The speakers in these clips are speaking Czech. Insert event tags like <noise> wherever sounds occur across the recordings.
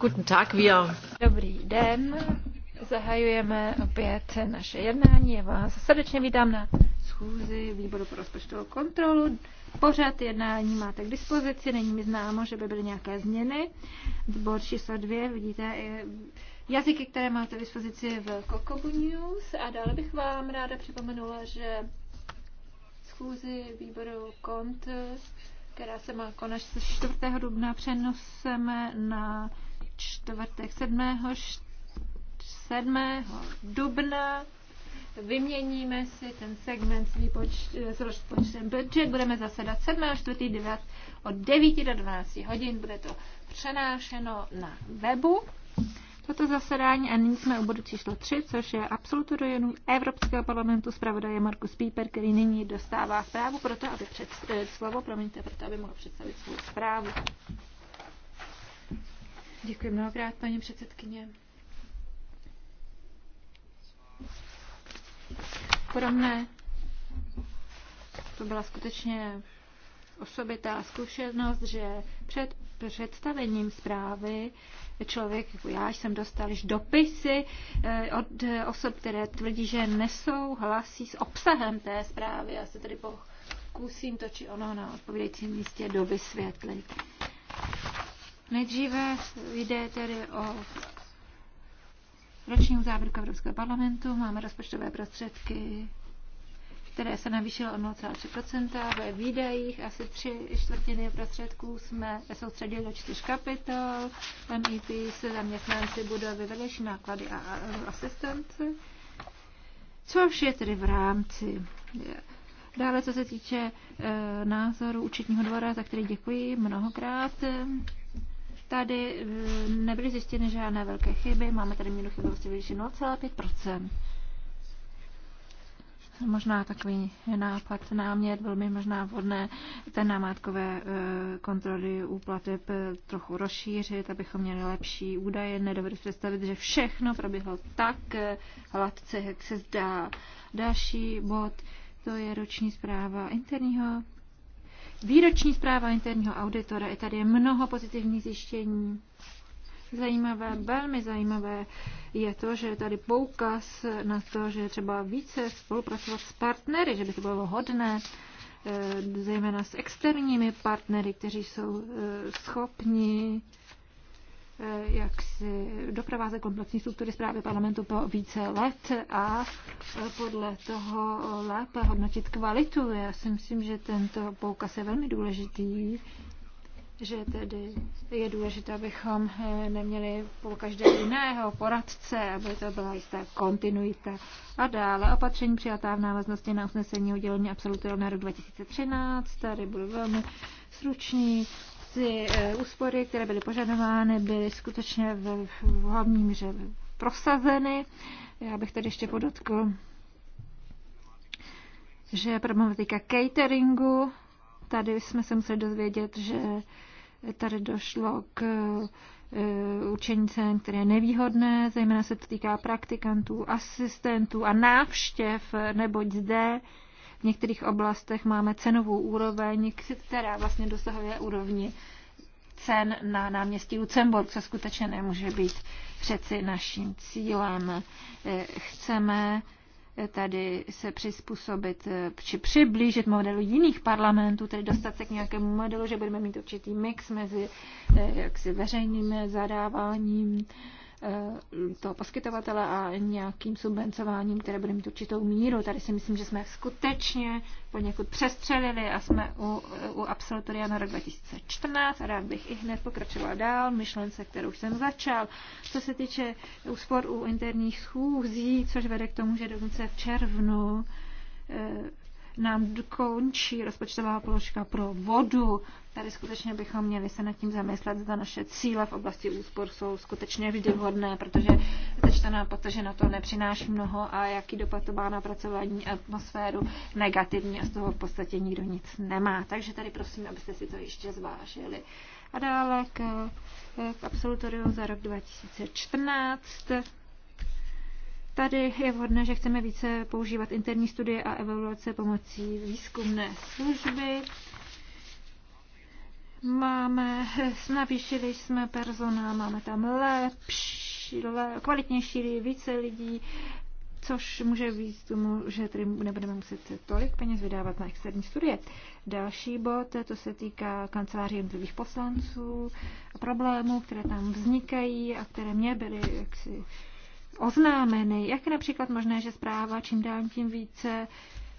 Guten Tag, wir. Dobrý den. Zahajujeme opět naše jednání. Já vás srdečně vítám na schůzi výboru pro rozpočtovou kontrolu. Pořád jednání máte k dispozici, není mi známo, že by byly nějaké změny. Zbor číslo dvě, vidíte, jazyky, které máte k dispozici v Kokobu News. A dále bych vám ráda připomenula, že schůzi výboru kont která se má konat 4. dubna přenoseme na čtvrtek 7. 7. dubna. Vyměníme si ten segment s, výpoč, s rozpočtem budget. Budeme zasedat 7. 4. 9. od 9 do 12 hodin. Bude to přenášeno na webu toto zasedání a nyní jsme u bodu číslo 3, což je absolutorium Evropského parlamentu zpravodaje Markus Píper, který nyní dostává zprávu to, aby před, eh, slovo, promiňte, to, aby mohl představit svou zprávu. Děkuji mnohokrát, paní předsedkyně. Pro mne to byla skutečně osobitá zkušenost, že před představením zprávy člověk, jako já jsem dostal již dopisy eh, od eh, osob, které tvrdí, že nesouhlasí s obsahem té zprávy. Já se tedy pokusím to či ono na odpovědějícím místě dovysvětlit. Nejdříve jde tedy o roční závěrku Evropského parlamentu. Máme rozpočtové prostředky které se navýšilo o 0,3 ve výdajích. Asi tři čtvrtiny prostředků jsme soustředili do čtyř kapitol, MEP se zaměstnanci budovy, vedlejší náklady a asistence, což je tedy v rámci. Dále, co se týče e, názoru účetního dvora, za který děkuji mnohokrát, tady e, nebyly zjištěny žádné velké chyby, máme tady míru chybovosti vyšší 0,5 možná takový nápad, námět, byl možná vhodné té námátkové eh, kontroly úplaty eh, trochu rozšířit, abychom měli lepší údaje. Nedovedu představit, že všechno proběhlo tak eh, hladce, jak se zdá. Další bod, to je roční zpráva interního Výroční zpráva interního auditora, i tady je mnoho pozitivních zjištění. Zajímavé, velmi zajímavé je to, že je tady poukaz na to, že je třeba více spolupracovat s partnery, že by to bylo hodné, eh, zejména s externími partnery, kteří jsou eh, schopni eh, jak si doprovázet komplexní struktury zprávy parlamentu po více let a podle toho lépe hodnotit kvalitu. Já si myslím, že tento poukaz je velmi důležitý že tedy je důležité, abychom eh, neměli po každé jiného poradce, aby to byla jistá kontinuita. A dále opatření přijatá v návaznosti na usnesení udělení absolutního na rok 2013. Tady budu velmi sruční. Ty eh, úspory, které byly požadovány, byly skutečně v, v hlavní míře prosazeny. Já bych tady ještě podotkl, že problematika cateringu, tady jsme se museli dozvědět, že Tady došlo k e, určení cen, které je nevýhodné, zejména se to týká praktikantů, asistentů a návštěv, neboť zde v některých oblastech máme cenovou úroveň, která vlastně dosahuje úrovni cen na náměstí Lucemburg, co skutečně nemůže být přeci naším cílem. E, chceme tady se přizpůsobit eh, či přiblížit modelu jiných parlamentů, tedy dostat se k nějakému modelu, že budeme mít určitý mix mezi eh, jaksi veřejným zadáváním Eh, toho poskytovatele a nějakým subvencováním, které bude mít určitou míru. Tady si myslím, že jsme skutečně poněkud přestřelili a jsme u, u absolutoria na rok 2014 a rád bych i hned pokračovala dál, myšlence, kterou jsem začal. Co se týče úspor u interních schůzí, což vede k tomu, že dokonce v červnu eh, nám končí rozpočtová položka pro vodu. Tady skutečně bychom měli se nad tím zamyslet, zda naše cíle v oblasti úspor jsou skutečně vždy vhodné, protože začtená protože na to nepřináší mnoho a jaký dopad to má na pracování atmosféru negativní a z toho v podstatě nikdo nic nemá. Takže tady prosím, abyste si to ještě zvážili. A dále k, k absolutoriu za rok 2014 Tady je vhodné, že chceme více používat interní studie a evaluace pomocí výzkumné služby. Máme, navýšili jsme personál, máme tam lepší, le, kvalitnější, více lidí, což může víc tomu, že tady nebudeme muset tolik peněz vydávat na externí studie. Další bod, to se týká kanceláří jednotlivých poslanců a problémů, které tam vznikají a které mě byly jaksi oznámeny. Jak je například možné, že zpráva čím dál tím více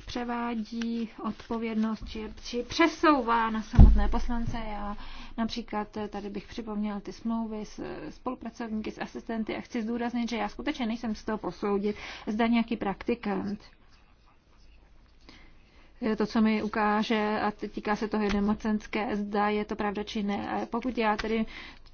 převádí odpovědnost či, či přesouvá na samotné poslance. Já například tady bych připomněl ty smlouvy s spolupracovníky, s asistenty a chci zdůraznit, že já skutečně nejsem z toho posoudit, zda nějaký praktikant to, co mi ukáže, a týká se toho jednomocenské, zda je to pravda či ne. A pokud já tedy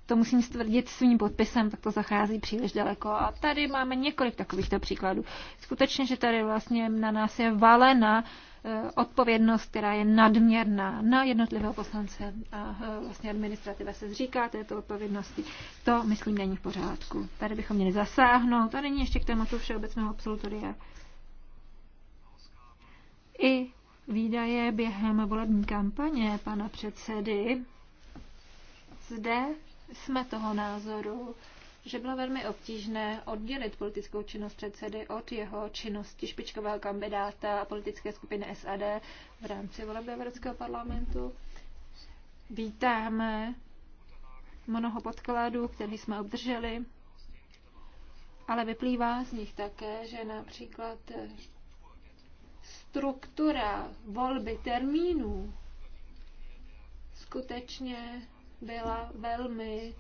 to musím stvrdit svým podpisem, tak to zachází příliš daleko. A tady máme několik takovýchto příkladů. Skutečně, že tady vlastně na nás je valena eh, odpovědnost, která je nadměrná na jednotlivého poslance a eh, vlastně administrativa se zříká této odpovědnosti. To, myslím, není v pořádku. Tady bychom měli zasáhnout. Tady není ještě k tématu všeobecného absolutoria. I výdaje během volební kampaně pana předsedy zde jsme toho názoru, že bylo velmi obtížné oddělit politickou činnost předsedy od jeho činnosti špičkového kandidáta a politické skupiny SAD v rámci voleby Evropského parlamentu. Vítáme mnoho podkladů, které jsme obdrželi, ale vyplývá z nich také, že například struktura volby termínů skutečně byla velmi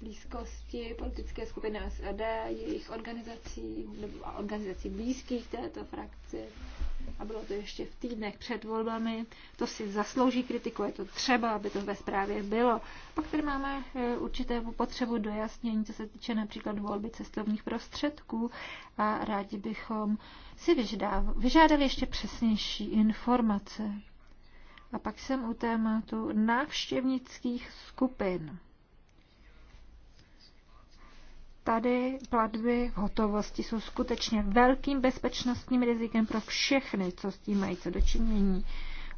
blízkosti politické skupiny SED, jejich organizací nebo organizací blízkých této frakci. A bylo to ještě v týdnech před volbami. To si zaslouží kritiku, je to třeba, aby to ve zprávě bylo. Pak tady máme e, určité potřebu dojasnění, co se týče například volby cestovních prostředků a rádi bychom si vyžádali ještě přesnější informace. A pak jsem u tématu návštěvnických skupin. Tady platby v hotovosti jsou skutečně velkým bezpečnostním rizikem pro všechny, co s tím mají co dočinění.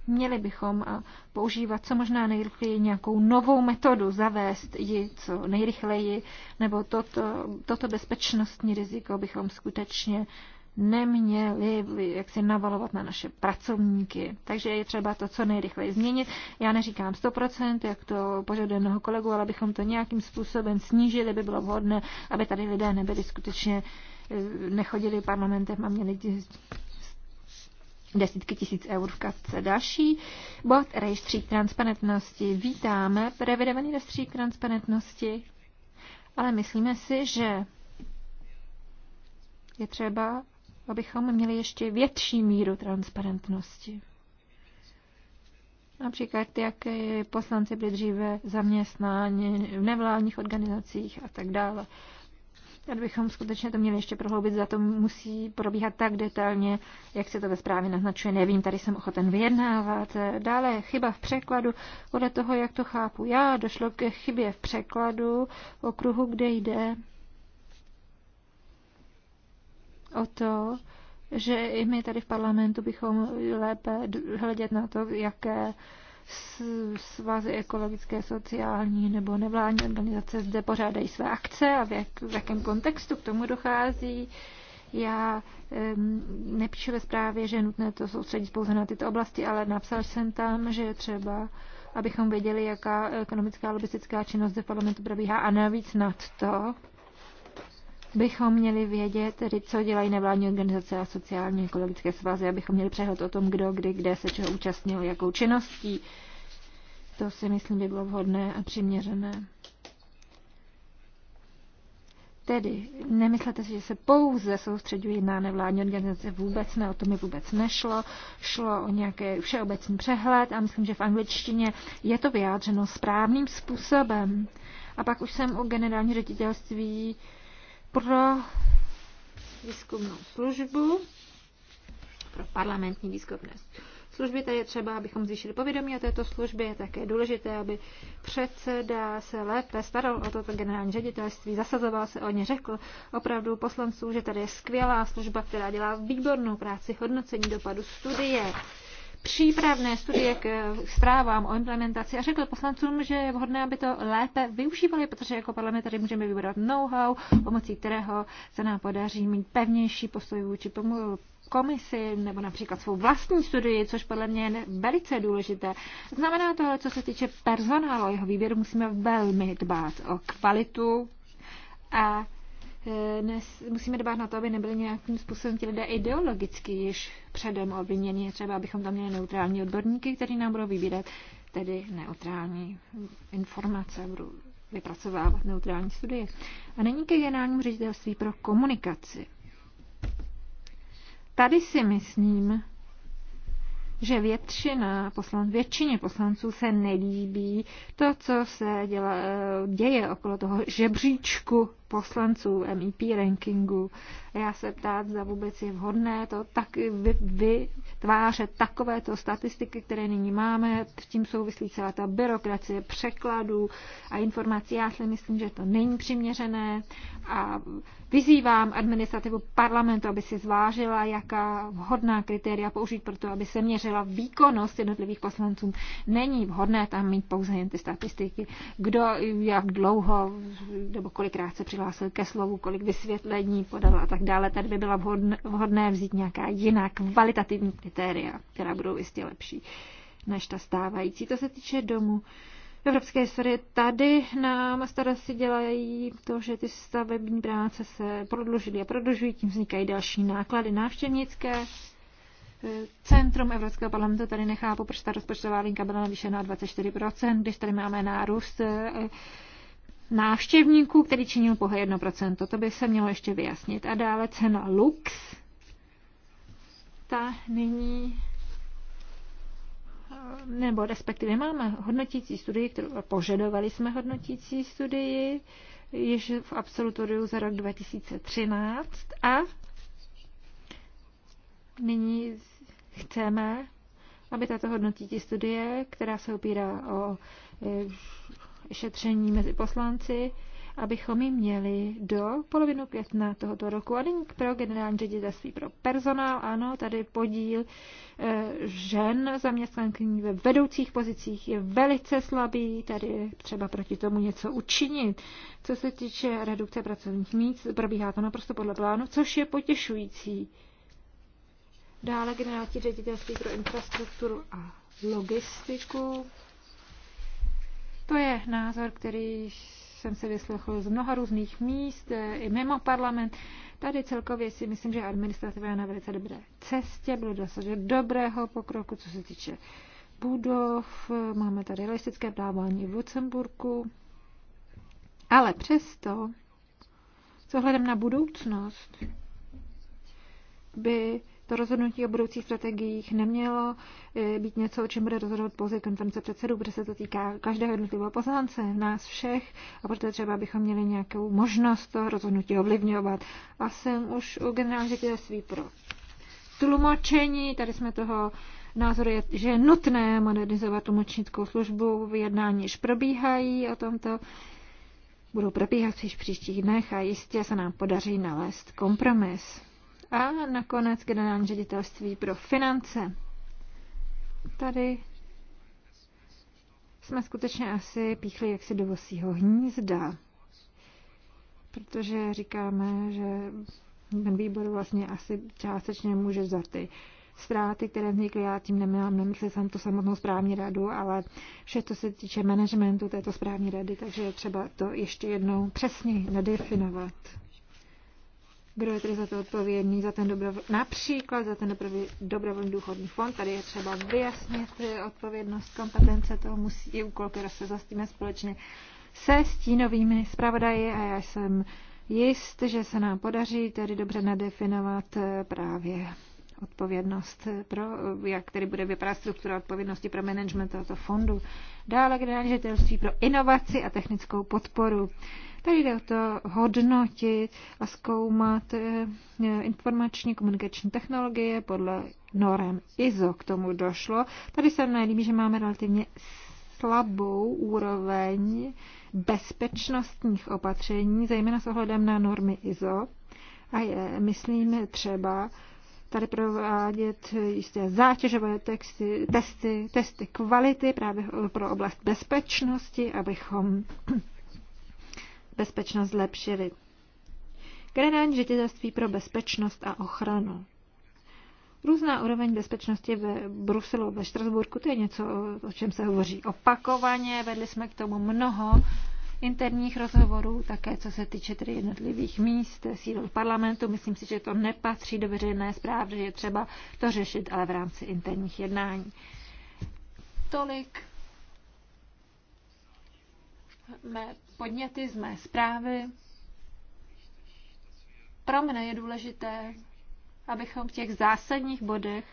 Měli bychom eh, používat co možná nejrychleji nějakou novou metodu, zavést ji co nejrychleji, nebo toto, toto bezpečnostní riziko bychom skutečně neměli jak se navalovat na naše pracovníky. Takže je třeba to co nejrychleji změnit. Já neříkám 100%, jak to požaduje mnoho kolegů, ale abychom to nějakým způsobem snížili, by bylo vhodné, aby tady lidé nebyli skutečně, eh, nechodili parlamentem a měli desítky tisíc eur v kapce. Další bod rejstřík transparentnosti. Vítáme revidovaný rejstřík transparentnosti, ale myslíme si, že je třeba abychom měli ještě větší míru transparentnosti. Například, jak poslanci byli dříve zaměstnáni v nevládních organizacích a tak dále. Abychom skutečně to měli ještě prohloubit, za to musí probíhat tak detailně, jak se to ve zprávě naznačuje. Nevím, tady jsem ochoten vyjednávat. Dále chyba v překladu. Podle toho, jak to chápu já, došlo k chybě v překladu okruhu, kde jde o to, že i my tady v parlamentu bychom lépe hledět na to, jaké svazy ekologické, sociální nebo nevládní organizace zde pořádají své akce a v, jak, v jakém kontextu k tomu dochází. Já um, nepíšu ve zprávě, že je nutné to soustředit pouze na tyto oblasti, ale napsal jsem tam, že třeba, abychom věděli, jaká ekonomická lobistická činnost zde v parlamentu probíhá a navíc nad to, bychom měli vědět, tedy co dělají nevládní organizace a sociální ekologické svazy, abychom měli přehled o tom, kdo, kdy, kde se čeho účastnil, jakou činností. To si myslím by bylo vhodné a přiměřené. Tedy nemyslete si, že se pouze soustředují na nevládní organizace, vůbec ne, o to mi vůbec nešlo. Šlo o nějaký všeobecný přehled a myslím, že v angličtině je to vyjádřeno správným způsobem. A pak už jsem u generální ředitelství uh, pro výzkumnou službu, pro parlamentní výzkumné služby. Tady je třeba, abychom zvýšili povědomí o této službě. Je také důležité, aby předseda se lépe staral o toto generální ředitelství, zasazoval se o ně, řekl opravdu poslanců, že tady je skvělá služba, která dělá výbornou práci hodnocení dopadu studie přípravné studie k eh, zprávám o implementaci a řekl poslancům, že je vhodné, aby to lépe využívali, protože jako parlament tady můžeme vybrat know-how, pomocí kterého se nám podaří mít pevnější postoj vůči pomluvu komisi nebo například svou vlastní studii, což podle mě je velice důležité. Znamená to, co se týče personálu, jeho výběru musíme velmi dbát o kvalitu a Eh, nes, musíme dbát na to, aby nebyli nějakým způsobem ti lidé ideologicky již předem obviněni. Třeba abychom tam měli neutrální odborníky, kteří nám budou vybírat tedy neutrální informace, budou vypracovávat neutrální studie. A není ke generálnímu ředitelství pro komunikaci. Tady si myslím, že většina poslanců, většině poslanců se nelíbí to, co se děla, eh, děje okolo toho žebříčku poslanců MEP rankingu. A já se ptát, zda vůbec je vhodné to tak vytvářet takovéto statistiky, které nyní máme. S tím souvislí celá ta byrokracie překladů a informací. Já si myslím, že to není přiměřené a vyzývám administrativu parlamentu, aby si zvážila, jaká vhodná kritéria použít pro to, aby se měřila výkonnost jednotlivých poslanců. Není vhodné tam mít pouze jen ty statistiky, kdo jak dlouho nebo kolikrát se při přihlásil ke slovu, kolik vysvětlení podal a tak dále. Tady by byla vhodné vzít nějaká jiná kvalitativní kritéria, která budou jistě lepší než ta stávající. To se týče domu evropské historii Tady nám starosti dělají to, že ty stavební práce se prodlužily a prodlužují, tím vznikají další náklady návštěvnické. Centrum Evropského parlamentu tady nechápu, proč ta rozpočtová linka byla navýšena 24%, když tady máme nárůst návštěvníků, který činil pouhé 1%. To by se mělo ještě vyjasnit. A dále cena Lux. Ta nyní nebo respektive máme hodnotící studii, kterou požadovali jsme hodnotící studii, již v absolutoriu za rok 2013 a nyní chceme, aby tato hodnotící studie, která se opírá o eh, šetření mezi poslanci, abychom ji měli do polovinu května tohoto roku. A nyní pro generální ředitelství pro personál, ano, tady podíl eh, žen zaměstnankyní ve vedoucích pozicích je velice slabý, tady je třeba proti tomu něco učinit. Co se týče redukce pracovních míst, probíhá to naprosto podle plánu, což je potěšující. Dále generální ředitelství pro infrastrukturu a logistiku. To je názor, který jsem se vyslechl z mnoha různých míst, eh, i mimo parlament. Tady celkově si myslím, že administrativa je na velice dobré cestě, bylo dosaženo dobrého pokroku, co se týče budov, máme tady realistické plávání v Lucemburku, ale přesto, co hledem na budoucnost, by to rozhodnutí o budoucích strategiích nemělo eh, být něco, o čem bude rozhodovat pouze konference předsedů, protože se to týká každého jednotlivého poslance, nás všech, a proto třeba bychom měli nějakou možnost to rozhodnutí ovlivňovat. A jsem už u generální svý pro tlumočení, tady jsme toho názoru je, že je nutné modernizovat tlumočnickou službu, jednání již probíhají o tomto, budou probíhat již v příštích dnech a jistě se nám podaří nalézt kompromis a nakonec generální ředitelství pro finance. Tady jsme skutečně asi píchli jaksi do vosího hnízda, protože říkáme, že ten výbor vlastně asi částečně může za ty ztráty, které vznikly, já tím nemám na mysli to samotnou správní radu, ale vše, co se týče managementu této správní rady, takže je třeba to ještě jednou přesně nadefinovat kdo je tedy za to odpovědný, za ten dobrov... například za ten dobrovolný důchodní fond. Tady je třeba vyjasnit odpovědnost, kompetence, toho musí i úkol, který se zastíme společně se stínovými zpravodaji a já jsem jist, že se nám podaří tedy dobře nadefinovat eh, právě odpovědnost pro, jak tedy bude vypadat struktura odpovědnosti pro management tohoto fondu. Dále generální ředitelství pro inovaci a technickou podporu. Tady jde o to hodnotit a zkoumat eh, informační komunikační technologie podle norem ISO k tomu došlo. Tady se mně líbí, že máme relativně slabou úroveň bezpečnostních opatření, zejména s ohledem na normy ISO. A je, myslím, třeba tady provádět jisté zátěžové texty, testy, testy kvality právě pro oblast bezpečnosti, abychom <clears throat> bezpečnost zlepšili. Generální ředitelství pro bezpečnost a ochranu. Různá úroveň bezpečnosti ve Bruselu, ve Štrasburku, to je něco, o čem se hovoří opakovaně. Vedli jsme k tomu mnoho interních rozhovorů, také co se týče tedy jednotlivých míst, sídel parlamentu. Myslím si, že to nepatří do veřejné zprávy, že je třeba to řešit, ale v rámci interních jednání. Tolik mé podněty z mé zprávy. Pro mě je důležité, abychom v těch zásadních bodech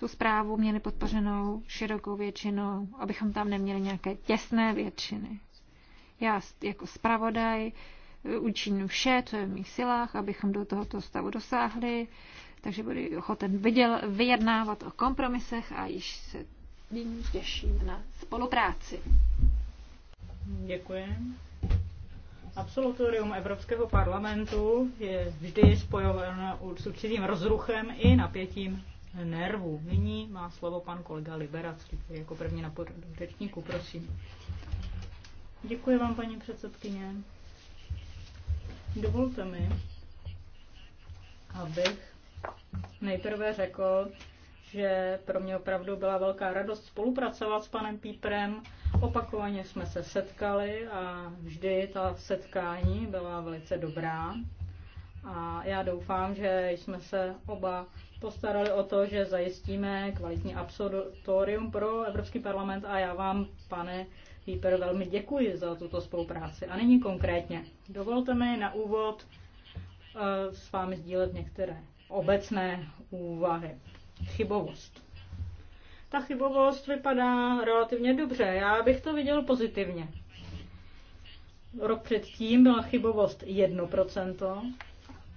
tu zprávu měli podpořenou širokou většinou, abychom tam neměli nějaké těsné většiny. Já jako zpravodaj učiním vše, co je v mých silách, abychom do tohoto stavu dosáhli, takže budu ochoten viděl, vyjednávat o kompromisech a již se nyní těším na spolupráci. Děkuji. Absolutorium Evropského parlamentu je vždy spojováno s určitým rozruchem i napětím nervů. Nyní má slovo pan kolega Liberacký jako první na řečníku, prosím. Děkuji vám, paní předsedkyně. Dovolte mi, abych nejprve řekl, že pro mě opravdu byla velká radost spolupracovat s panem Píprem. Opakovaně jsme se setkali a vždy ta setkání byla velice dobrá. A já doufám, že jsme se oba postarali o to, že zajistíme kvalitní absolutorium pro Evropský parlament a já vám, pane Píper velmi děkuji za tuto spolupráci. A nyní konkrétně. Dovolte mi na úvod eh, s vámi sdílet některé obecné úvahy. Chybovost. Ta chybovost vypadá relativně dobře. Já bych to viděl pozitivně. Rok předtím byla chybovost 1%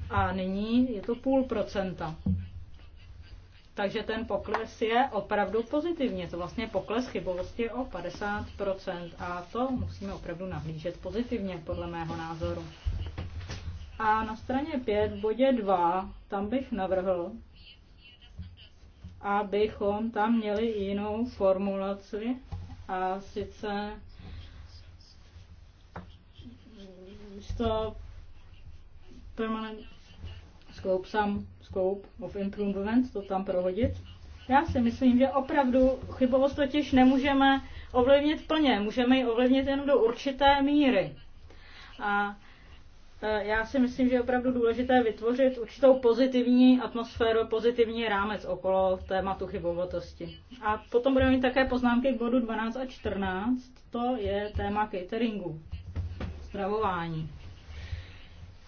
a nyní je to půl procenta. Takže ten pokles je opravdu pozitivní. Je to vlastně pokles chybovosti o 50% a to musíme opravdu nahlížet pozitivně, podle mého názoru. A na straně 5 v bodě 2, tam bych navrhl, abychom tam měli jinou formulaci a sice to permanent scope, some scope of improvement, to tam prohodit. Já si myslím, že opravdu chybovost totiž nemůžeme ovlivnit plně, můžeme ji ovlivnit jenom do určité míry. A e, já si myslím, že je opravdu důležité vytvořit určitou pozitivní atmosféru, pozitivní rámec okolo tématu chybovatosti. A potom budeme mít také poznámky k bodu 12 a 14, to je téma cateringu, stravování.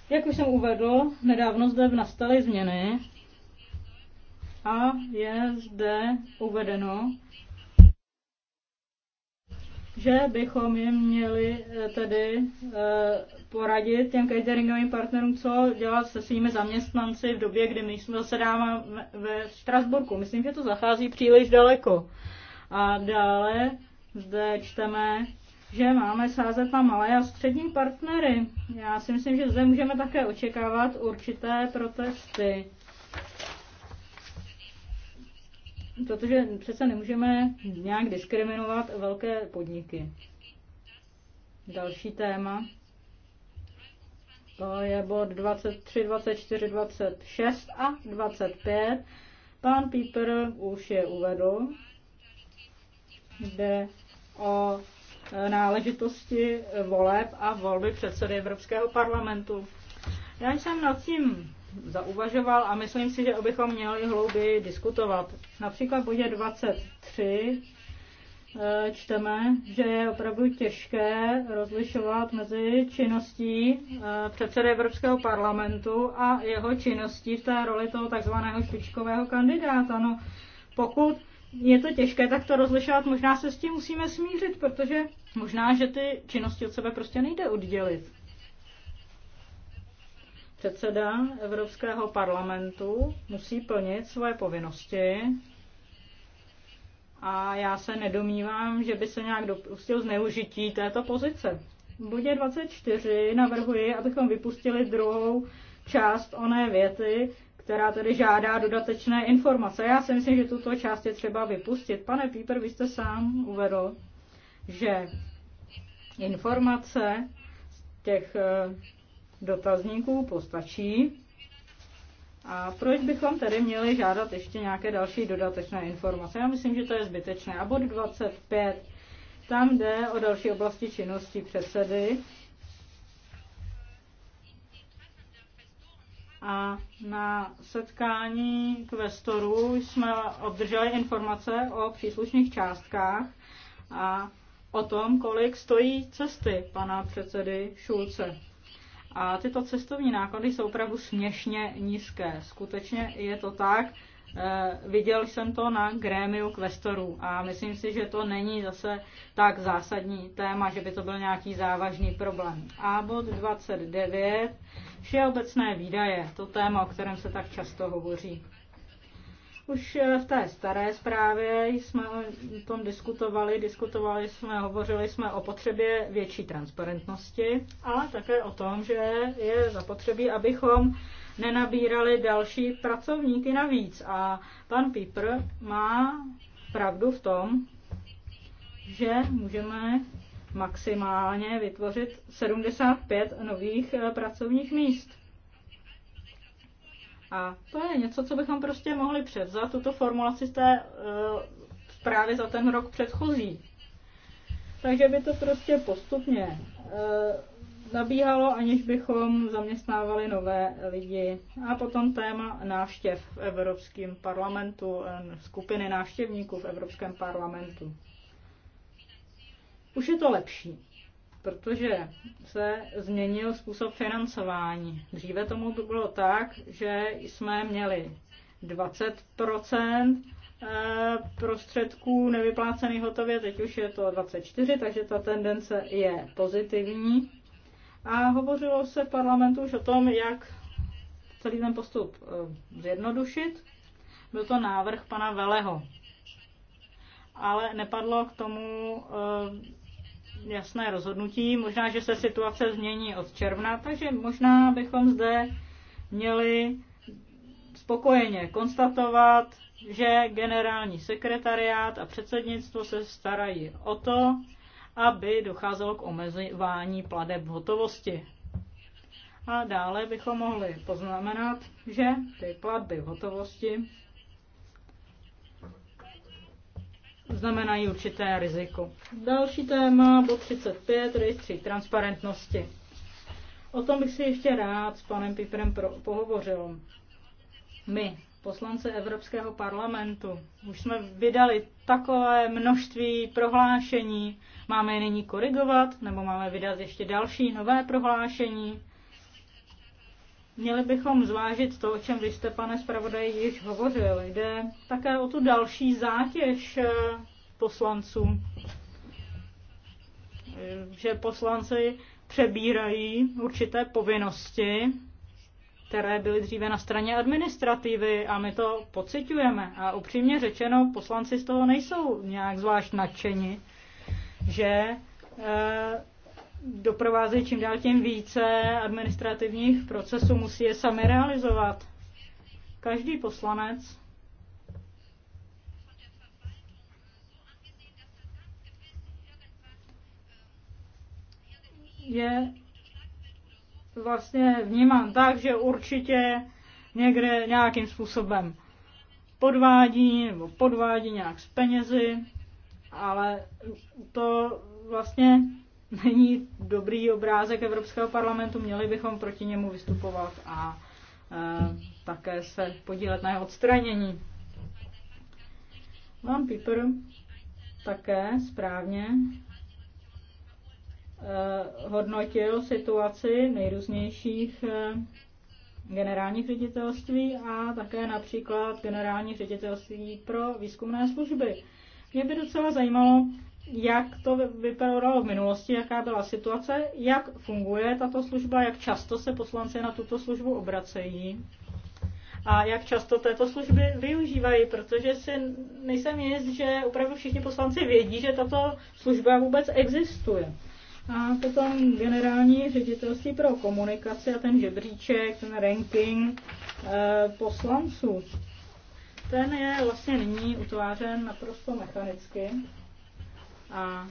Jak už jsem uvedl, nedávno zde nastaly změny a je zde uvedeno, že bychom jim měli eh, tedy eh, poradit těm cateringovým partnerům, co dělat se svými zaměstnanci v době, kdy my jsme zasedáme ve Štrasburku. Myslím, že to zachází příliš daleko. A dále zde čteme že máme sázet na malé a střední partnery. Já si myslím, že zde můžeme také očekávat určité protesty. Protože přece nemůžeme nějak diskriminovat velké podniky. Další téma. To je bod 23, 24, 26 a 25. Pán Píper už je uvedl. Jde o Eh, náležitosti voleb a volby předsedy Evropského parlamentu. Já jsem nad tím zauvažoval a myslím si, že bychom měli hlouběji diskutovat. Například v bodě 23 eh, čteme, že je opravdu těžké rozlišovat mezi činností eh, předsedy Evropského parlamentu a jeho činností v té roli toho takzvaného špičkového kandidáta. No, pokud je to těžké tak to rozlišovat, možná se s tím musíme smířit, protože možná, že ty činnosti od sebe prostě nejde oddělit. Předseda Evropského parlamentu musí plnit svoje povinnosti a já se nedomývám, že by se nějak dopustil zneužití této pozice. V bodě 24 navrhuji, abychom vypustili druhou část oné věty, která tedy žádá dodatečné informace. Já si myslím, že tuto část je třeba vypustit. Pane Píper, vy jste sám uvedl, že informace z těch eh, dotazníků postačí. A proč bychom tedy měli žádat ještě nějaké další dodatečné informace? Já myslím, že to je zbytečné. A bod 25, tam jde o další oblasti činnosti předsedy A na setkání kvestorů jsme obdrželi informace o příslušných částkách a o tom, kolik stojí cesty pana předsedy Šulce. A tyto cestovní náklady jsou opravdu směšně nízké. Skutečně je to tak, Eh, viděl jsem to na grémiu kvestorů a myslím si, že to není zase tak zásadní téma, že by to byl nějaký závažný problém. A bod 29, všeobecné výdaje, to téma, o kterém se tak často hovoří. Už eh, v té staré zprávě jsme o tom diskutovali, diskutovali jsme, hovořili jsme o potřebě větší transparentnosti, ale také o tom, že je zapotřebí, abychom nenabírali další pracovníky navíc. A pan Pípr má pravdu v tom, že můžeme maximálně vytvořit 75 nových eh, pracovních míst. A to je něco, co bychom prostě mohli převzat, tuto formulaci z té eh, právě za ten rok předchozí. Takže by to prostě postupně eh, zabíhalo, aniž bychom zaměstnávali nové lidi. A potom téma návštěv v Evropském parlamentu, eh, skupiny návštěvníků v Evropském parlamentu. Už je to lepší, protože se změnil způsob financování. Dříve tomu to bylo tak, že jsme měli 20 eh, prostředků nevyplácených hotově, teď už je to 24, takže ta tendence je pozitivní. A hovořilo se v parlamentu už o tom, jak celý ten postup eh, zjednodušit. Byl to návrh pana Veleho. Ale nepadlo k tomu eh, jasné rozhodnutí. Možná, že se situace změní od června, takže možná bychom zde měli spokojeně konstatovat, že generální sekretariát a předsednictvo se starají o to, aby docházelo k omezování pladeb v hotovosti. A dále bychom mohli poznamenat, že ty platby v hotovosti znamenají určité riziko. Další téma, bod 35, rejstří transparentnosti. O tom bych si ještě rád s panem Piprem pohovořil. My poslance Evropského parlamentu. Už jsme vydali takové množství prohlášení. Máme je nyní korigovat, nebo máme vydat ještě další nové prohlášení? Měli bychom zvážit to, o čem vy jste, pane zpravodaji, již hovořil. Jde také o tu další zátěž eh, poslanců. Eh, že poslanci přebírají určité povinnosti, které byly dříve na straně administrativy a my to pociťujeme. A upřímně řečeno, poslanci z toho nejsou nějak zvlášť nadšeni, že e, doprovázejí čím dál tím více administrativních procesů, musí je sami realizovat. Každý poslanec je vlastně vnímám tak, že určitě někde nějakým způsobem podvádí nebo podvádí nějak s penězi, ale to vlastně není dobrý obrázek Evropského parlamentu, měli bychom proti němu vystupovat a e, také se podílet na jeho odstranění. Mám Piper také správně Eh, hodnotil situaci nejrůznějších eh, generálních ředitelství a také například generální ředitelství pro výzkumné služby. Mě by docela zajímalo, jak to vypadalo v minulosti, jaká byla situace, jak funguje tato služba, jak často se poslanci na tuto službu obracejí a jak často této služby využívají, protože si nejsem jist, že opravdu všichni poslanci vědí, že tato služba vůbec existuje. A potom generální ředitelství pro komunikaci a ten žebříček, ten ranking e, poslanců. Ten je vlastně nyní utvářen naprosto mechanicky a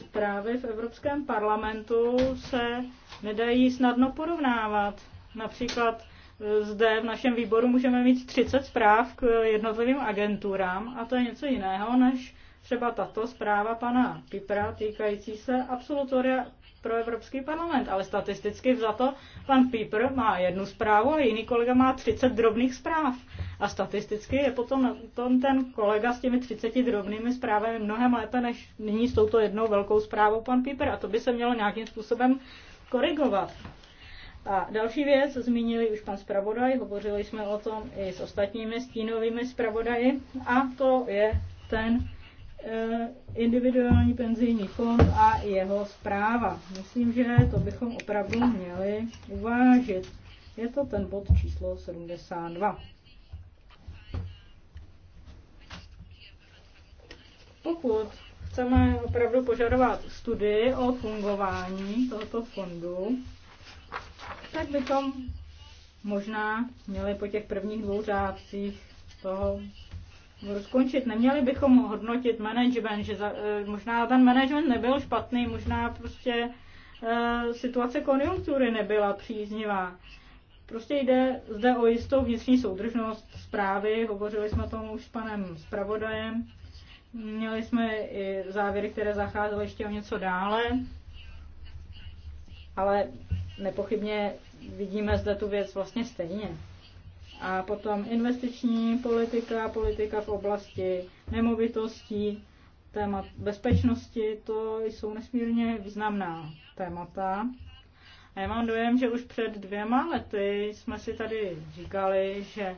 zprávy v Evropském parlamentu se nedají snadno porovnávat. Například eh, zde v našem výboru můžeme mít 30 zpráv k jednotlivým agenturám a to je něco jiného než třeba tato zpráva pana Pipra týkající se absolutoria pro Evropský parlament, ale statisticky za to pan Píper má jednu zprávu a jiný kolega má 30 drobných zpráv. A statisticky je potom tom ten kolega s těmi 30 drobnými zprávami mnohem lépe než nyní s touto jednou velkou zprávou pan Píper a to by se mělo nějakým způsobem korigovat. A další věc, zmínili už pan zpravodaj, hovořili jsme o tom i s ostatními stínovými zpravodaji a to je ten Eh, individuální penzijní fond a jeho zpráva. Myslím, že to bychom opravdu měli uvážit. Je to ten bod číslo 72. Pokud chceme opravdu požadovat studii o fungování tohoto fondu, tak bychom možná měli po těch prvních dvou řádcích toho skončit. Neměli bychom hodnotit management, že za, eh, možná ten management nebyl špatný, možná prostě uh, situace konjunktury nebyla příznivá. Prostě jde zde o jistou vnitřní soudržnost zprávy, hovořili jsme o tom už s panem zpravodajem, měli jsme i závěry, které zacházely ještě o něco dále, ale nepochybně vidíme zde tu věc vlastně stejně. A potom investiční politika, politika v oblasti nemovitostí, témat bezpečnosti, to jsou nesmírně významná témata. A já mám dojem, že už před dvěma lety jsme si tady říkali, že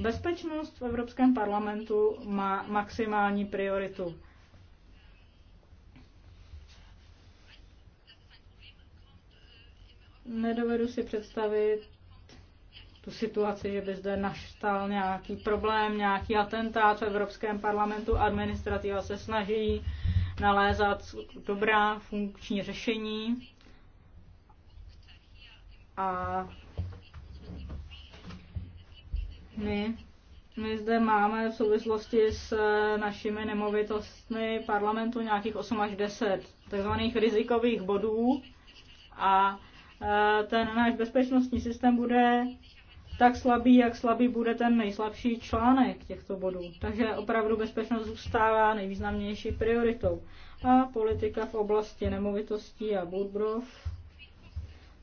bezpečnost v Evropském parlamentu má maximální prioritu. Nedovedu si představit, tu situaci, že by zde nastal nějaký problém, nějaký atentát v Evropském parlamentu. Administrativa se snaží nalézat dobrá funkční řešení a my, my zde máme v souvislosti s našimi nemovitostmi parlamentu nějakých 8 až 10 takzvaných rizikových bodů a e, ten náš bezpečnostní systém bude tak slabý, jak slabý bude ten nejslabší článek těchto bodů. Takže opravdu bezpečnost zůstává nejvýznamnější prioritou. A politika v oblasti nemovitostí a budov.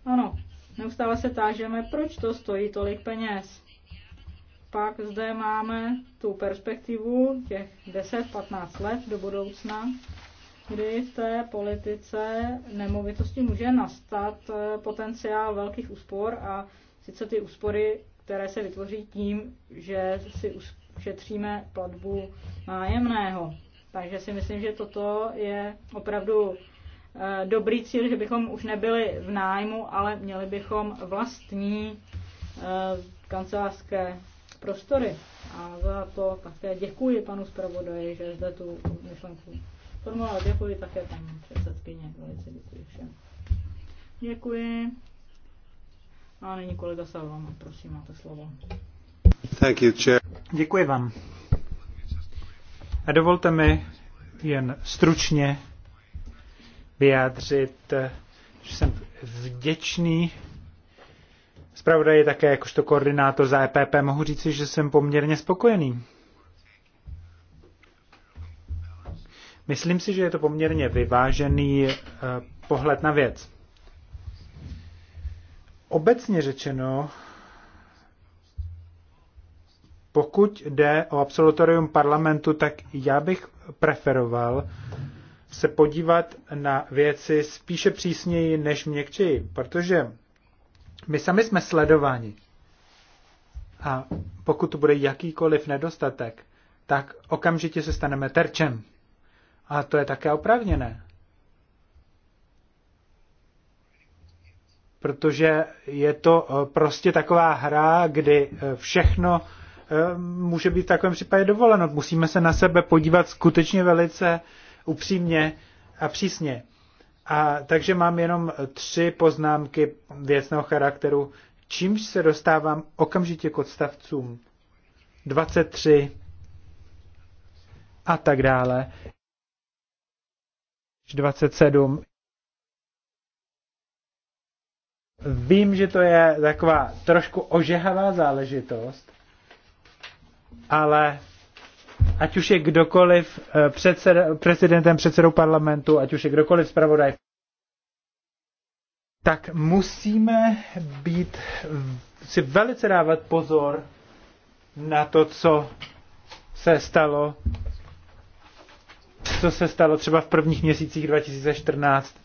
Ano, neustále se tážeme, proč to stojí tolik peněz. Pak zde máme tu perspektivu těch 10-15 let do budoucna, kdy v té politice nemovitosti může nastat eh, potenciál velkých úspor a sice ty úspory, které se vytvoří tím, že si ušetříme platbu nájemného. Takže si myslím, že toto je opravdu eh, dobrý cíl, že bychom už nebyli v nájmu, ale měli bychom vlastní eh, kancelářské prostory. A za to také děkuji panu zpravodaji, že zde tu myšlenku formuloval. Děkuji také paní předsedkyně. Velice děkuji všem. Děkuji. A nyní kolega Salvama, prosím, máte slovo. Thank you, chair. Děkuji vám. A dovolte mi jen stručně vyjádřit, že jsem vděčný je také jakožto koordinátor za EPP. Mohu říci, že jsem poměrně spokojený. Myslím si, že je to poměrně vyvážený eh, pohled na věc. Obecně řečeno, pokud jde o absolutorium parlamentu, tak já bych preferoval se podívat na věci spíše přísněji než měkčeji, protože my sami jsme sledováni. A pokud tu bude jakýkoliv nedostatek, tak okamžitě se staneme terčem. A to je také oprávněné. protože je to eh, prostě taková hra, kdy eh, všechno eh, může být v takovém případě dovoleno. Musíme se na sebe podívat skutečně velice upřímně a přísně. A takže mám jenom tři poznámky věcného charakteru, čímž se dostávám okamžitě k odstavcům 23 a tak dále. 27 Vím, že to je taková trošku ožehavá záležitost, ale ať už je kdokoliv eh, předsed, prezidentem, předsedou parlamentu, ať už je kdokoliv zpravodaj, tak musíme být, si velice dávat pozor na to, co se stalo, co se stalo třeba v prvních měsících 2014.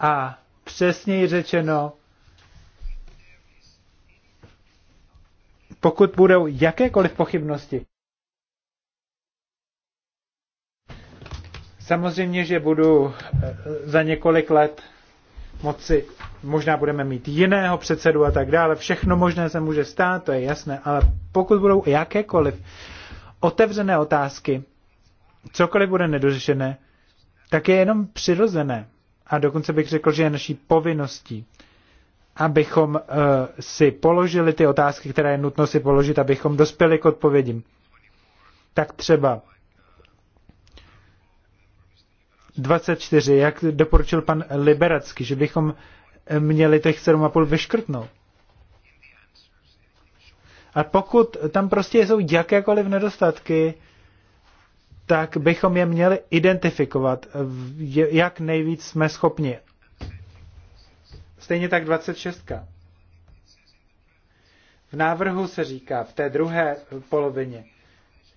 A přesněji řečeno, pokud budou jakékoliv pochybnosti, Samozřejmě, že budu eh, za několik let moci, možná budeme mít jiného předsedu a tak dále, všechno možné se může stát, to je jasné, ale pokud budou jakékoliv otevřené otázky, cokoliv bude nedořešené, tak je jenom přirozené, a dokonce bych řekl, že je naší povinností, abychom uh, si položili ty otázky, které je nutno si položit, abychom dospěli k odpovědím. Tak třeba 24, jak doporučil pan Liberacký, že bychom eh, měli těch 7,5 vyškrtnout. A pokud tam prostě jsou jakékoliv nedostatky, tak bychom je měli identifikovat, jak nejvíc jsme schopni. Stejně tak 26. V návrhu se říká v té druhé polovině,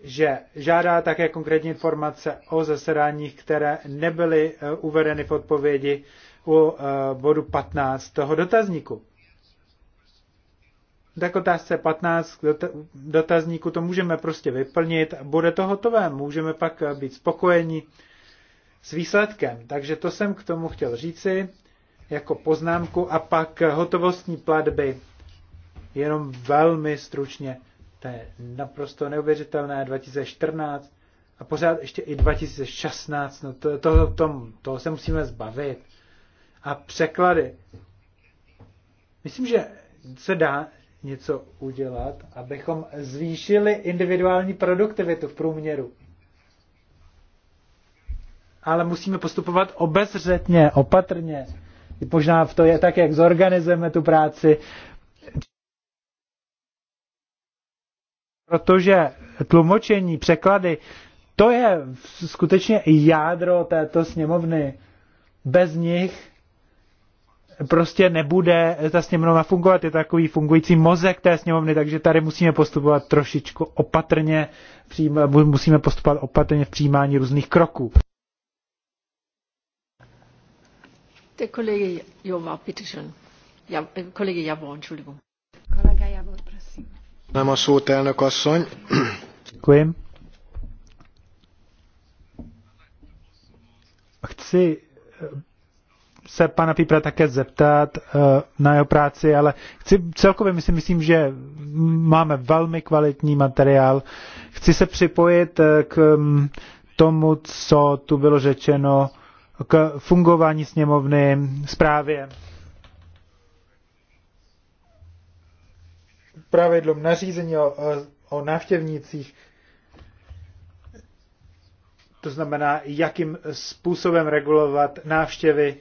že žádá také konkrétní informace o zasedáních, které nebyly eh, uvedeny v odpovědi u eh, bodu 15 toho dotazníku tak otázce 15 dotazníku to můžeme prostě vyplnit, a bude to hotové, můžeme pak být spokojeni s výsledkem. Takže to jsem k tomu chtěl říci jako poznámku a pak hotovostní platby. Jenom velmi stručně. To je naprosto neuvěřitelné. 2014 a pořád ještě i 2016. No to, to, to, toho se musíme zbavit. A překlady. Myslím, že se dá, něco udělat, abychom zvýšili individuální produktivitu v průměru. Ale musíme postupovat obezřetně, opatrně. Možná v to je tak, jak zorganizujeme tu práci. Protože tlumočení, překlady, to je skutečně jádro této sněmovny. Bez nich prostě nebude ta sněmovna fungovat. Je takový fungující mozek té sněmovny, takže tady musíme postupovat trošičku opatrně, musíme postupovat opatrně v přijímání různých kroků. Der Kollege Jova, bitte schön. Ja, Kollege Javor, Entschuldigung. Kolega Javor, prosím. Nem a szót, elnök asszony. Děkuji. Chci se pana Pípra také zeptat eh, na jeho práci, ale chci, celkově myslím, myslím, že máme velmi kvalitní materiál. Chci se připojit eh, k mm, tomu, co tu bylo řečeno, k fungování sněmovny, zprávě. pravidlům nařízení o, o, o návštěvnících, to znamená, jakým způsobem regulovat návštěvy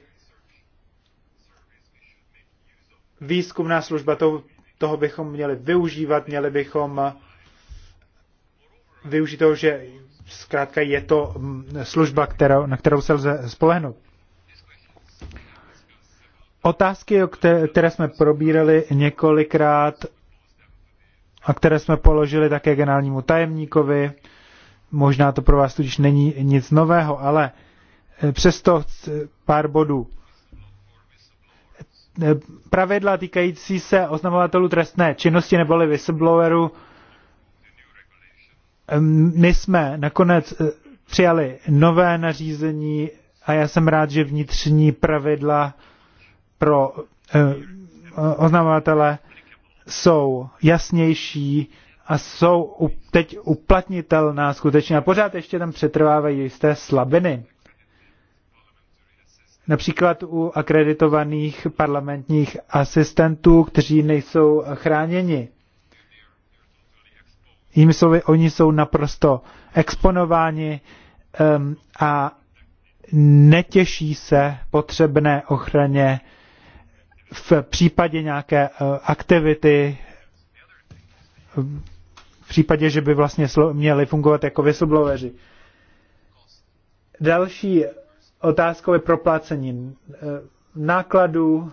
výzkumná služba, to, toho bychom měli využívat, měli bychom využít toho, že zkrátka je to mm, služba, kterou, na kterou se lze spolehnout. Otázky, které jsme probírali několikrát a které jsme položili také generálnímu tajemníkovi, možná to pro vás tudíž není nic nového, ale eh, přesto pár bodů. Eh, pravidla týkající se oznamovatelů trestné činnosti neboli whistleblowerů. My jsme nakonec eh, přijali nové nařízení a já jsem rád, že vnitřní pravidla pro eh, oznamovatele jsou jasnější a jsou teď uplatnitelná skutečně. A pořád ještě tam přetrvávají jisté slabiny například u akreditovaných parlamentních asistentů, kteří nejsou chráněni. Jim jsou, oni jsou naprosto exponováni um, a netěší se potřebné ochraně v případě nějaké uh, aktivity, v případě, že by vlastně měli fungovat jako whistlebloweri. Další otázkou je proplácení eh, nákladů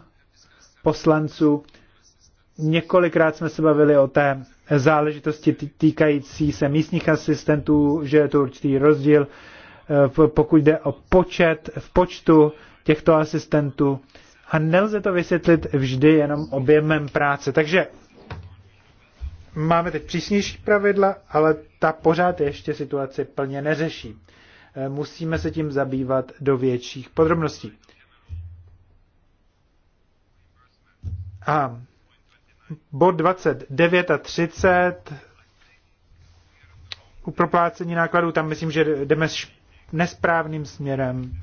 poslanců. Několikrát jsme se bavili o té záležitosti týkající se místních asistentů, že je to určitý rozdíl, eh, pokud jde o počet, v počtu těchto asistentů. A nelze to vysvětlit vždy jenom objemem práce. Takže máme teď přísnější pravidla, ale ta pořád ještě situaci plně neřeší. Eh, musíme se tím zabývat do větších podrobností. A bod 29 a 30 u proplácení nákladů, tam myslím, že jdeme nesprávným směrem.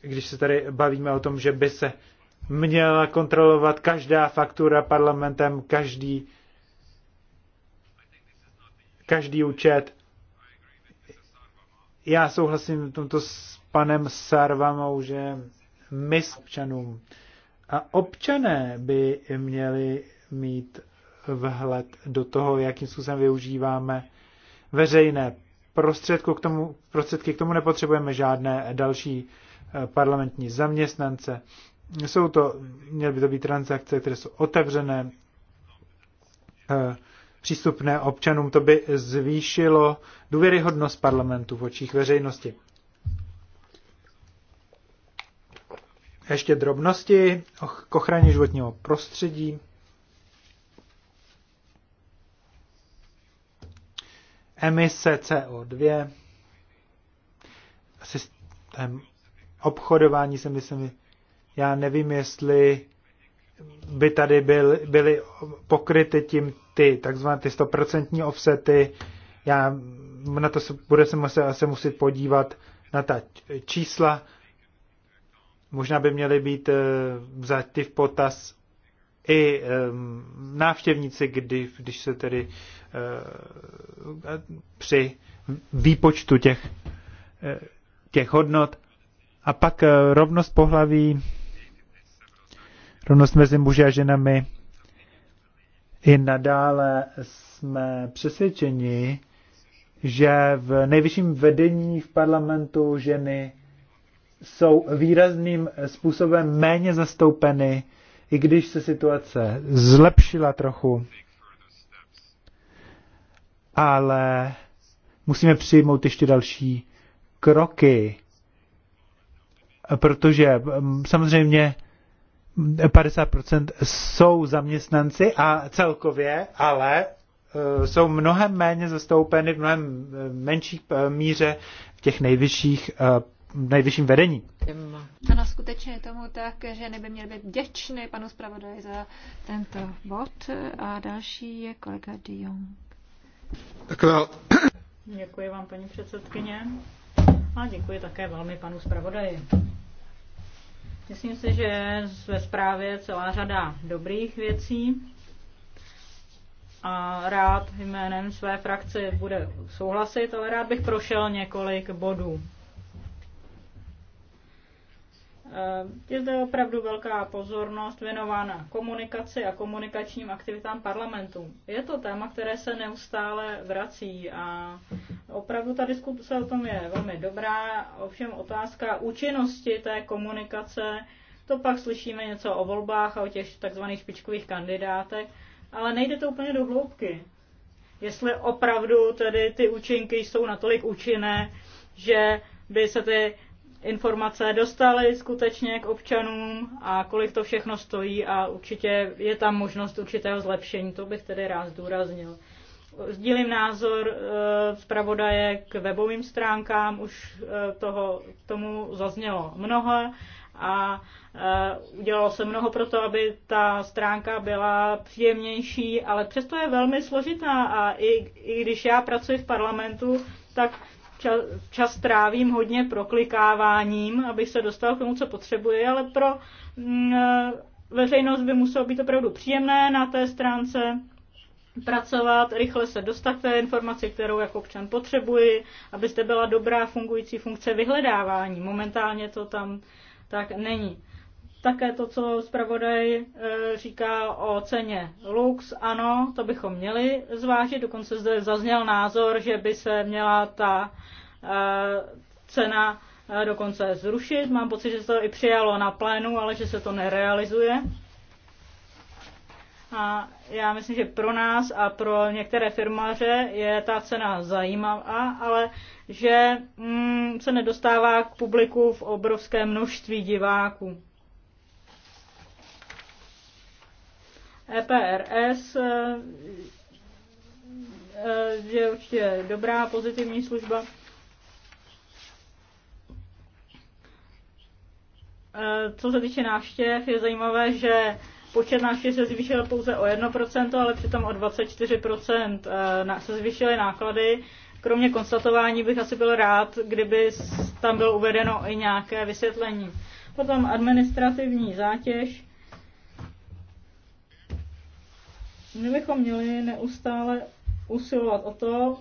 Když se tady bavíme o tom, že by se měla kontrolovat každá faktura parlamentem, každý, každý účet, já souhlasím v tomto s panem Sarvamou, že my s občanům a občané by měli mít vhled do toho, jakým způsobem využíváme veřejné prostředky. K tomu, prostředky k tomu nepotřebujeme žádné další e, parlamentní zaměstnance. Jsou to, měly by to být transakce, které jsou otevřené, e, přístupné občanům, to by zvýšilo důvěryhodnost parlamentu v očích veřejnosti. Ještě drobnosti k ochraně životního prostředí. Emise CO2. Systém obchodování se myslím, Já nevím, jestli by tady byl, byly pokryty tím ty takzvané ty stoprocentní offsety. Já na to se, bude se muset, asi muset podívat na ta čísla. Možná by měly být eh, vzaty v potaz i um, návštěvníci, kdy, když se tedy uh, při výpočtu těch, eh, těch hodnot. A pak rovnost pohlaví rovnost mezi muži a ženami. I nadále jsme přesvědčeni, že v nejvyšším vedení v parlamentu ženy jsou výrazným způsobem méně zastoupeny, i když se situace zlepšila trochu. Ale musíme přijmout ještě další kroky, protože samozřejmě 50% jsou zaměstnanci a celkově, ale e, jsou mnohem méně zastoupeny v mnohem e, menší e, míře v těch nejvyšších nejvyšším vedení. Ano, skutečně je tomu tak, že neby měl být vděčný panu zpravodaji za tento bod. A další je kolega Dion. Tak Děkuji vám, paní předsedkyně. A děkuji také velmi panu zpravodaji. Myslím si, že ve zprávě celá řada dobrých věcí a rád jménem své frakce bude souhlasit, ale rád bych prošel několik bodů. Eh, je zde opravdu velká pozornost věnována komunikaci a komunikačním aktivitám parlamentu. Je to téma, které se neustále vrací a opravdu ta diskuse o tom je velmi dobrá. Ovšem otázka účinnosti té komunikace, to pak slyšíme něco o volbách a o těch takzvaných špičkových kandidátech, ale nejde to úplně do hloubky. Jestli opravdu tedy ty účinky jsou natolik účinné, že by se ty informace dostaly skutečně k občanům a kolik to všechno stojí a určitě je tam možnost určitého zlepšení, to bych tedy rád zdůraznil. Sdílím názor eh, zpravodaje k webovým stránkám, už eh, toho, tomu zaznělo mnoho a eh, udělalo se mnoho pro to, aby ta stránka byla příjemnější, ale přesto je velmi složitá a i, i když já pracuji v parlamentu, tak čas, čas trávím hodně proklikáváním, abych se dostal k tomu, co potřebuji, ale pro mm, eh, veřejnost by muselo být opravdu příjemné na té stránce pracovat, rychle se dostat k té informaci, kterou jako občan potřebuji, abyste byla dobrá fungující funkce vyhledávání. Momentálně to tam tak není. Také to, co zpravodaj e, říká o ceně Lux, ano, to bychom měli zvážit. Dokonce zde zazněl názor, že by se měla ta e, cena e, dokonce zrušit. Mám pocit, že se to i přijalo na plénu, ale že se to nerealizuje. A já myslím, že pro nás a pro některé firmaře je ta cena zajímavá, ale že mm, se nedostává k publiku v obrovské množství diváků. EPRS eh, eh, je určitě dobrá, pozitivní služba. Eh, co se týče návštěv, je zajímavé, že počet návštěv se zvýšil pouze o 1%, ale přitom o 24% se zvýšily náklady. Kromě konstatování bych asi byl rád, kdyby tam bylo uvedeno i nějaké vysvětlení. Potom administrativní zátěž My bychom měli neustále usilovat o to,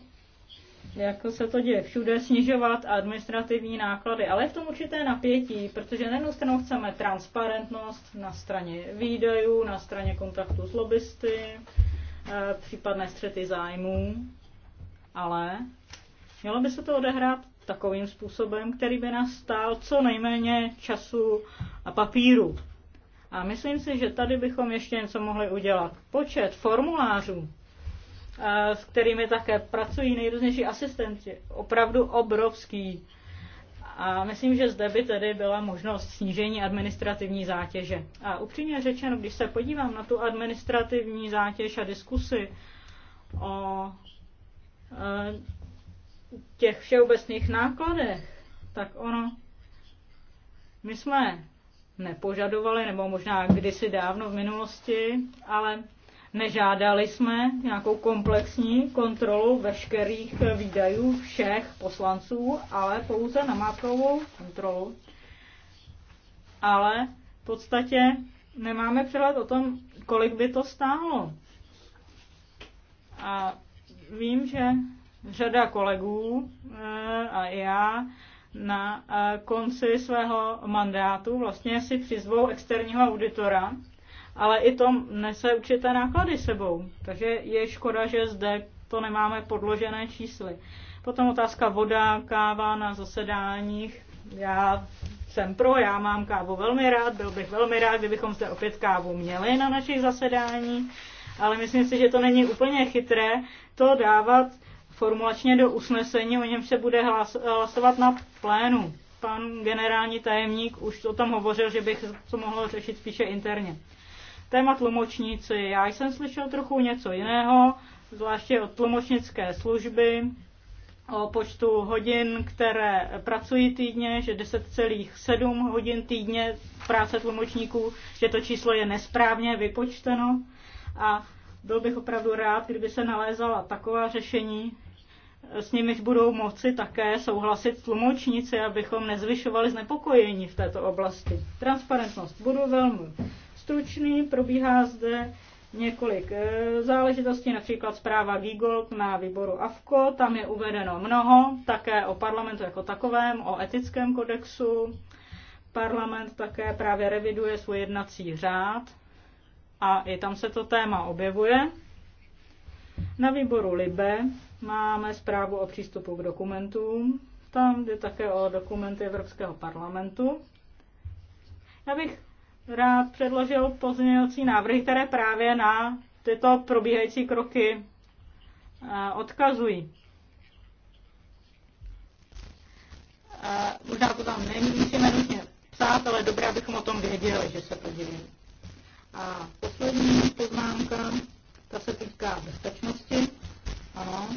jak se to děje všude, snižovat administrativní náklady. Ale je v tom určité napětí, protože na jednu stranu chceme transparentnost na straně výdajů, na straně kontaktu s lobbysty, eh, případné střety zájmů, ale mělo by se to odehrát takovým způsobem, který by nás stál co nejméně času a papíru. A myslím si, že tady bychom ještě něco mohli udělat. Počet formulářů, s kterými také pracují nejrůznější asistenti, opravdu obrovský. A myslím, že zde by tedy byla možnost snížení administrativní zátěže. A upřímně řečeno, když se podívám na tu administrativní zátěž a diskusy o e, těch všeobecných nákladech, tak ono, my jsme nepožadovali, nebo možná kdysi dávno v minulosti, ale nežádali jsme nějakou komplexní kontrolu veškerých výdajů všech poslanců, ale pouze namátkovou kontrolu. Ale v podstatě nemáme přehled o tom, kolik by to stálo. A vím, že řada kolegů eh, a já na eh, konci svého mandátu vlastně si přizvou externího auditora, ale i to nese určité náklady sebou. Takže je škoda, že zde to nemáme podložené čísly. Potom otázka voda, káva na zasedáních. Já jsem pro, já mám kávu velmi rád, byl bych velmi rád, kdybychom zde opět kávu měli na našich zasedání, ale myslím si, že to není úplně chytré to dávat formulačně do usnesení, o něm se bude hlasovat na plénu. Pan generální tajemník už o tom hovořil, že bych to mohl řešit spíše interně. Téma tlumočníci. Já jsem slyšel trochu něco jiného, zvláště od tlumočnické služby, o počtu hodin, které pracují týdně, že 10,7 hodin týdně práce tlumočníků, že to číslo je nesprávně vypočteno. A byl bych opravdu rád, kdyby se nalézala taková řešení, s nimiž budou moci také souhlasit tlumočníci, abychom nezvyšovali znepokojení v této oblasti. Transparentnost. Budu velmi stručný, probíhá zde několik eh, záležitostí, například zpráva Vigold na výboru AFKO, tam je uvedeno mnoho, také o parlamentu jako takovém, o etickém kodexu. Parlament také právě reviduje svůj jednací řád a i tam se to téma objevuje. Na výboru LIBE Máme zprávu o přístupu k dokumentům. Tam jde také o dokumenty Evropského parlamentu. Já bych rád předložil pozměňovací návrhy, které právě na tyto probíhající kroky eh, odkazují. Eh, možná to tam nemusíme nutně psát, ale dobré, abychom o tom věděli, že se to děje. A poslední poznámka, ta se týká bezpečnosti. Ano.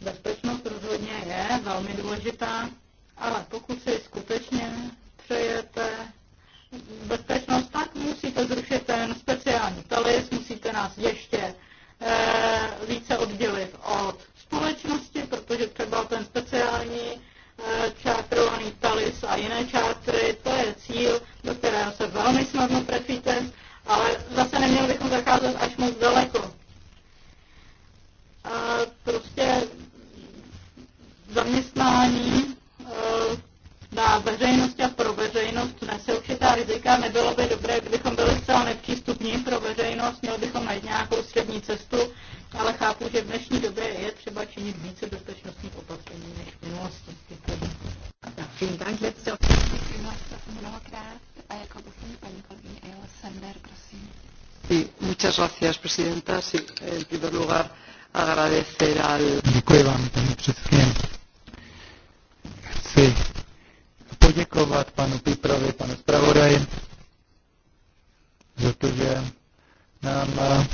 Bezpečnost rozhodně je velmi důležitá, ale pokud si skutečně přejete bezpečnost, tak musíte zrušit ten speciální talis, musíte nás ještě e, více oddělit od společnosti, protože třeba ten speciální e, čátrovaný talis a jiné čátry, to je cíl, do kterého se velmi snadno trefíte, ale zase neměli bychom zacházet až moc daleko prostě zaměstnání e, na veřejnosti a pro veřejnost nese určitá rizika. Nebylo by dobré, kdybychom byli zcela nepřístupní pro veřejnost, měli bychom najít nějakou střední cestu, ale chápu, že v dnešní době je třeba činit více bezpečnostních opatření než v minulosti. Jako muchas gracias, presidenta. Sí, en primer lugar, agradecer al... Děkuji vám, paní předsedkyně. Chci poděkovat panu Piprovi, panu zpravodaji, za to, že nám eh,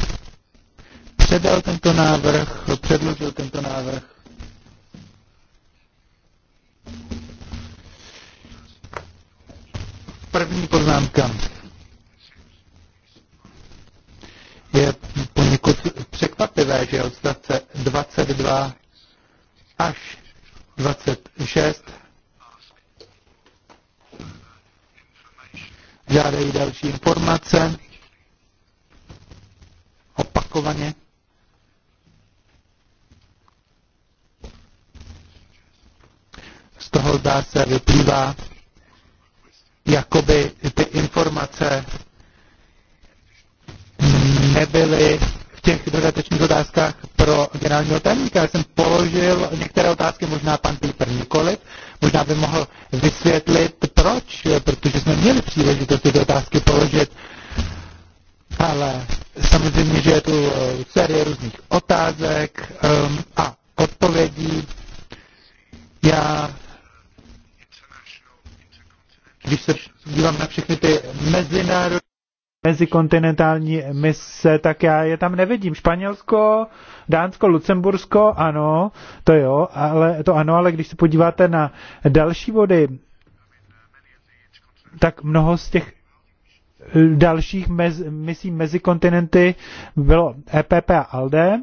předal tento návrh, předložil tento návrh. První poznámka je poněkud jako překvapivé, že odstavce 22 až 26 žádají další informace opakovaně. Z toho zdá se vyplývá, jakoby ty informace nebyly těch dodatečných otázkách pro generálního tajemníka. Já jsem položil některé otázky, možná pan Píper nikoliv, možná by mohl vysvětlit, proč, protože jsme měli příležitost tyto otázky položit, ale samozřejmě, že je tu eh, série různých otázek um, a odpovědí. Já když se dívám na všechny ty mezinárodní mezikontinentální mise, tak já je tam nevidím. Španělsko, Dánsko, Lucembursko, ano, to jo, ale to ano, ale když se podíváte na další vody, tak mnoho z těch eh, dalších mez, misí mezikontinenty bylo EPP a ALDE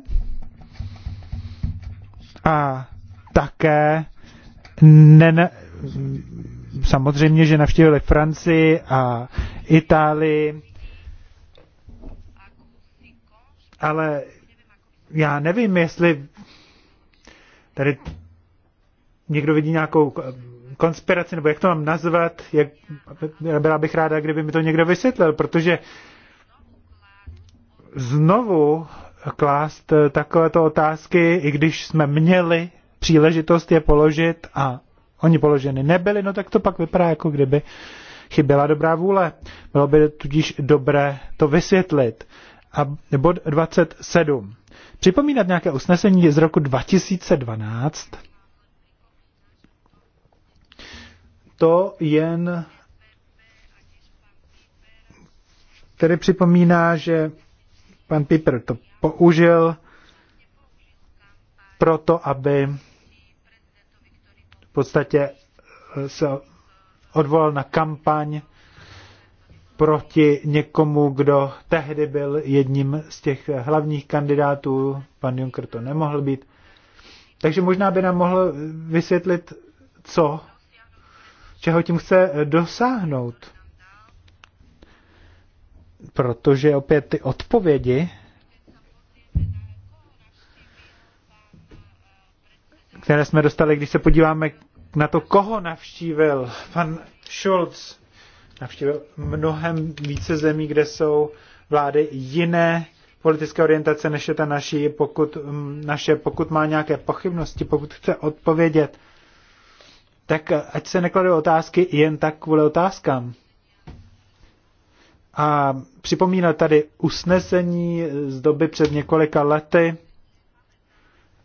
a také ne, samozřejmě, že navštívili Francii a Itálii ale já nevím, jestli tady někdo vidí nějakou konspiraci, nebo jak to mám nazvat, jak, byla bych ráda, kdyby mi to někdo vysvětlil, protože znovu klást takovéto otázky, i když jsme měli příležitost je položit a oni položeny nebyly, no tak to pak vypadá, jako kdyby chyběla dobrá vůle. Bylo by tudíž dobré to vysvětlit a bod 27. Připomínat nějaké usnesení je z roku 2012. To jen tedy připomíná, že pan Piper to použil proto, aby v podstatě se odvolal na kampaň proti někomu, kdo tehdy byl jedním z těch hlavních kandidátů. Pan Juncker to nemohl být. Takže možná by nám mohl vysvětlit, co, čeho tím chce dosáhnout. Protože opět ty odpovědi, které jsme dostali, když se podíváme na to, koho navštívil pan Schulz navštívil mnohem více zemí, kde jsou vlády jiné politické orientace, než je ta naší, pokud, mm, naše, pokud má nějaké pochybnosti, pokud chce odpovědět, tak ať se nekladou otázky jen tak kvůli otázkám. A připomíná tady usnesení z doby před několika lety.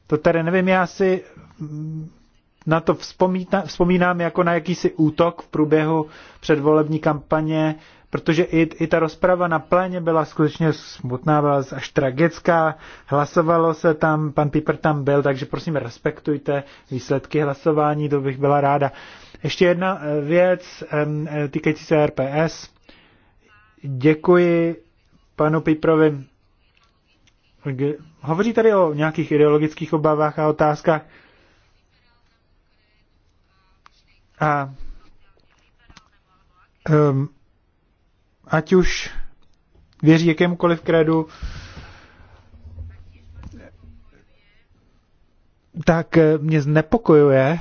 To tady nevím, já si mm, na to vzpomíná, vzpomínám jako na jakýsi útok v průběhu předvolební kampaně, protože i, i ta rozprava na pléně byla skutečně smutná, byla až tragická, hlasovalo se tam, pan Piper tam byl, takže prosím respektujte výsledky hlasování, to bych byla ráda. Ještě jedna eh, věc eh, týkající se RPS. Děkuji panu Piprovi. Hovoří tady o nějakých ideologických obavách a otázkách. A um, ať už věří jakémukoliv kredu, tak eh, mě znepokojuje,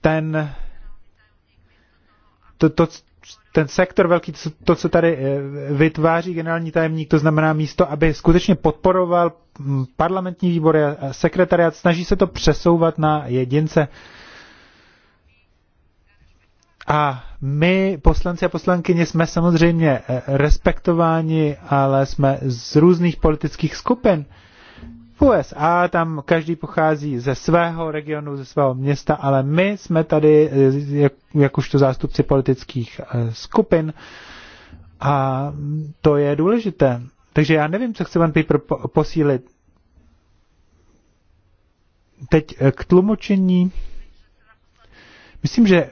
ten to, to, ten sektor velký, to, co tady eh, vytváří generální tajemník, to znamená místo, aby skutečně podporoval mm, parlamentní výbory a sekretariat, snaží se to přesouvat na jedince. A my, poslanci a poslankyně, jsme samozřejmě eh, respektováni, ale jsme z různých politických skupin. USA tam každý pochází ze svého regionu, ze svého města, ale my jsme tady eh, jakožto zástupci politických eh, skupin a to je důležité. Takže já nevím, co chce pan Piper posílit. Teď eh, k tlumočení. Myslím, že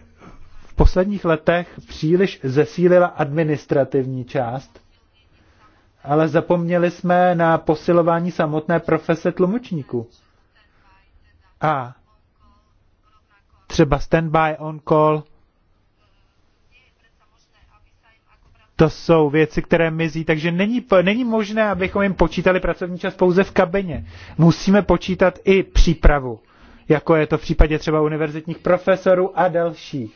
v posledních letech příliš zesílila administrativní část ale zapomněli jsme na posilování samotné profese tlumočníků. A třeba standby on call, to jsou věci, které mizí, takže není, není možné, abychom jim počítali pracovní čas pouze v kabině. Musíme počítat i přípravu, jako je to v případě třeba univerzitních profesorů a dalších.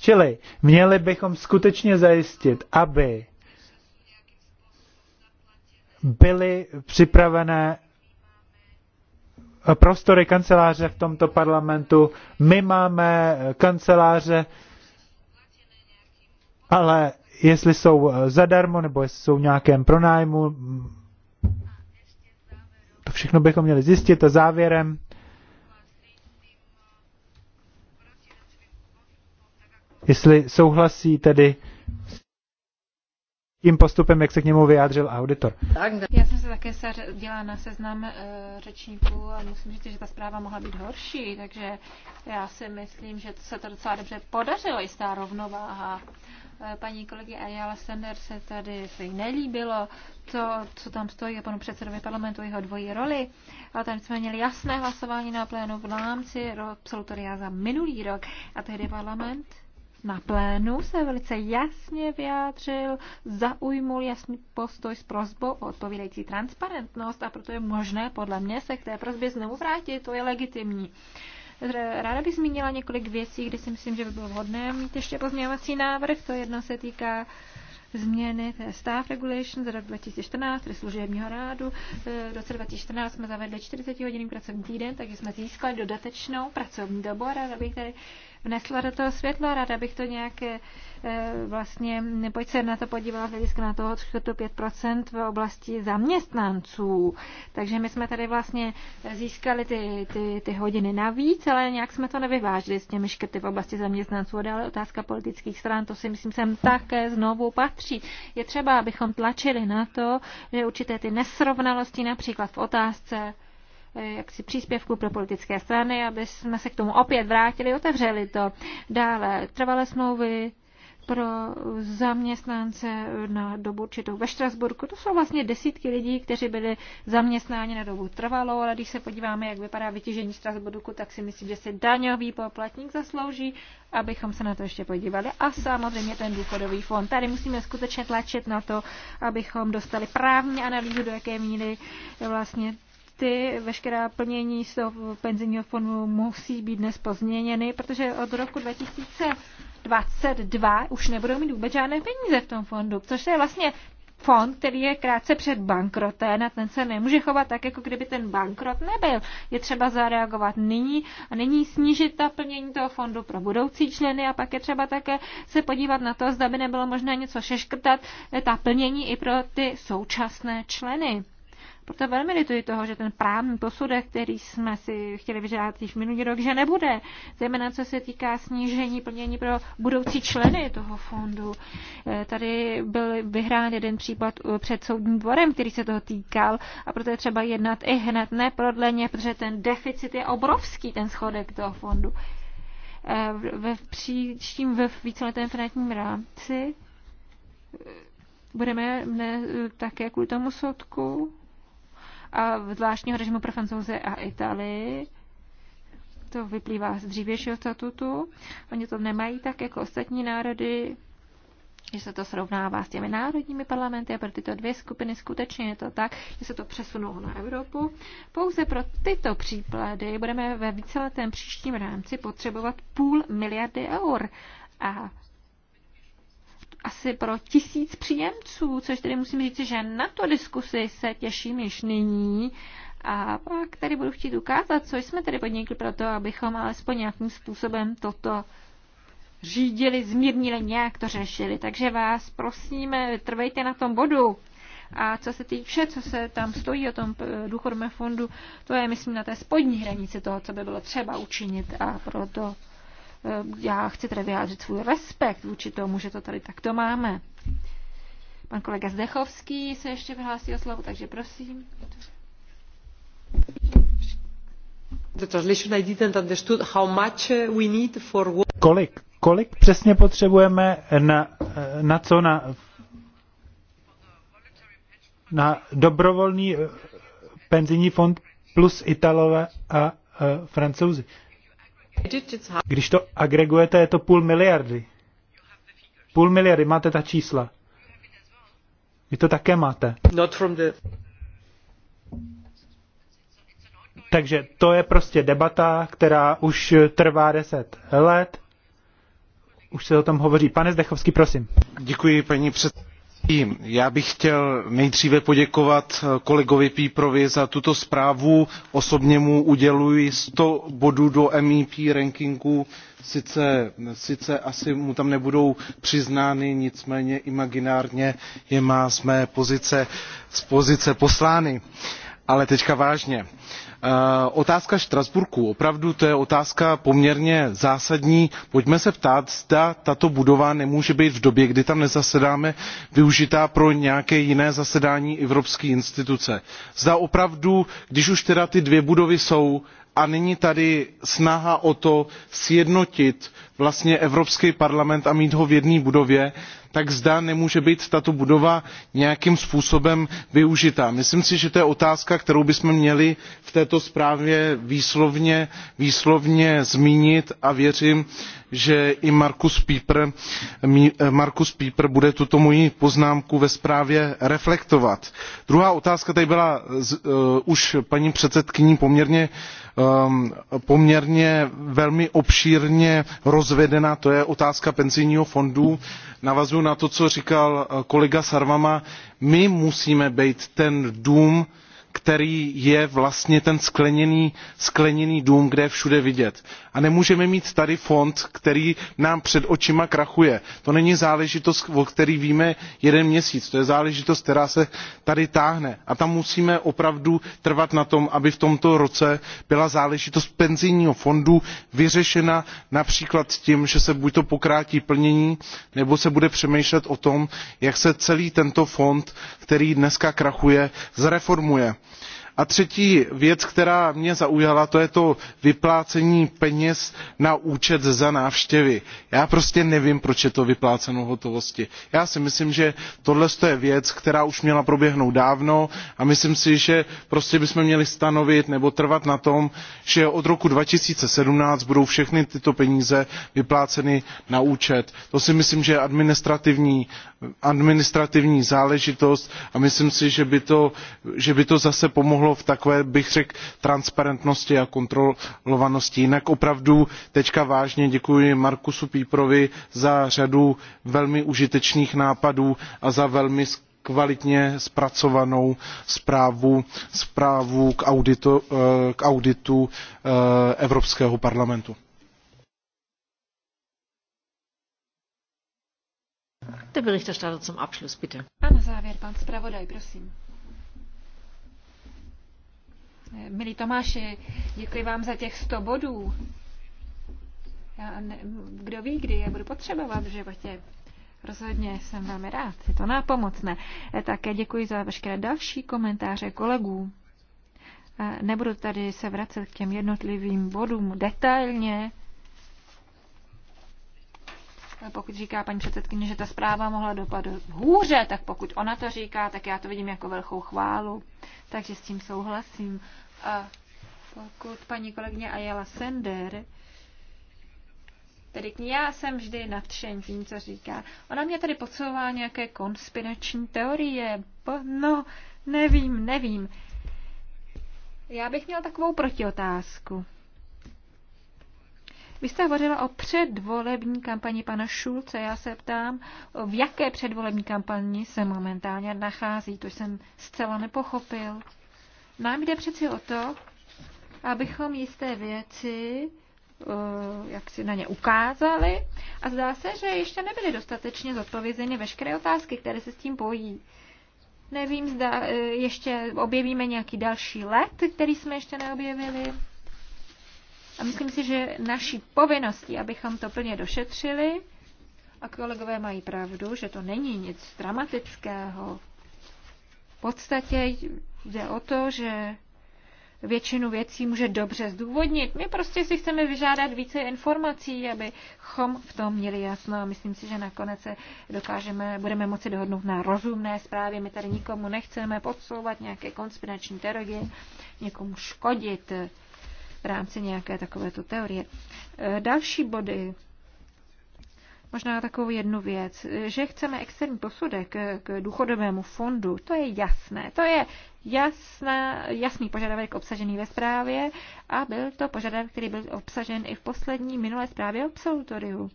Čili měli bychom skutečně zajistit, aby byly připravené eh, prostory kanceláře v tomto parlamentu. My máme eh, kanceláře, ale jestli jsou eh, zadarmo nebo jestli jsou v nějakém pronájmu, mm, to všechno bychom měli zjistit a závěrem jestli souhlasí tedy tím postupem, jak se k němu vyjádřil auditor. Já jsem se také se dělá na seznam uh, řečníků a musím říct, že ta zpráva mohla být horší, takže já si myslím, že se to docela dobře podařilo, jistá rovnováha. Eh, paní kolegy Ayala Sender se tady se jí nelíbilo, to, co tam stojí A panu předsedovi parlamentu, jeho dvojí roli, ale tam jsme měli jasné hlasování na plénu v rámci absolutoria za minulý rok a tehdy parlament na plénu se velice jasně vyjádřil, zaujmul jasný postoj s prozbou o odpovídající transparentnost a proto je možné podle mě se k té prozbě znovu vrátit, to je legitimní. Ráda bych zmínila několik věcí, kde si myslím, že by bylo vhodné mít ještě pozměňovací návrh. To jedno se týká změny té staff regulation z roku 2014, tedy služebního rádu. E, v roce 2014 jsme zavedli 40 hodinový pracovní týden, takže jsme získali dodatečnou pracovní dobu. Ráda bych tady vnesla do toho světlo. ráda bych to nějak eh, vlastně, pojď se na to podívala hlediska na toho 5% v oblasti zaměstnanců. Takže my jsme tady vlastně získali ty, ty, ty hodiny navíc, ale nějak jsme to nevyvážili s těmi škrty v oblasti zaměstnanců. A dále otázka politických stran, to si myslím sem také znovu patří. Je třeba, abychom tlačili na to, že určité ty nesrovnalosti například v otázce Eh, jaksi příspěvku pro politické strany, aby jsme se k tomu opět vrátili, otevřeli to. Dále trvalé smlouvy pro zaměstnance na dobu určitou ve Štrasburku. To jsou vlastně desítky lidí, kteří byli zaměstnáni na dobu trvalou, ale když se podíváme, jak vypadá vytěžení Štrasburku, tak si myslím, že se daňový poplatník zaslouží, abychom se na to ještě podívali. A samozřejmě ten důchodový fond. Tady musíme skutečně tlačit na to, abychom dostali právní analýzu, do jaké míry vlastně ty veškerá plnění z toho penzijního fondu musí být dnes pozměněny, protože od roku 2022 už nebudou mít vůbec žádné peníze v tom fondu, což je vlastně fond, který je krátce před bankrotem a ten se nemůže chovat tak, jako kdyby ten bankrot nebyl. Je třeba zareagovat nyní a nyní snížit ta plnění toho fondu pro budoucí členy a pak je třeba také se podívat na to, zda by nebylo možné něco šeškrtat eh, ta plnění i pro ty současné členy. Proto velmi lituji toho, že ten právní posudek, který jsme si chtěli vyžádat již minulý rok, že nebude. Zejména co se týká snížení plnění pro budoucí členy toho fondu. Eh, tady byl vyhrán jeden případ před soudním dvorem, který se toho týkal a proto je třeba jednat i hned neprodleně, protože ten deficit je obrovský, ten schodek toho fondu. Eh, ve příštím ve víceletém finančním rámci eh, budeme ne, také kvůli tomu sodku a zvláštního režimu pro francouze a Itálii. To vyplývá z dřívějšího statutu. Oni to nemají tak jako ostatní národy, že se to srovnává s těmi národními parlamenty a pro tyto dvě skupiny skutečně je to tak, že se to přesunulo na Evropu. Pouze pro tyto příklady budeme ve víceletém příštím rámci potřebovat půl miliardy eur. A asi pro tisíc příjemců, což tedy musím říct, že na to diskusi se těším již nyní. A pak tady budu chtít ukázat, co jsme tedy podnikli pro to, abychom alespoň nějakým způsobem toto řídili, zmírnili, nějak to řešili. Takže vás prosíme, trvejte na tom bodu. A co se týče, co se tam stojí o tom eh, důchodovém fondu, to je, myslím, na té spodní hranici toho, co by bylo třeba učinit a proto Eh, já chci tady vyjádřit svůj respekt vůči tomu, že to tady takto máme. Pan kolega Zdechovský se ještě vyhlásí o slovo, takže prosím. The translation I didn't understood how much eh, we need for Kolik, kolik přesně potřebujeme na, eh, na co na na dobrovolný penzijní fond plus Italové a a Francouzi. Když to agregujete, je to půl miliardy. Půl miliardy, máte ta čísla. Vy to také máte. Not from the... Takže to je prostě debata, která už trvá deset let. Už se o tom hovoří. Pane Zdechovský, prosím. Děkuji, paní předsedající já bych chtěl nejdříve poděkovat kolegovi pieperovi za tuto zprávu. Osobně mu uděluji 100 bodů do MEP rankingu. Sice, asi mu tam nebudou přiznány, nicméně imaginárně je má z mé pozice, z pozice poslány. Ale teď vážně. Eh, otázka štrasburku opravdu to je otázka poměrně zásadní pojďme se ptát zda tato budova nemůže být v době kdy tam nezasedáme využita pro nějaké jiné zasedání evropské instituce zda opravdu když už tedy ty dvě budovy jsou a nyní tady snaha o to sjednotit vlastně evropský parlament a mít ho v jedné budově tak zda nemůže být tato budova nějakým způsobem využita. myslím si že to je otázka kterou bychom měli v této zprávě výslovně, výslovně zmínit a věřím že i markus pieper, bude tuto moji poznámku ve zprávě reflektovat. druhá otázka tady byla eh, už paní předsedkyní poměrně Ehm, poměrně velmi obšírně rozvedena to je otázka penzijního fondu. navazuji na to co říkal eh, kolega sarvamaa my musíme být ten dům který je vlastně ten skleněný, skleněný dům, kde je všude vidět. A nemůžeme mít tady fond, který nám před očima krachuje. To není záležitost, o který víme jeden měsíc. To je záležitost, která se tady táhne. A tam musíme opravdu trvat na tom, aby v tomto roce byla záležitost penzijního fondu vyřešena například tím, že se buď to pokrátí plnění, nebo se bude přemýšlet o tom, jak se celý tento fond, který dneska krachuje, zreformuje a třetí věc která mě zaujala to je to vyplácení peněz na účet za návštěvy. já prostě nevím proč je to vypláceno v hotovosti. já si myslím že tohle je věc která už měla proběhnout dávno a myslím si že prostě bychom měli stanovit nebo trvat na tom že od roku two thousand and seventeen budou všechny tyto peníze vypláceny na účet. to si myslím že je administrativní, administrativní záležitost a myslím si že by to, že by to zase pomohlo pomohlo v takové bych řekl transparentnosti a kontrolovanosti. jinak opravdu teď vážně děkuji markusu pieperovi za řadu velmi užitečných nápadů a za velmi kvalitně zpracovanou zprávu, zprávu k, auditu, eh, k auditu eh, Evropského parlamentu. Der Berichterstatter zum Abschluss, bitte. A na závěr pan zpravodaj, prosím. Milí Tomáši, děkuji vám za těch 100 bodů. Já ne, kdo ví, kdy je budu potřebovat v životě. Rozhodně jsem velmi rád, je to nápomocné. E, také děkuji za veškeré další komentáře kolegů. E, nebudu tady se vracet k těm jednotlivým bodům detailně pokud říká paní předsedkyně, že ta zpráva mohla dopadnout hůře, tak pokud ona to říká, tak já to vidím jako velkou chválu. Takže s tím souhlasím. A pokud paní kolegyně Ayala Sender, tedy já jsem vždy nadšen tím, co říká. Ona mě tady podsouvá nějaké konspirační teorie. No, nevím, nevím. Já bych měla takovou protiotázku. Vy jste hovořila o předvolební kampani pana Šulce. Já se ptám, v jaké předvolební kampani se momentálně nachází. To jsem zcela nepochopil. Nám jde přeci o to, abychom jisté věci eh, jak si na ně ukázali a zdá se, že ještě nebyly dostatečně zodpovězeny veškeré otázky, které se s tím pojí. Nevím, zda eh, ještě objevíme nějaký další let, který jsme ještě neobjevili. A myslím si, že naší povinností, abychom to plně došetřili, a kolegové mají pravdu, že to není nic dramatického. V podstatě jde o to, že většinu věcí může dobře zdůvodnit. My prostě si chceme vyžádat více informací, abychom v tom měli jasno a myslím si, že nakonec se dokážeme, budeme moci dohodnout na rozumné zprávě. My tady nikomu nechceme podsouvat nějaké konspirační teorie, někomu škodit v rámci nějaké takovéto teorie. E, další body. Možná takovou jednu věc, že chceme externí posudek k důchodovému fondu, to je jasné. To je jasná, jasný požadavek obsažený ve zprávě a byl to požadavek, který byl obsažen i v poslední minulé zprávě absolutoriu.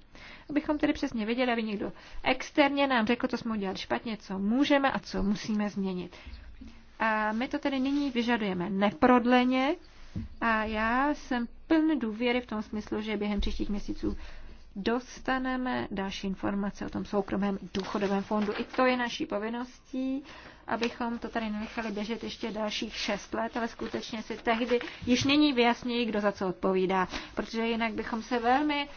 Abychom tedy přesně věděli, aby někdo externě nám řekl, co jsme udělali špatně, co můžeme a co musíme změnit. A my to tedy nyní vyžadujeme neprodleně, a já jsem plný důvěry v tom smyslu, že během příštích měsíců dostaneme další informace o tom soukromém důchodovém fondu. I to je naší povinností, abychom to tady nenechali běžet ještě dalších šest let, ale skutečně si tehdy již není vyjasněji, kdo za co odpovídá, protože jinak bychom se velmi,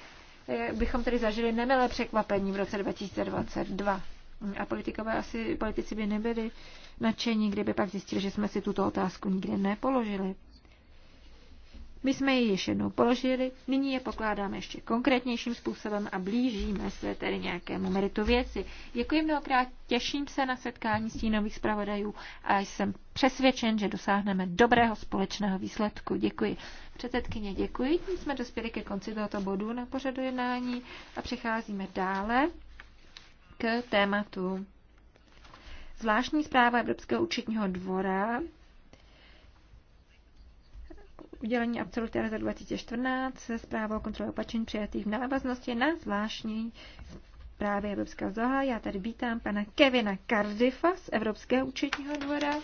eh, bychom tady zažili nemilé překvapení v roce 2022. A politikové asi, politici by nebyli nadšení, kdyby pak zjistili, že jsme si tuto otázku nikdy nepoložili. My jsme ji ještě jednou položili, nyní je pokládáme ještě konkrétnějším způsobem a blížíme se tedy nějakému meritu věci. Děkuji mnohokrát, těším se na setkání stínových zpravodajů a jsem přesvědčen, že dosáhneme dobrého společného výsledku. Děkuji. Předsedkyně, děkuji. Tím jsme dospěli ke konci tohoto bodu na pořadu jednání a přecházíme dále k tématu. Zvláštní zpráva Evropského účetního dvora udělení absolutéra za 2014 se zprávou kontroly opatření přijatých v návaznosti na zvláštní zprávy Evropského zoha. Já tady vítám pana Kevina Cardiffa z Evropského účetního dvora,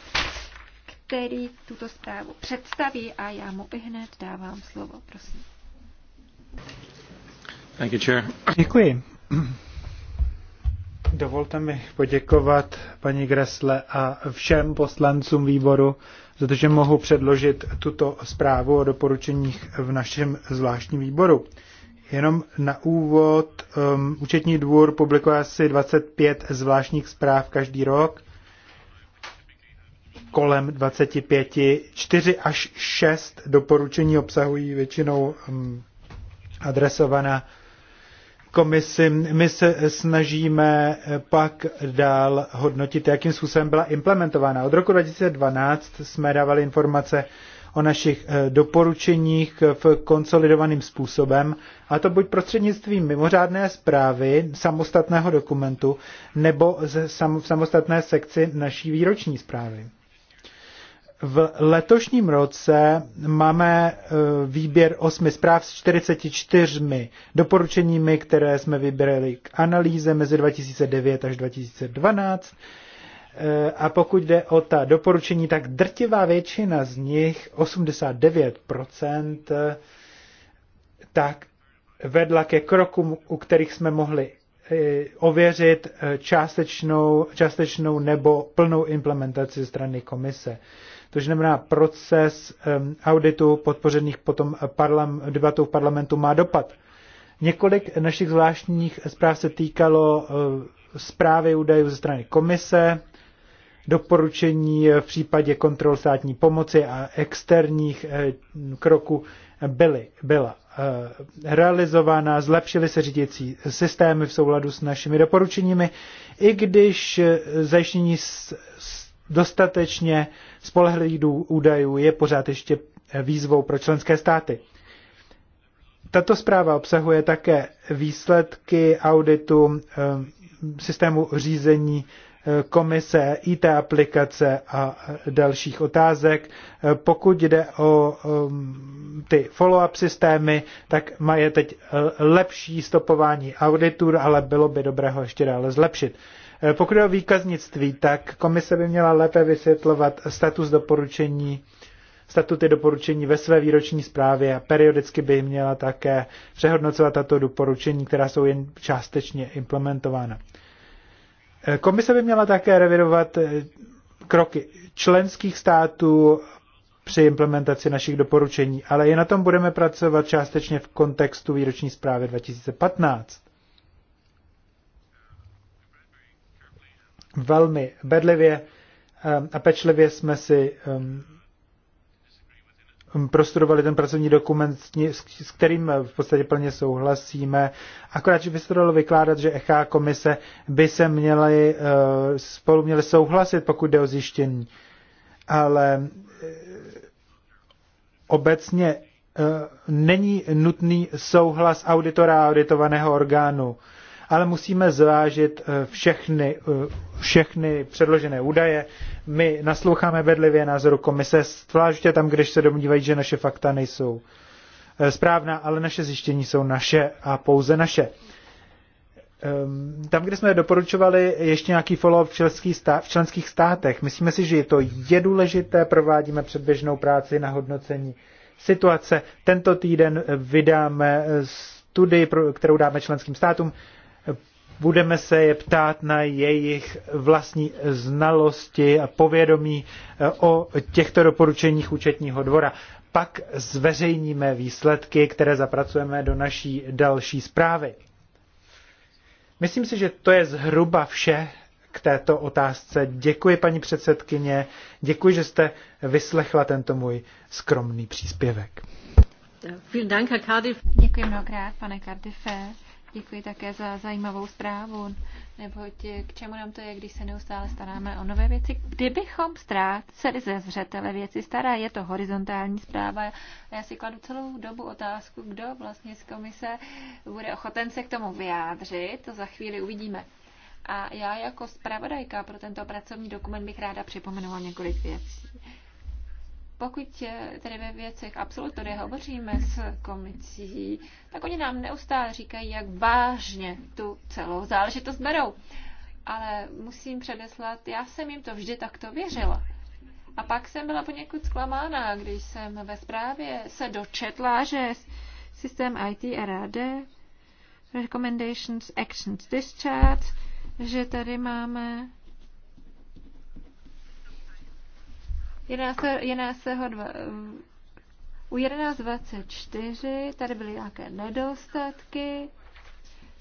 který tuto zprávu představí a já mu i hned dávám slovo. Prosím. Thank you, chair. Děkuji. Dovolte mi poděkovat paní Gresle a všem poslancům výboru za to, že mohu předložit tuto zprávu o doporučeních v našem zvláštním výboru. Jenom na úvod, um, účetní dvůr publikuje asi 25 zvláštních zpráv každý rok, kolem 25, 4 až 6 doporučení obsahují většinou um, adresovaná komisi. My se snažíme pak dál hodnotit, jakým způsobem byla implementována. Od roku 2012 jsme dávali informace o našich eh, doporučeních v konsolidovaným způsobem, a to buď prostřednictvím mimořádné zprávy, samostatného dokumentu, nebo v samostatné sekci naší výroční zprávy. V letošním roce máme e, výběr osmi zpráv s 44 doporučeními, které jsme vybrali k analýze mezi 2009 až 2012. E, a pokud jde o ta doporučení, tak drtivá většina z nich, 89%, e, tak vedla ke krokům, u kterých jsme mohli ověřit částečnou, částečnou nebo plnou implementaci strany komise. To znamená, proces auditu podpořených potom eh, parlam, debatou v parlamentu má dopad. Několik našich zvláštních zpráv se týkalo eh, zprávy údajů ze strany komise, doporučení eh, v případě kontrol státní pomoci a externích kroků byly, byla realizována, zlepšily se řídící systémy v souladu s našimi doporučeními, i když zajištění dostatečně spolehlivých údajů je pořád ještě výzvou pro členské státy. Tato zpráva obsahuje také výsledky auditu eh, systému řízení eh, komise, IT aplikace a eh, dalších otázek. Pokud jde o ty follow-up systémy, tak mají teď lepší stopování auditů, ale bylo by dobré ho ještě dále zlepšit. Eh, pokud je o výkaznictví, tak komise by měla lépe vysvětlovat status doporučení statuty doporučení ve své výroční zprávě a periodicky by měla také přehodnocovat tato doporučení, která jsou jen částečně implementována. Eh, komise by měla také revidovat eh, kroky členských států při implementaci našich doporučení, ale i na tom budeme pracovat částečně v kontextu výroční zprávy 2015. velmi bedlivě ehm, a pečlivě jsme si ehm, ehm, prostudovali ten pracovní dokument, s kterým v podstatě plně souhlasíme. Akorát, že by se dalo vykládat, že ECHA komise by se měly, eh, spolu měly souhlasit, pokud jde o zjištění. Ale eh, obecně eh, není nutný souhlas auditora a auditovaného orgánu ale musíme zvážit eh, všechny, eh, všechny předložené údaje. My nasloucháme bedlivě názoru komise, zvláště tam, když se domnívají, že naše fakta nejsou eh, správná, ale naše zjištění jsou naše a pouze naše. Ehm, tam, kde jsme doporučovali ještě nějaký follow-up v členských státech, myslíme si, že to je důležité, provádíme předběžnou práci na hodnocení situace. Tento týden vydáme studii, kterou dáme členským státům budeme se je ptát na jejich vlastní znalosti a povědomí eh, o těchto doporučeních účetního dvora. Pak zveřejníme výsledky, které zapracujeme do naší další zprávy. Myslím si, že to je zhruba vše k této otázce. Děkuji, paní předsedkyně, děkuji, že jste vyslechla tento můj skromný příspěvek. Děkuji mnohokrát, pane Cardiffe. Děkuji také za zajímavou zprávu, neboť k čemu nám to je, když se neustále staráme o nové věci. Kdybychom ztráceli ze zřetele věci stará, je to horizontální zpráva. Já si kladu celou dobu otázku, kdo vlastně z komise bude ochoten se k tomu vyjádřit. To za chvíli uvidíme. A já jako zpravodajka pro tento pracovní dokument bych ráda připomenula několik věcí. Pokud tedy ve věcech absolutory hovoříme s komicí, tak oni nám neustále říkají, jak vážně tu celou záležitost berou. Ale musím předeslat, já jsem jim to vždy takto věřila. A pak jsem byla poněkud zklamána, když jsem ve zprávě se dočetla, že systém IT RAD, Recommendations, Actions, Discharge, že tady máme 11. 11. 2, u 11.24 tady byly nějaké nedostatky,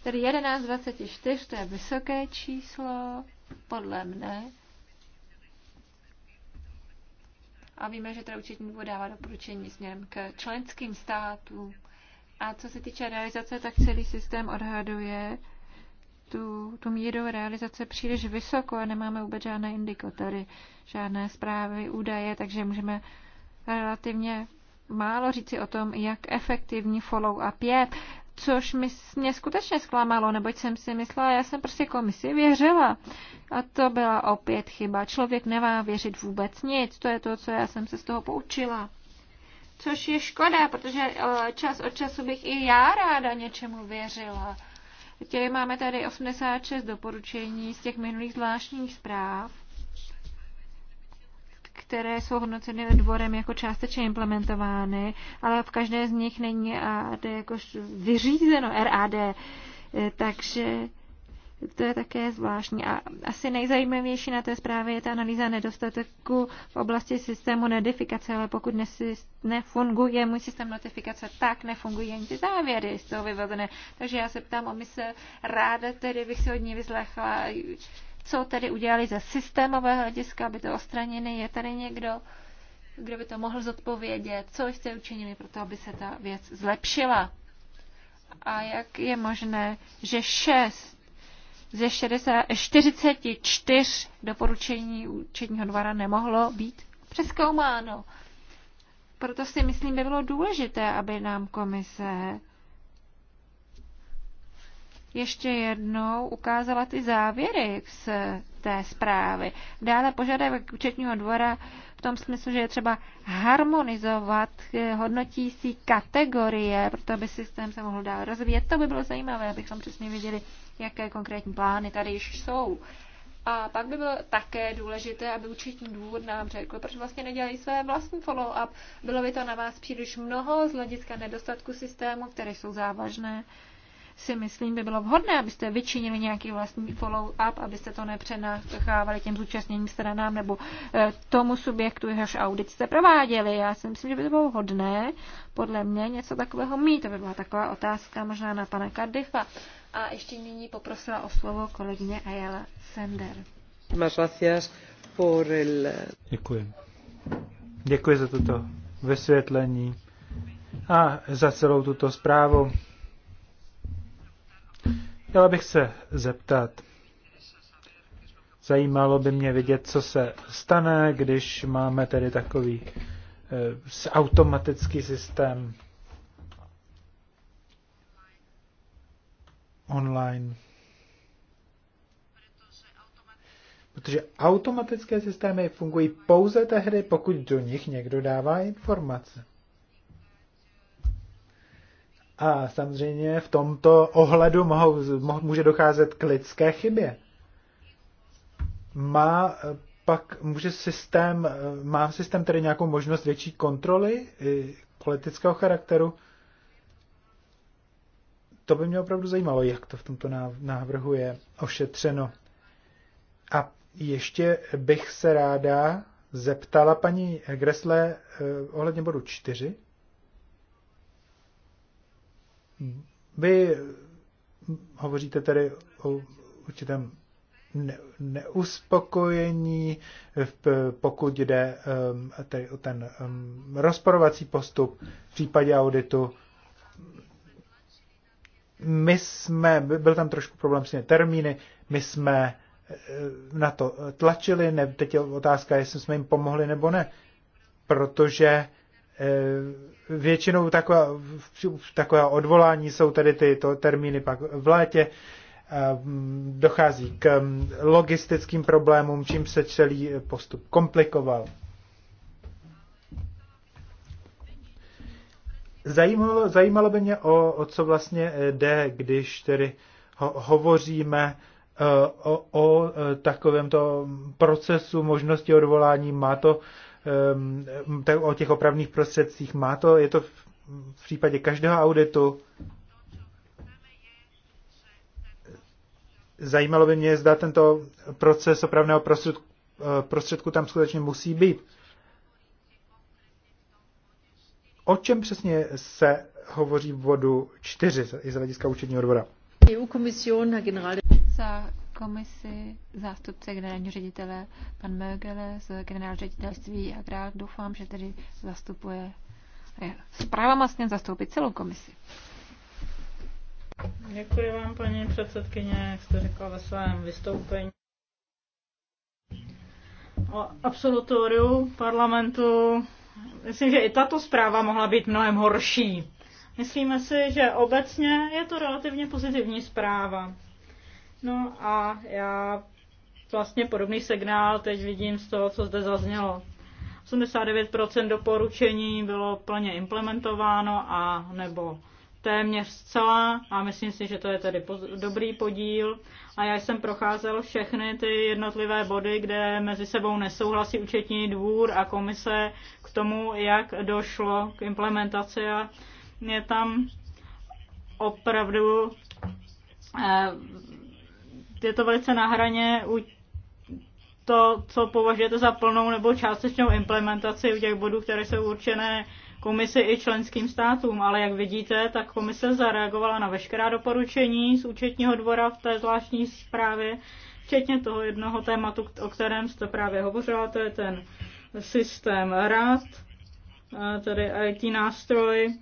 tedy 11.24 to je vysoké číslo, podle mne. A víme, že teda účetní dvůr dává doporučení směrem k členským státům. A co se týče realizace, tak celý systém odhaduje tu, tu míru realizace příliš vysoko a nemáme vůbec žádné indikatory, žádné zprávy, údaje, takže můžeme relativně málo říci o tom, jak efektivní follow-up je, což mě skutečně zklamalo, neboť jsem si myslela, já jsem prostě komisi věřila. A to byla opět chyba. Člověk nemá věřit vůbec nic, to je to, co já jsem se z toho poučila. Což je škoda, protože eh, čas od času bych i já ráda něčemu věřila. Teď máme tady 86 doporučení z těch minulých zvláštních zpráv, které jsou hodnoceny dvorem jako částečně implementovány, ale v každé z nich není AD jako vyřízeno RAD. Takže to je také zvláštní. A asi nejzajímavější na té zprávě je ta analýza nedostatku v oblasti systému notifikace, ale pokud nefunguje můj systém notifikace, tak nefungují ani ty závěry z toho vyvozené. Takže já se ptám, o my se ráda tedy bych si od ní vyslechla, co tedy udělali ze systémového hlediska, aby to odstranili. Je tady někdo, kdo by to mohl zodpovědět? Co jste učinili pro to, aby se ta věc zlepšila? A jak je možné, že šest ze 60, 44 doporučení účetního dvora nemohlo být přeskoumáno. Proto si myslím, by bylo důležité, aby nám komise ještě jednou ukázala ty závěry z té zprávy. Dále požadavek účetního dvora v tom smyslu, že je třeba harmonizovat hodnotící kategorie, proto aby systém se mohl dál rozvíjet. To by bylo zajímavé, abychom přesně viděli jaké konkrétní plány tady již jsou. A pak by bylo také důležité, aby účetní důvod nám řekl, proč vlastně nedělají své vlastní follow-up. Bylo by to na vás příliš mnoho z hlediska nedostatku systému, které jsou závažné. Si myslím, by bylo vhodné, abyste vyčinili nějaký vlastní follow-up, abyste to nepřenáchávali těm zúčastněným stranám nebo eh, tomu subjektu, jehož audit jste prováděli. Já si myslím, že by to bylo vhodné, podle mě, něco takového mít. To by byla taková otázka možná na pana Cardiffa. A ještě nyní poprosila o slovo kolegyně Ayala Sender. Děkuji. Děkuji za toto vysvětlení a za celou tuto zprávu. Chtěla bych se zeptat. Zajímalo by mě vidět, co se stane, když máme tedy takový eh, automatický systém online. Protože automatické systémy fungují pouze tehdy, pokud do nich někdo dává informace. A samozřejmě v tomto ohledu mohou, může docházet k lidské chybě. Má eh, pak může systém, eh, má systém tedy nějakou možnost větší kontroly politického charakteru? To by mě opravdu zajímalo, jak to v tomto návrhu je ošetřeno. A ještě bych se ráda zeptala paní Gresle eh, ohledně bodu 4. Vy hovoříte tedy o určitém neuspokojení, pokud jde ehm, tedy o ten ehm, rozporovací postup v případě auditu my jsme, byl tam trošku problém s termíny, my jsme eh, na to tlačili, ne, teď je otázka, jestli jsme jim pomohli nebo ne, protože eh, většinou taková, taková odvolání jsou tedy ty to termíny pak v létě, mm, dochází k mm, logistickým problémům, čím se celý postup komplikoval. Zajímalo, zajímalo by mě, o, o co vlastně eh, jde, když tedy ho, hovoříme eh, o, o eh, takovémto procesu možnosti odvolání. Má to ehm, o těch opravných prostředcích, má to, je to v případě každého auditu. Zajímalo by mě, zda tento proces opravného prostředku, prostředku tam skutečně musí být. O čem přesně se hovoří v bodu 4 i z hlediska účetního e generální Za komisi zástupce generálního ředitele pan Mögele z generálního ředitelství Agrár. Doufám, že tedy zastupuje eh, právama vlastně zastoupit celou komisi. Děkuji vám, paní předsedkyně, jak jste řekla ve svém vystoupení. O absolutoriu parlamentu Myslím, že i tato zpráva mohla být mnohem horší. Myslíme si, že obecně je to relativně pozitivní zpráva. No a já vlastně podobný signál teď vidím z toho, co zde zaznělo. 89% doporučení bylo plně implementováno a nebo téměř zcela a myslím si, že to je tedy dobrý podíl. A já jsem procházel všechny ty jednotlivé body, kde mezi sebou nesouhlasí účetní dvůr a komise k tomu, jak došlo k implementaci a je tam opravdu eh, je to velice na hraně u to, co považujete za plnou nebo částečnou implementaci u těch bodů, které jsou určené komisi i členským státům, ale jak vidíte, tak komise zareagovala na veškerá doporučení z účetního dvora v té zvláštní zprávě, včetně toho jednoho tématu, o kterém jste právě hovořila, to je ten systém RAD, tedy IT nástroj,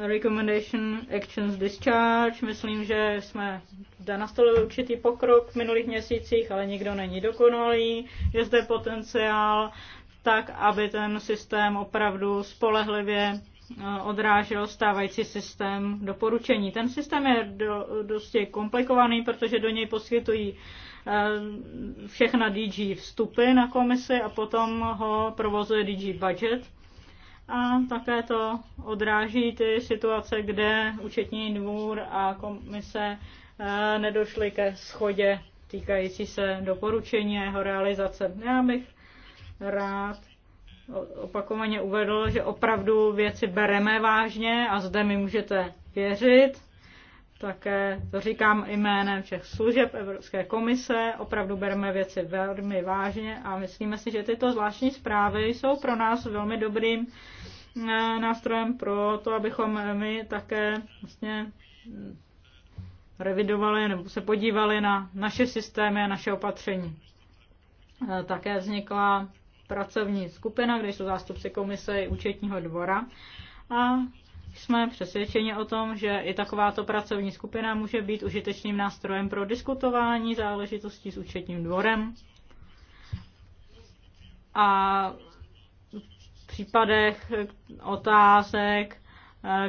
Recommendation Actions Discharge. Myslím, že jsme zde nastolili určitý pokrok v minulých měsících, ale nikdo není dokonalý. Je zde potenciál tak aby ten systém opravdu spolehlivě eh, odrážel stávající systém doporučení. Ten systém je do, dosti komplikovaný, protože do něj poskytují eh, všechna DG vstupy na komisi a potom ho provozuje DG budget. A také to odráží ty situace, kde účetní dvůr a komise eh, nedošly ke schodě týkající se doporučení a jeho realizace. Já bych rád opakovaně uvedl, že opravdu věci bereme vážně a zde mi můžete věřit. Také to říkám jménem všech služeb Evropské komise. Opravdu bereme věci velmi vážně a myslíme si, že tyto zvláštní zprávy jsou pro nás velmi dobrým eh, nástrojem pro to, abychom my také vlastně revidovali nebo se podívali na naše systémy a naše opatření. Eh, také vznikla pracovní skupina, kde jsou zástupci komise i účetního dvora. A jsme přesvědčeni o tom, že i takováto pracovní skupina může být užitečným nástrojem pro diskutování záležitostí s účetním dvorem. A v případech otázek,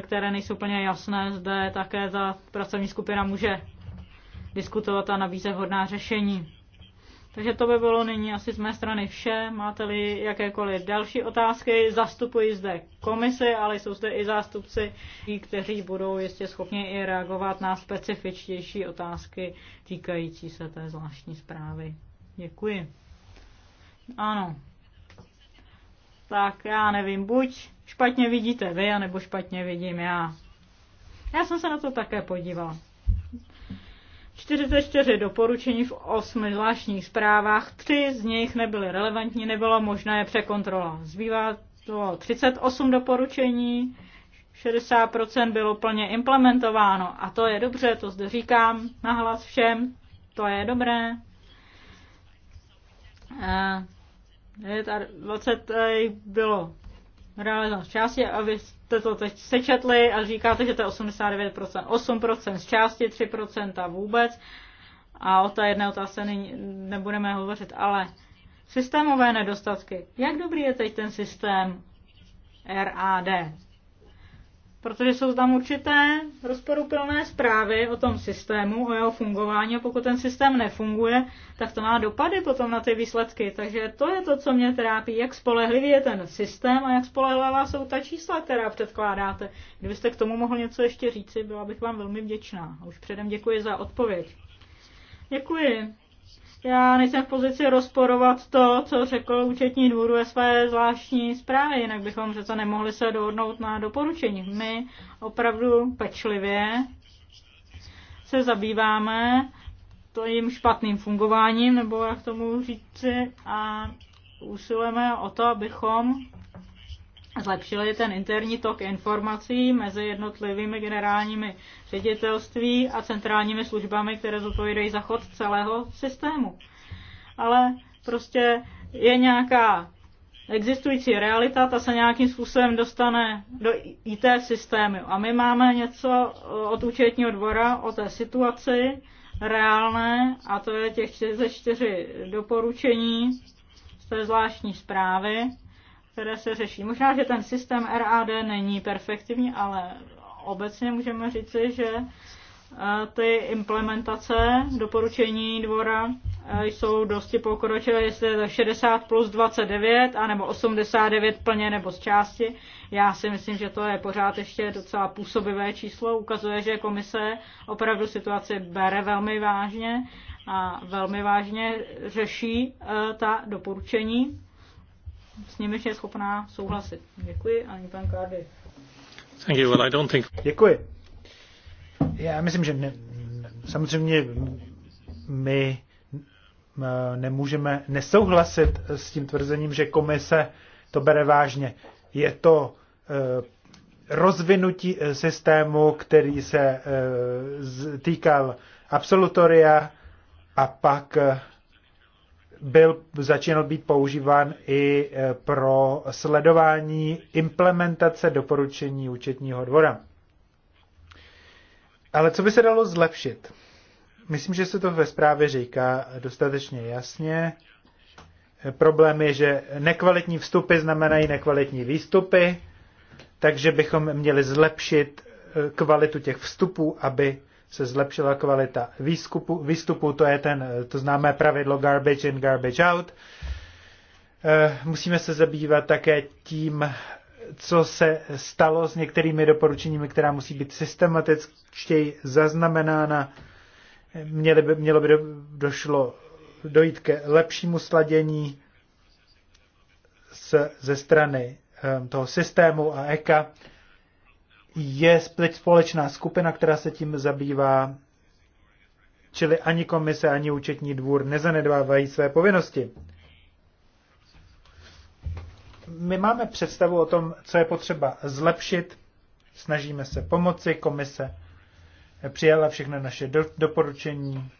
které nejsou úplně jasné, zde také ta pracovní skupina může diskutovat a nabízet hodná řešení. Takže to by bylo nyní asi z mé strany vše. Máte-li jakékoliv další otázky, zastupuji zde komisi, ale jsou zde i zástupci, kteří budou jistě schopni i reagovat na specifičtější otázky týkající se té zvláštní zprávy. Děkuji. Ano. Tak já nevím, buď špatně vidíte vy, anebo špatně vidím já. Já jsem se na to také podíval. 44 doporučení v 8 zvláštních zprávách, 3 z nich nebyly relevantní, nebylo možné je překontrolovat. Zbývá to 38 doporučení, 60% bylo plně implementováno a to je dobře, to zde říkám nahlas všem, to je dobré. Je 20 eh, bylo realizováno v části a jste to teď sečetli a říkáte, že to je 89%, 8% z části, 3% vůbec. A o té jedné otázce nyní nebudeme hovořit, ale systémové nedostatky. Jak dobrý je teď ten systém RAD? protože jsou tam určité rozporuplné zprávy o tom systému, o jeho fungování a pokud ten systém nefunguje, tak to má dopady potom na ty výsledky. Takže to je to, co mě trápí, jak spolehlivý je ten systém a jak spolehlivá jsou ta čísla, která předkládáte. Kdybyste k tomu mohl něco ještě říci, byla bych vám velmi vděčná. A už předem děkuji za odpověď. Děkuji. Já nejsem v pozici rozporovat to, co řekl účetní dvůr ve své zvláštní zprávě, jinak bychom přece nemohli se dohodnout na doporučení. My opravdu pečlivě se zabýváme to jim špatným fungováním, nebo jak tomu říci, a usilujeme o to, abychom zlepšili ten interní tok informací mezi jednotlivými generálními ředitelství a centrálními službami, které zodpovídají za chod celého systému. Ale prostě je nějaká existující realita, ta se nějakým způsobem dostane do IT systému. A my máme něco od účetního dvora o té situaci reálné, a to je těch 44 doporučení z té zvláštní zprávy které se řeší. Možná, že ten systém RAD není perfektivní, ale obecně můžeme říci, že eh, ty implementace doporučení dvora eh, jsou dosti pokročilé, jestli je to 60 plus 29, anebo 89 plně nebo z části. Já si myslím, že to je pořád ještě docela působivé číslo. Ukazuje, že komise opravdu situaci bere velmi vážně a velmi vážně řeší eh, ta doporučení s nimiž je schopná souhlasit. Děkuji a pan Cardiff. Thank you. Well, I don't think... Děkuji. Já myslím, že ne, samozřejmě my nemůžeme nesouhlasit s tím tvrzením, že komise to bere vážně. Je to e, rozvinutí e, systému, který se e, týkal absolutoria a pak byl začínal být používán i e, pro sledování implementace doporučení účetního dvora. Ale co by se dalo zlepšit? Myslím, že se to ve zprávě říká dostatečně jasně. Problém je, že nekvalitní vstupy znamenají nekvalitní výstupy, takže bychom měli zlepšit e, kvalitu těch vstupů, aby se zlepšila kvalita výstupu, výstupu to je ten, to známé pravidlo garbage in, garbage out. Eh, musíme se zabývat také tím, co se stalo s některými doporučeními, která musí být systematičtěji zaznamenána. Mělo by, mělo by do, došlo dojít ke lepšímu sladění z, ze strany eh, toho systému a EKA je teď společná skupina, která se tím zabývá, čili ani komise, ani účetní dvůr nezanedbávají své povinnosti. My máme představu o tom, co je potřeba zlepšit, snažíme se pomoci, komise přijala všechny naše do, doporučení.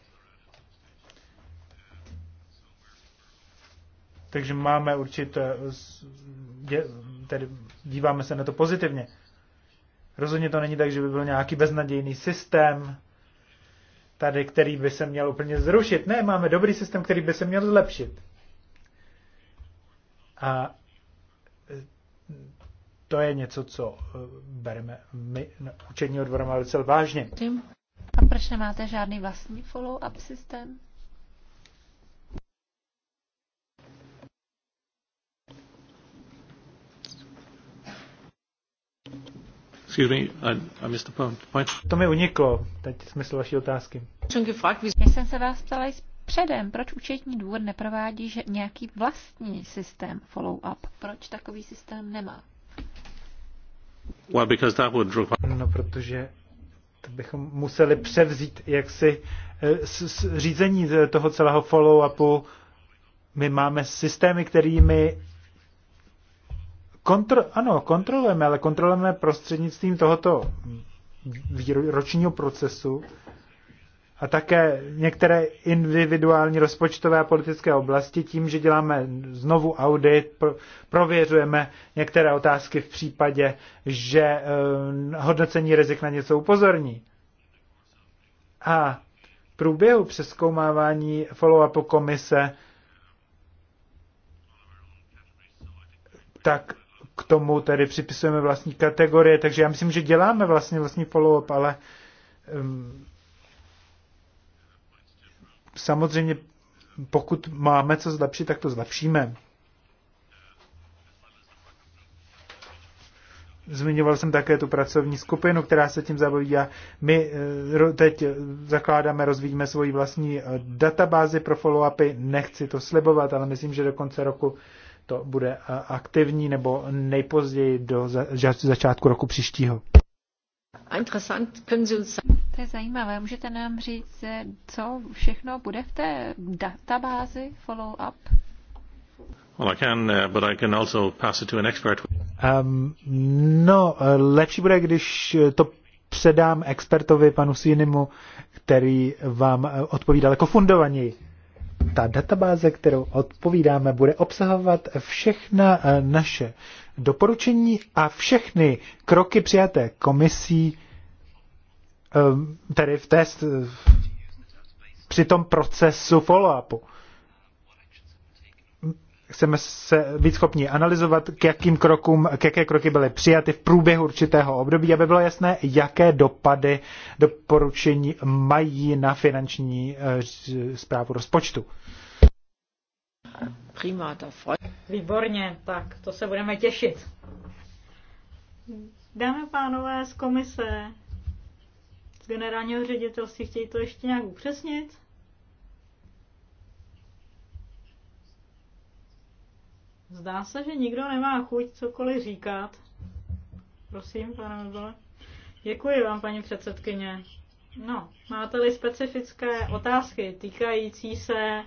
Takže máme určitě, eh, tedy díváme se na to pozitivně. Rozhodně to není tak, že by byl nějaký beznadějný systém, tady, který by se měl úplně zrušit. Ne, máme dobrý systém, který by se měl zlepšit. A e, to je něco, co e, bereme my na učení odborem velice vážně. A proč nemáte žádný vlastní follow-up systém? Excuse me, I, I missed the point. To mi uniklo, teď smysl vaší otázky. Já jsem se vás ptala předem, proč účetní dvůr neprovádí že nějaký vlastní systém follow-up? Proč takový systém nemá? Well, because that would require... No, protože to bychom museli převzít jaksi eh, řízení toho celého follow-upu. My máme systémy, kterými Kontro, ano, kontrolujeme, ale kontrolujeme prostřednictvím tohoto ročního procesu a také některé individuální rozpočtové a politické oblasti tím, že děláme znovu audit, prověřujeme některé otázky v případě, že eh, hodnocení rizik na něco upozorní. A v průběhu přeskoumávání follow-upu komise tak k tomu tedy připisujeme vlastní kategorie, takže já myslím, že děláme vlastně vlastní follow-up, ale um, samozřejmě pokud máme co zlepšit, tak to zlepšíme. Zmiňoval jsem také tu pracovní skupinu, která se tím zabývá. My eh, teď eh, zakládáme, rozvíjíme svoji vlastní eh, databázi pro follow-upy. Nechci to slibovat, ale myslím, že do konce roku to bude eh, aktivní nebo nejpozději do začátku roku příštího. To je zajímavé. Můžete nám říct, eh, co všechno bude v té databázi follow-up? Well, I can, eh, but I can also pass it to an expert. Ehm, no, lepší bude, když to předám expertovi panu Sinimu, který vám odpoví daleko fundovaněji ta databáze, kterou odpovídáme, bude obsahovat všechna eh, naše doporučení a všechny kroky přijaté komisí, eh, tedy v test, při tom procesu follow-upu chceme se být schopni analyzovat, k jakým krokům, k jaké kroky byly přijaty v průběhu určitého období, aby bylo jasné, jaké dopady doporučení mají na finanční eh, zprávu rozpočtu. Prima, Výborně, tak to se budeme těšit. Dámy pánové z komise, z generálního ředitelství chtějí to ještě nějak upřesnit? Zdá se, že nikdo nemá chuť cokoliv říkat. Prosím, pane Mebele. Děkuji vám, paní předsedkyně. No, máte-li specifické otázky týkající se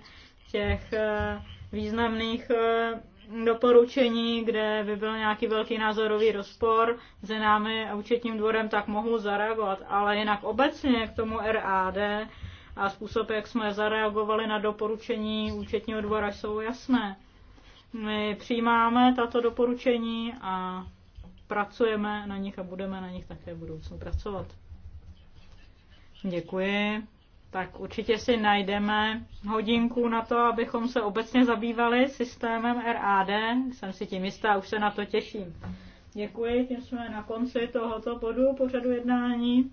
těch eh, významných eh, doporučení, kde by byl nějaký velký názorový rozpor se námi a účetním dvorem, tak mohu zareagovat. Ale jinak obecně k tomu RAD a způsob, jak jsme zareagovali na doporučení účetního dvora, jsou jasné. My přijímáme tato doporučení a pracujeme na nich a budeme na nich také v budoucnu pracovat. Děkuji. Tak určitě si najdeme hodinku na to, abychom se obecně zabývali systémem RAD. Jsem si tím jistá, už se na to těším. Děkuji, tím jsme na konci tohoto bodu pořadu jednání.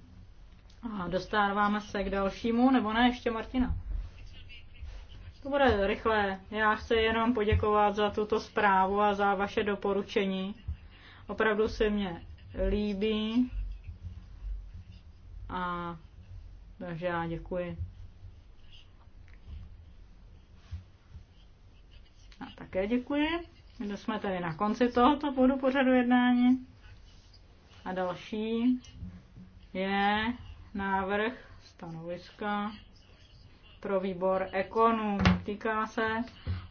A dostáváme se k dalšímu, nebo ne, ještě Martina. To bude rychlé. Já chci jenom poděkovat za tuto zprávu a za vaše doporučení. Opravdu se mě líbí. A takže já děkuji. A také děkuji. My jsme tady na konci tohoto bodu pořadu jednání. A další je návrh stanoviska pro výbor ekonů. Týká se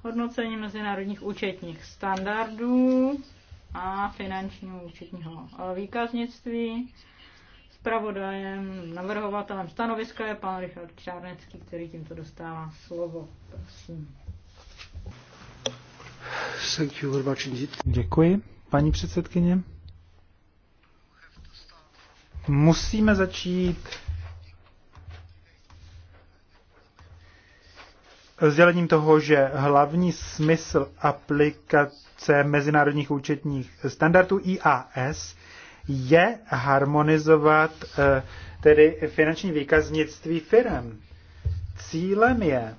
hodnocení mezinárodních účetních standardů a finančního účetního výkaznictví. Spravodajem, navrhovatelem stanoviska je pan Richard Čárnecký, který tímto dostává slovo. Prosím. Děkuji, paní předsedkyně. Musíme začít sdělením toho, že hlavní smysl aplikace mezinárodních účetních standardů IAS je harmonizovat eh, tedy finanční výkaznictví firm. Cílem je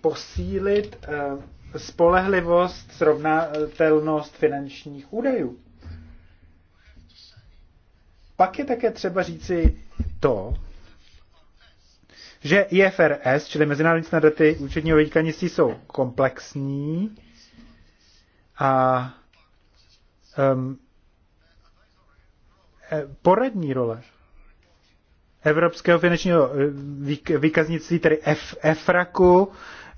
posílit eh, spolehlivost, srovnatelnost finančních údajů. Pak je také třeba říci to, že IFRS, čili mezinárodní standardy účetního vědíkanictví, jsou komplexní a um, poradní role Evropského finančního e, výkaznictví, tedy F, EFRAKu,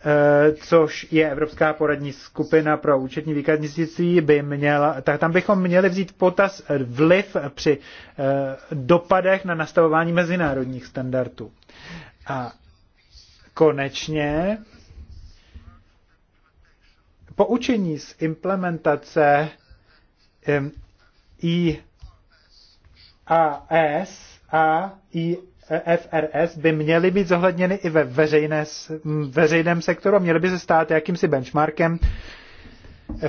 e, což je Evropská poradní skupina pro účetní výkaznictví, by měla, tak tam bychom měli vzít potaz vliv při dopadech na nastavování mezinárodních standardů. A konečně poučení z implementace IAS a IFRS by měly být zohledněny i ve veřejné, veřejném sektoru a měly by se stát jakýmsi benchmarkem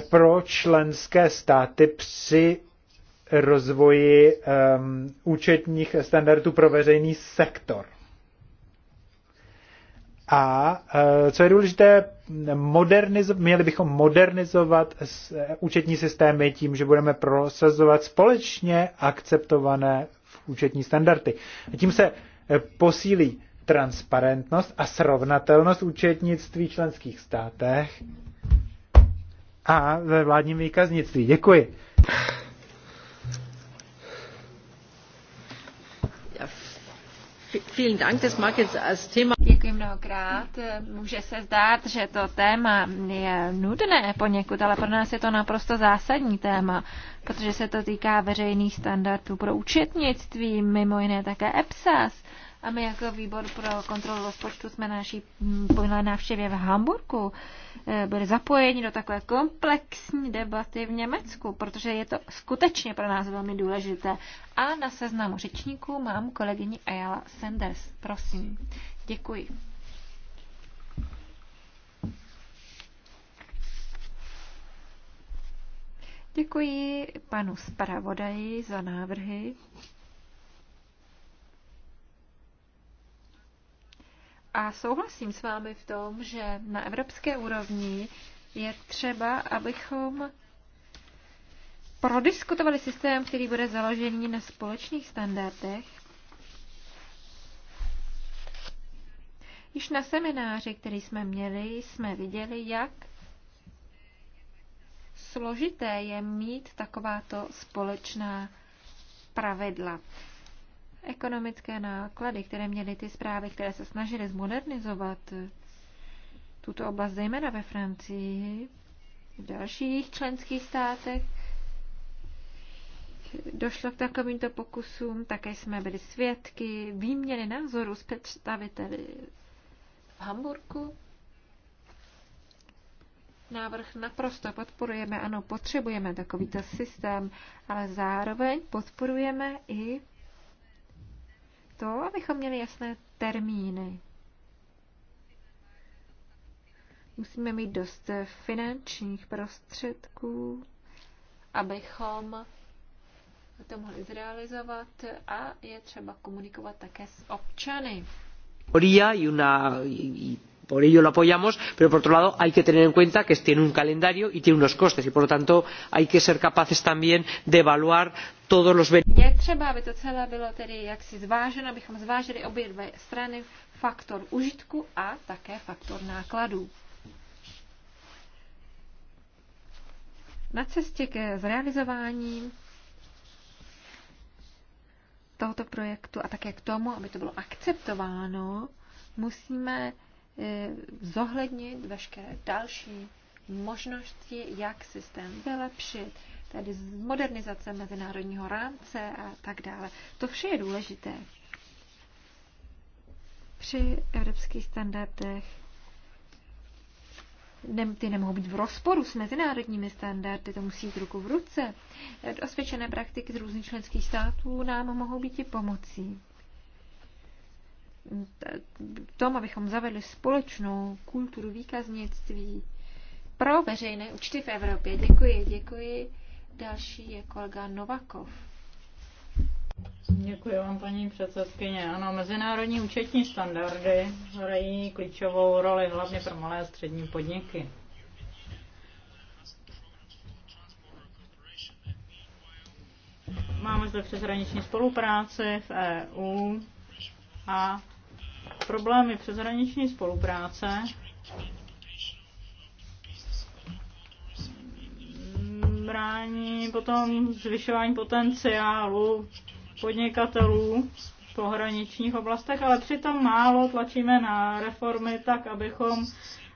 pro členské státy při rozvoji um, účetních standardů pro veřejný sektor. A e, co je důležité, moderniz- měli bychom modernizovat e, účetní systémy tím, že budeme prosazovat společně akceptované účetní standardy. A tím se e, posílí transparentnost a srovnatelnost účetnictví členských státech a ve vládním výkaznictví. Děkuji. Vielen Dank, das mag jetzt als Thema mnohokrát. Může se zdát, že to téma je nudné poněkud, ale pro nás je to naprosto zásadní téma, protože se to týká veřejných standardů pro účetnictví, mimo jiné také EPSAS. A my jako výbor pro kontrolu rozpočtu jsme na naší povinné návštěvě v Hamburgu eh, byli zapojeni do takové komplexní debaty v Německu, protože je to skutečně pro nás velmi důležité. A na seznamu řečníků mám kolegyni Ayala Sanders. Prosím. Děkuji. Děkuji panu zpravodaji za návrhy. A souhlasím s vámi v tom, že na evropské úrovni je třeba, abychom prodiskutovali systém, který bude založený na společných standardech. Již na semináři, který jsme měli, jsme viděli, jak složité je mít takováto společná pravidla. Ekonomické náklady, které měly ty zprávy, které se snažily zmodernizovat tuto oblast, zejména ve Francii, v dalších členských státech, došlo k takovýmto pokusům, také jsme byli svědky výměny názoru s představiteli v Hamburgu návrh naprosto podporujeme. Ano, potřebujeme takovýto systém, ale zároveň podporujeme i to, abychom měli jasné termíny. Musíme mít dost finančních prostředků, abychom to mohli zrealizovat a je třeba komunikovat také s občany por ello lo apoyamos pero por otro lado hay que tener en cuenta que tiene un calendario y tiene unos costes y por lo tanto hay que ser capaces también de evaluar todos los Je třeba, aby to celé bylo tedy abychom zvážili obě strany, faktor užitku a také faktor nákladů. Na cestě ke zrealizování tohoto projektu a také k tomu, aby to bylo akceptováno, musíme E, zohlednit veškeré další možnosti, jak systém vylepšit, tedy modernizace mezinárodního rámce a tak dále. To vše je důležité. Při evropských standardech ty nemohou být v rozporu s mezinárodními standardy, to musí jít ruku v ruce. E, osvědčené praktiky z různých členských států nám mohou být i pomocí tom, abychom zavedli společnou kulturu výkaznictví pro veřejné účty v Evropě. Děkuji, děkuji. Další je kolega Novakov. Děkuji vám, paní předsedkyně. Ano, mezinárodní účetní standardy hrají klíčovou roli hlavně pro malé a střední podniky. Máme zde přeshraniční spolupráci v EU a problémy přeshraniční spolupráce brání potom zvyšování potenciálu podnikatelů v pohraničních oblastech, ale přitom málo tlačíme na reformy tak, abychom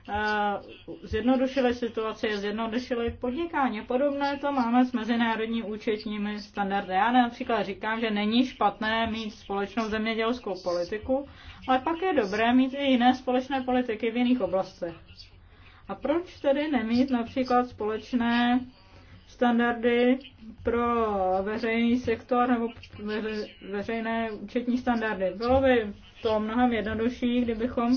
Eh, zjednodušili situaci, zjednodušili podnikání. Podobné to máme s mezinárodní účetními standardy. Já například říkám, že není špatné mít společnou zemědělskou politiku, ale pak je dobré mít i jiné společné politiky v jiných oblastech. A proč tedy nemít například společné standardy pro veřejný sektor nebo veřejné účetní standardy? Bylo by to mnohem jednodušší, kdybychom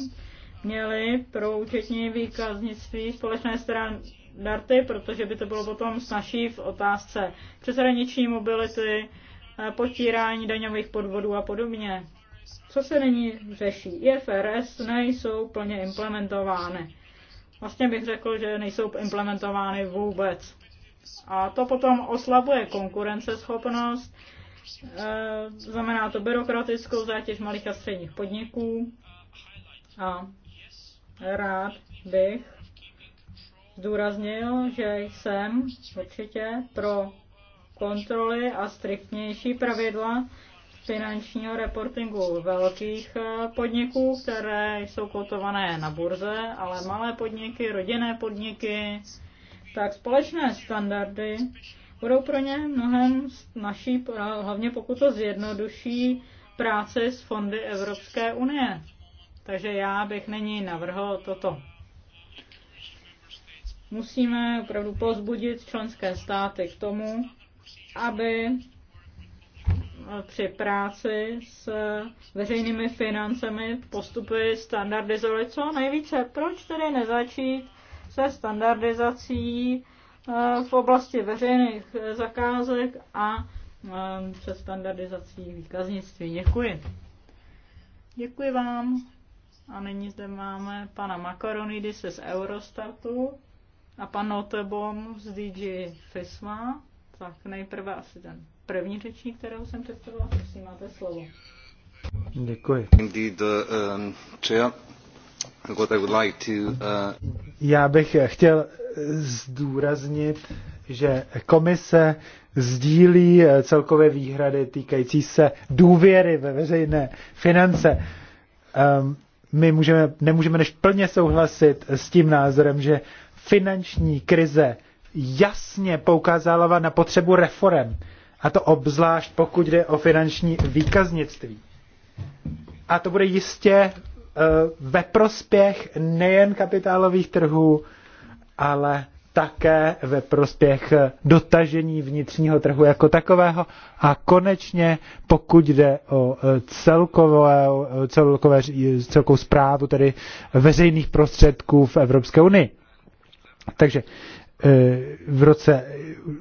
měli pro účetní výkaznictví společné standardy, protože by to bylo potom snažší v otázce přeshraniční mobility, eh, potírání daňových podvodů a podobně. Co se nyní řeší? IFRS nejsou plně implementovány. Vlastně bych řekl, že nejsou implementovány vůbec. A to potom oslabuje konkurenceschopnost, eh, znamená to byrokratickou zátěž malých a středních podniků a rád bych zdůraznil, že jsem určitě pro kontroly a striktnější pravidla finančního reportingu velkých eh, podniků, které jsou kotované na burze, ale malé podniky, rodinné podniky, tak společné standardy budou pro ně mnohem naší, eh, hlavně pokud to zjednoduší práci s fondy Evropské unie. Takže já bych není navrhl toto. Musíme opravdu pozbudit členské státy k tomu, aby eh, při práci s veřejnými financemi postupy standardizovaly co nejvíce. Proč tedy nezačít se standardizací eh, v oblasti veřejných zakázek a se eh, standardizací výkaznictví? Děkuji. Děkuji vám. A nyní zde máme pana Makaronidise z Eurostatu a pan Notebom z DG FISMA. Tak nejprve asi ten první řečník, kterou jsem představila. Prosím, máte slovo. Děkuji. Indeed, uh, um, What I would like to, uh... Já bych chtěl zdůraznit, že komise sdílí eh, celkové výhrady týkající se důvěry ve veřejné finance. Um, my můžeme, nemůžeme než plně souhlasit s tím názorem, že finanční krize jasně poukázala na potřebu reform. A to obzvlášť pokud jde o finanční výkaznictví. A to bude jistě eh, ve prospěch nejen kapitálových trhů, ale také ve prospěch dotažení vnitřního trhu jako takového. A konečně, pokud jde o e, e, celkové, celkové, celkovou zprávu tedy veřejných prostředků v Evropské unii. Takže v roce,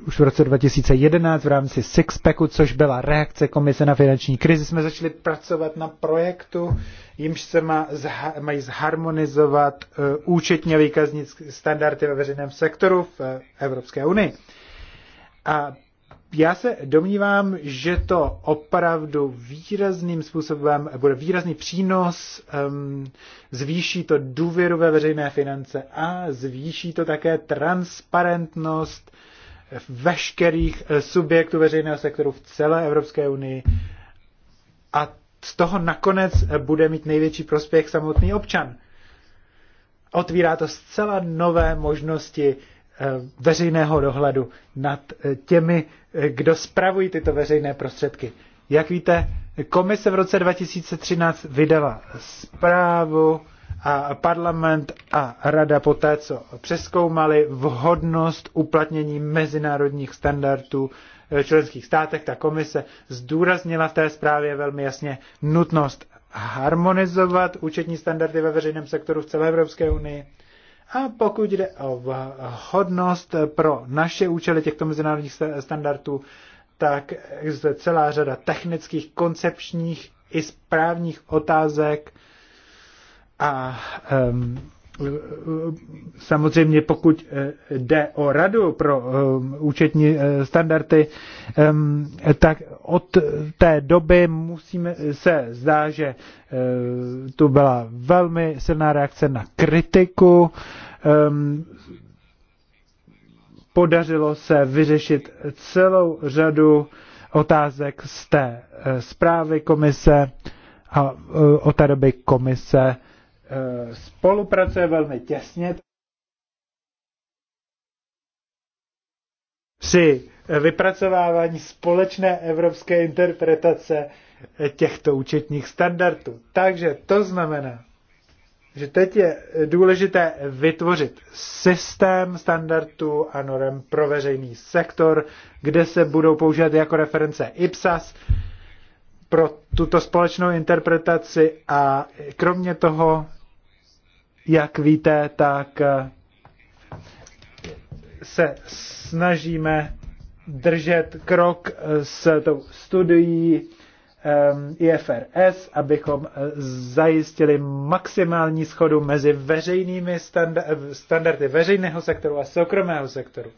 už v roce 2011 v rámci Sixpacku, což byla reakce Komise na finanční krizi, jsme začali pracovat na projektu, jimž se má, mají zharmonizovat eh, účetně výkaznické standardy ve veřejném sektoru v Evropské unii. A já se domnívám, že to opravdu výrazným způsobem bude výrazný přínos, um, zvýší to důvěru ve veřejné finance a zvýší to také transparentnost veškerých eh, subjektů veřejného sektoru v celé Evropské unii. A z toho nakonec eh, bude mít největší prospěch samotný občan. Otvírá to zcela nové možnosti Eh, veřejného dohledu nad eh, těmi, eh, kdo spravují tyto veřejné prostředky. Jak víte, komise v roce 2013 vydala zprávu a parlament a rada poté, co přeskoumali vhodnost uplatnění mezinárodních standardů členských státech, ta komise zdůraznila v té zprávě velmi jasně nutnost harmonizovat účetní standardy ve veřejném sektoru v celé Evropské unii a pokud jde o hodnost pro naše účely těchto mezinárodních standardů, tak existuje celá řada technických, koncepčních i správních otázek a um, samozřejmě pokud eh, jde o radu pro eh, účetní eh, standardy, tak od té doby musíme se zdá, že tu byla velmi silná reakce na kritiku. Podařilo se vyřešit celou řadu otázek z té zprávy komise a od té doby komise Eh, spolupracuje velmi těsně. Při eh, vypracovávání společné evropské interpretace eh, těchto účetních standardů. Takže to znamená, že teď je důležité vytvořit systém standardů a norem pro veřejný sektor, kde se budou používat jako reference IPSAS pro tuto společnou interpretaci a kromě toho jak víte, tak eh, se snažíme držet krok s tou studií ehm, IFRS, abychom eh, zajistili maximální schodu mezi veřejnými eh, standardy veřejného sektoru a soukromého sektoru.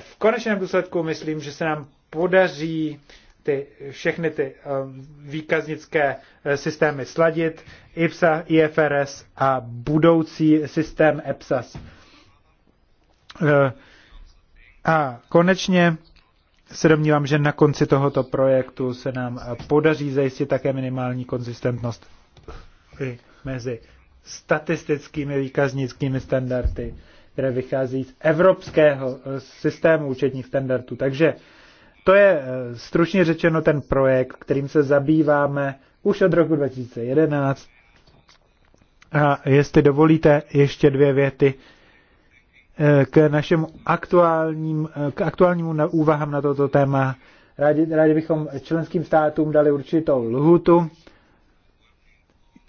V konečném důsledku myslím, že se nám podaří ty, všechny ty eh, výkaznické eh, systémy sladit, IPSA, IFRS a budoucí systém EPSAS. Eh, a konečně se domnívám, že na konci tohoto projektu se nám podaří zajistit také minimální konzistentnost mezi statistickými výkaznickými standardy, které vychází z evropského systému účetních standardů. Takže to je eh, stručně řečeno ten projekt, kterým se zabýváme už od roku 2011. A jestli dovolíte, ještě dvě věty eh, k našemu aktuálním, eh, k aktuálnímu úvahám na toto téma. Rádi, rádi bychom členským státům dali určitou lhutu,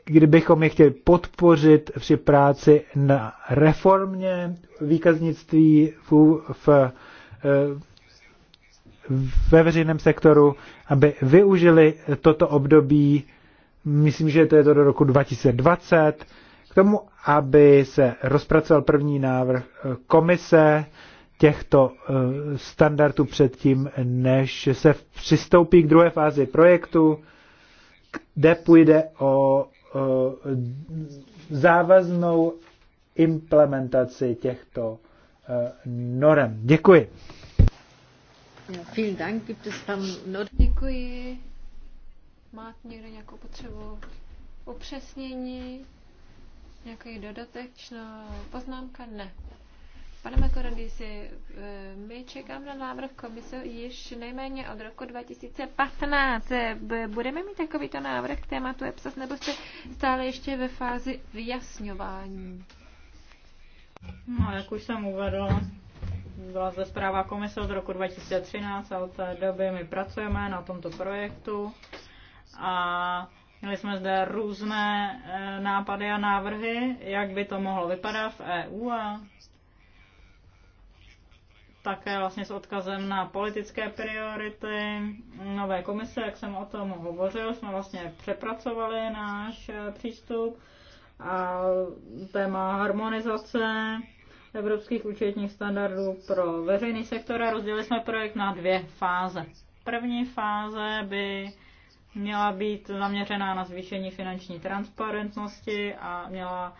kdybychom je chtěli podpořit při práci na reformě výkaznictví v, v, v ve veřejném sektoru, aby využili toto období, myslím, že to je to do roku 2020, k tomu, aby se rozpracoval první návrh eh, komise těchto eh, standardů předtím, než se přistoupí k druhé fázi projektu, kde půjde o eh, závaznou implementaci těchto norem. Děkuji. Děkuji. Má někdo nějakou potřebu upřesnění? Nějaký dodatečná poznámka? Ne. Pane Makorodisi, eh, my čekáme na návrh komise již nejméně od roku 2015. Eh, budeme mít takovýto návrh k tématu EPSAS, nebo jste stále ještě ve fázi vyjasňování? No, jak už jsem uvedla, byla zde zpráva komise od roku 2013 a od té doby my pracujeme na tomto projektu a měli jsme zde různé e, nápady a návrhy, jak by to mohlo vypadat v EU a také vlastně s odkazem na politické priority nové komise, jak jsem o tom hovořil, jsme vlastně přepracovali náš e, přístup a téma harmonizace evropských účetních standardů pro veřejný sektor a rozdělili jsme projekt na dvě fáze. První fáze by měla být zaměřená na zvýšení finanční transparentnosti a měla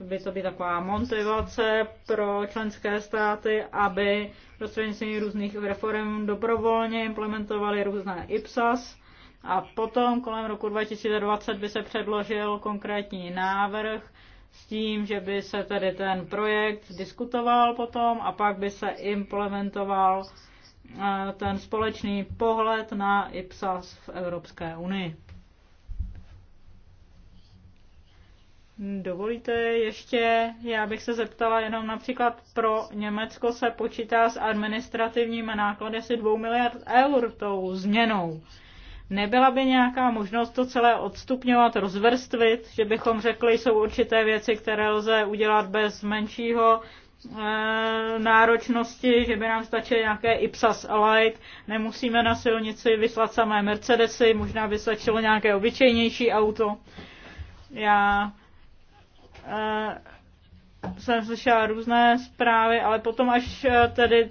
by to být taková motivace pro členské státy, aby prostřednictvím různých reform dobrovolně implementovali různé IPSAS a potom kolem roku 2020 by se předložil konkrétní návrh s tím, že by se tedy ten projekt diskutoval potom a pak by se implementoval eh, ten společný pohled na IPSAS v Evropské unii. Dovolíte ještě, já bych se zeptala jenom například pro Německo se počítá s administrativními náklady asi 2 miliard eur tou změnou. Nebyla by nějaká možnost to celé odstupňovat, rozvrstvit, že bychom řekli, jsou určité věci, které lze udělat bez menšího eh, náročnosti, že by nám stačily nějaké Ipsas Light, nemusíme na silnici vyslat samé Mercedesy, možná by stačilo nějaké obyčejnější auto. Já e, jsem slyšela různé zprávy, ale potom až eh, tedy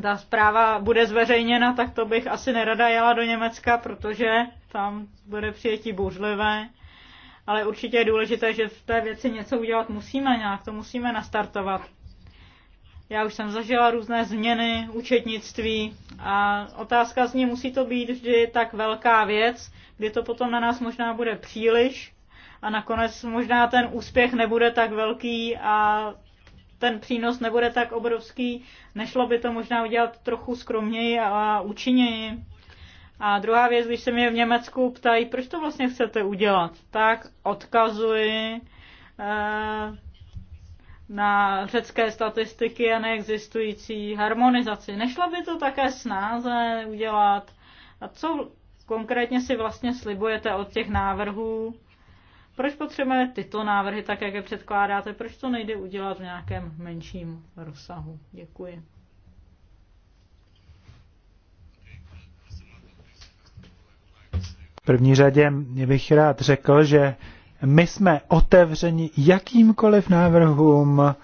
ta zpráva bude zveřejněna, tak to bych asi nerada jela do Německa, protože tam bude přijetí bouřlivé. Ale určitě je důležité, že v té věci něco udělat musíme, nějak to musíme nastartovat. Já už jsem zažila různé změny účetnictví a otázka z ní musí to být vždy tak velká věc, kdy to potom na nás možná bude příliš a nakonec možná ten úspěch nebude tak velký a ten přínos nebude tak obrovský, nešlo by to možná udělat trochu skromněji a účinněji. A druhá věc, když se mě v Německu ptají, proč to vlastně chcete udělat, tak odkazuji eh, na řecké statistiky a neexistující harmonizaci. Nešlo by to také snáze udělat? A co konkrétně si vlastně slibujete od těch návrhů, proč potřebujeme tyto návrhy tak, jak je předkládáte? Proč to nejde udělat v nějakém menším rozsahu? Děkuji. V první řadě bych rád řekl, že my jsme otevřeni jakýmkoliv návrhům,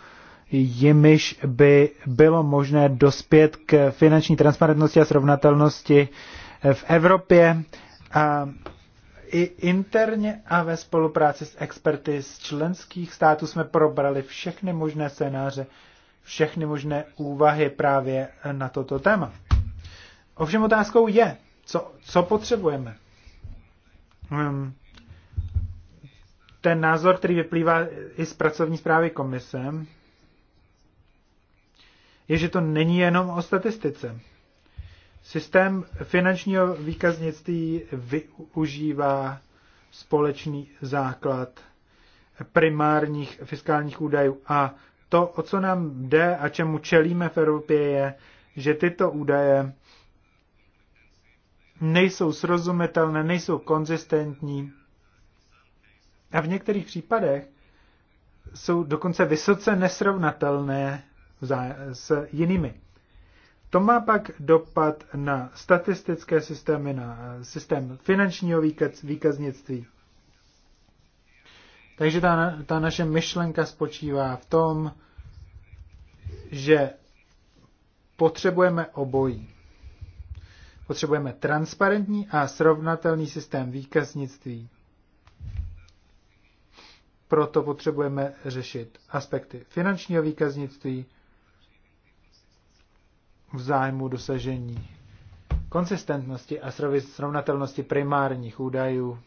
jimiž by bylo možné dospět k finanční transparentnosti a srovnatelnosti v Evropě. A i interně a ve spolupráci s experty z členských států jsme probrali všechny možné scénáře, všechny možné úvahy právě na toto téma. Ovšem otázkou je, co, co potřebujeme. Hmm. ten názor, který vyplývá i z pracovní zprávy komise, je, že to není jenom o statistice. Systém finančního výkaznictví využívá společný základ primárních fiskálních údajů. A to, o co nám jde a čemu čelíme v Evropě, je, že tyto údaje nejsou srozumitelné, nejsou konzistentní a v některých případech jsou dokonce vysoce nesrovnatelné s jinými. To má pak dopad na statistické systémy, na eh, systém finančního výkaz, výkaznictví. Takže ta, ta naše myšlenka spočívá v tom, že potřebujeme obojí. Potřebujeme transparentní a srovnatelný systém výkaznictví. Proto potřebujeme řešit aspekty finančního výkaznictví, v zájmu dosažení konsistentnosti a srovnatelnosti primárních údajů,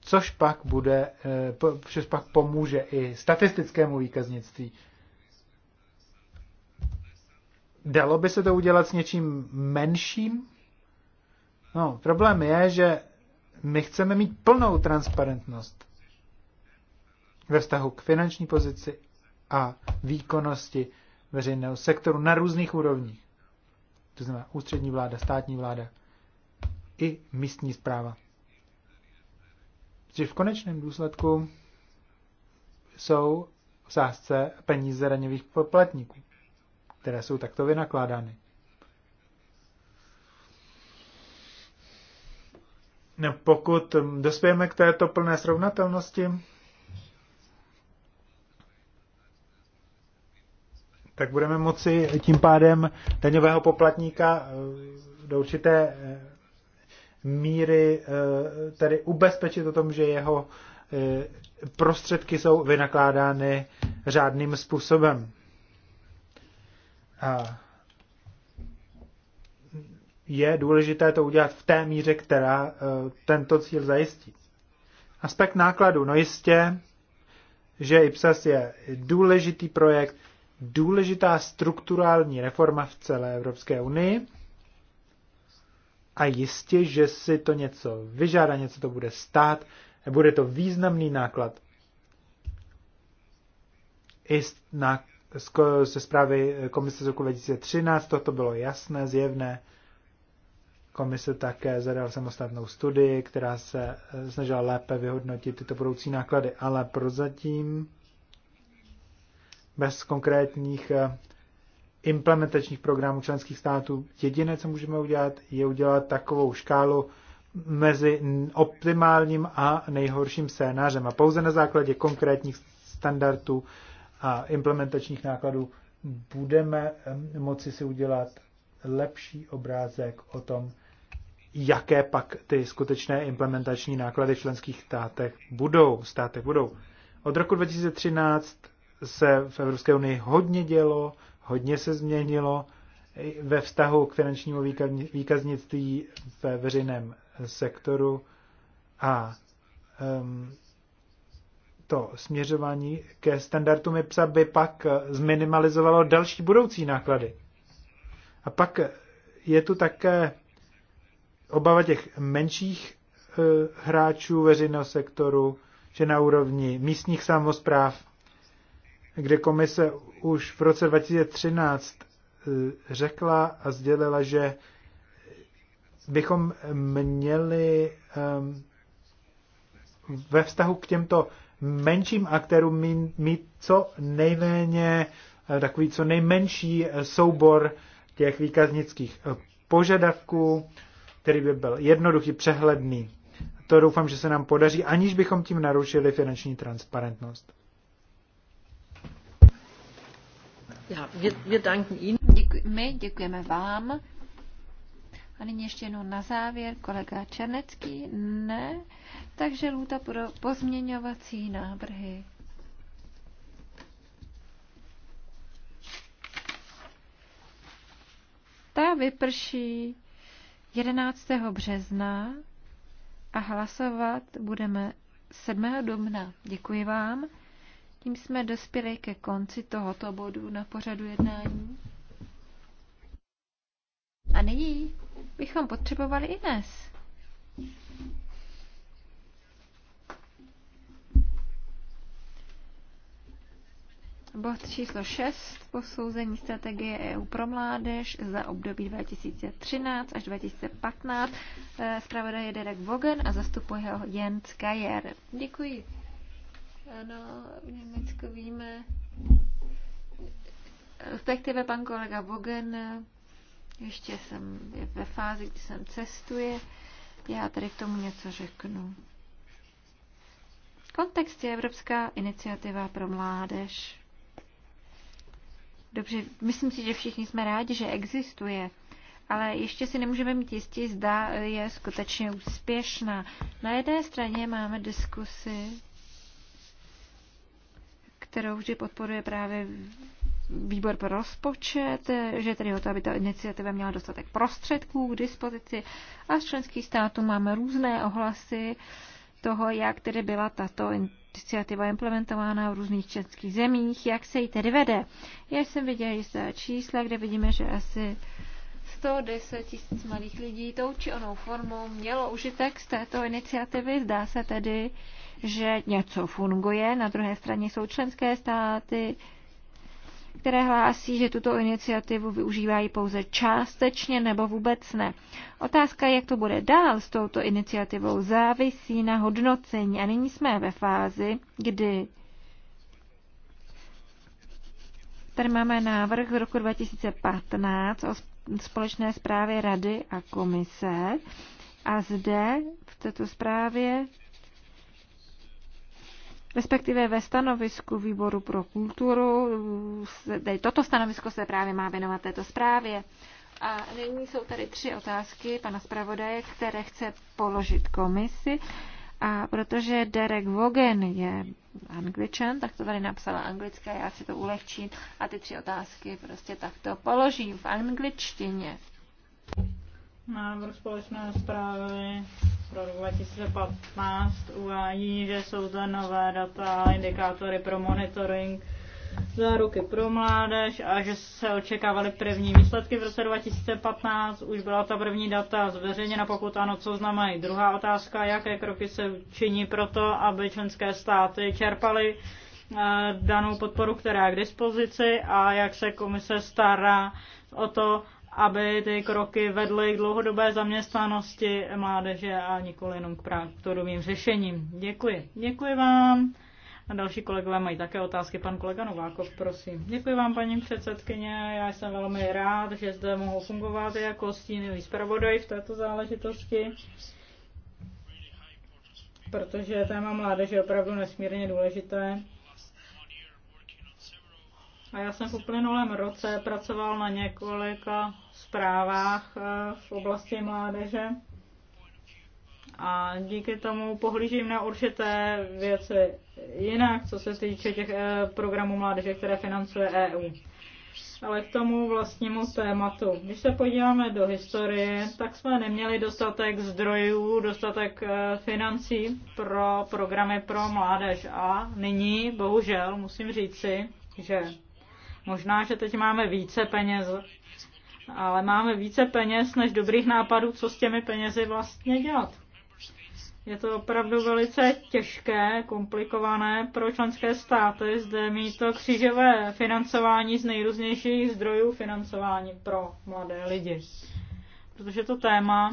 což pak, bude, eh, což pak pomůže i statistickému výkaznictví. Dalo by se to udělat s něčím menším? No, problém je, že my chceme mít plnou transparentnost ve vztahu k finanční pozici a výkonnosti veřejného sektoru na různých úrovních. To znamená ústřední vláda, státní vláda i místní zpráva. Protože v konečném důsledku jsou v sázce peníze raněvých poplatníků, které jsou takto vynakládány. No, pokud dospějeme k této plné srovnatelnosti, tak budeme moci tím pádem daňového poplatníka eh, do určité eh, míry eh, tedy ubezpečit o tom, že jeho prostředky jsou vynakládány řádným způsobem. A je důležité to udělat v té míře, která tento cíl zajistí. Aspekt nákladu. No jistě, že IPSAS je důležitý projekt, důležitá strukturální reforma v celé Evropské unii. A jistě, že si to něco vyžádá, něco to bude stát, bude to významný náklad. I na, se zprávy komise z roku 2013 toto bylo jasné, zjevné. Komise také zadal samostatnou studii, která se eh, snažila lépe vyhodnotit tyto budoucí náklady, ale prozatím bez konkrétních eh, implementačních programů členských států. Jediné, co můžeme udělat, je udělat takovou škálu mezi optimálním a nejhorším scénářem. A pouze na základě konkrétních standardů a implementačních nákladů budeme eh, moci si udělat lepší obrázek o tom, jaké pak ty skutečné implementační náklady v členských státech budou. Státech budou. Od roku 2013 se v Evropské unii hodně dělo, hodně se změnilo ve vztahu k finančnímu výkaznictví ve veřejném sektoru a um, to směřování ke standardům IPSA by pak zminimalizovalo další budoucí náklady. A pak je tu také obava těch menších eh, hráčů veřejného sektoru, že na úrovni místních samozpráv kde komise už v roce 2013 eh, řekla a sdělila, že bychom měli ehm, ve vztahu k těmto menším aktérům mít co nejméně eh, takový co nejmenší eh, soubor těch výkaznických požadavků, který by byl jednoduchý, přehledný. To doufám, že se nám podaří, aniž bychom tím narušili finanční transparentnost. my děkujeme vám. A nyní ještě jednou na závěr kolega Černecký. Ne. Takže lůta pro pozměňovací návrhy. Ta vyprší 11. března a hlasovat budeme 7. dubna. Děkuji vám. Tím jsme dospěli ke konci tohoto bodu na pořadu jednání. A nyní bychom potřebovali dnes. Bod číslo 6. Posouzení strategie EU pro mládež za období 2013 až 2015. Eh, zpravodaj je Derek Vogen a zastupuje ho Jens Kajer. Děkuji. Ano, v Německu víme, respektive pan kolega Bogen, ještě jsem je ve fázi, kdy jsem cestuje, já tady k tomu něco řeknu. Kontext je Evropská iniciativa pro mládež. Dobře, myslím si, že všichni jsme rádi, že existuje, ale ještě si nemůžeme mít jistí, zda je skutečně úspěšná. Na jedné straně máme diskusy kterou vždy podporuje právě výbor pro rozpočet, že tedy o to, aby ta iniciativa měla dostatek prostředků k dispozici. A z členských států máme různé ohlasy toho, jak tedy byla tato iniciativa implementována v různých českých zemích, jak se jí tedy vede. Já jsem viděla jisté čísla, kde vidíme, že asi 110 tisíc malých lidí tou či onou formou mělo užitek z této iniciativy. Zdá se tedy, že něco funguje, na druhé straně jsou členské státy, které hlásí, že tuto iniciativu využívají pouze částečně nebo vůbec ne. Otázka, jak to bude dál s touto iniciativou, závisí na hodnocení. A nyní jsme ve fázi, kdy tady máme návrh z roku 2015 o společné zprávě Rady a komise. A zde v této zprávě respektive ve stanovisku výboru pro kulturu, toto stanovisko se právě má věnovat této zprávě. A nyní jsou tady tři otázky pana zpravodaje, které chce položit komisi. A protože Derek Vogen je angličan, tak to tady napsala anglické, já si to ulehčím a ty tři otázky prostě takto položím v angličtině. Návrh společné zprávy pro rok 2015 uvádí, že jsou to nové data a indikátory pro monitoring záruky pro mládež a že se očekávaly první výsledky v roce 2015. Už byla ta první data zveřejněna, pokud ano, co znamenají. Druhá otázka, jaké kroky se činí pro to, aby členské státy čerpaly eh, danou podporu, která je k dispozici a jak se komise stará o to, aby ty kroky vedly k dlouhodobé zaměstnanosti mládeže a nikoli jenom k krátkodobým řešením. Děkuji. Děkuji vám. A další kolegové mají také otázky. Pan kolega Novákov, prosím. Děkuji vám, paní předsedkyně. Já jsem velmi rád, že zde mohu fungovat jako stínový zpravodaj v této záležitosti, protože téma mládeže je opravdu nesmírně důležité. A já jsem v uplynulém roce pracoval na několika zprávách eh, v oblasti mládeže. A díky tomu pohlížím na určité věci jinak, co se týče těch eh, programů mládeže, které financuje EU. Ale k tomu vlastnímu tématu. Když se podíváme do historie, tak jsme neměli dostatek zdrojů, dostatek eh, financí pro programy pro mládež. A nyní, bohužel, musím říci, že možná, že teď máme více peněz ale máme více peněz než dobrých nápadů, co s těmi penězi vlastně dělat. Je to opravdu velice těžké, komplikované pro členské státy zde mít to křížové financování z nejrůznějších zdrojů financování pro mladé lidi. Protože to téma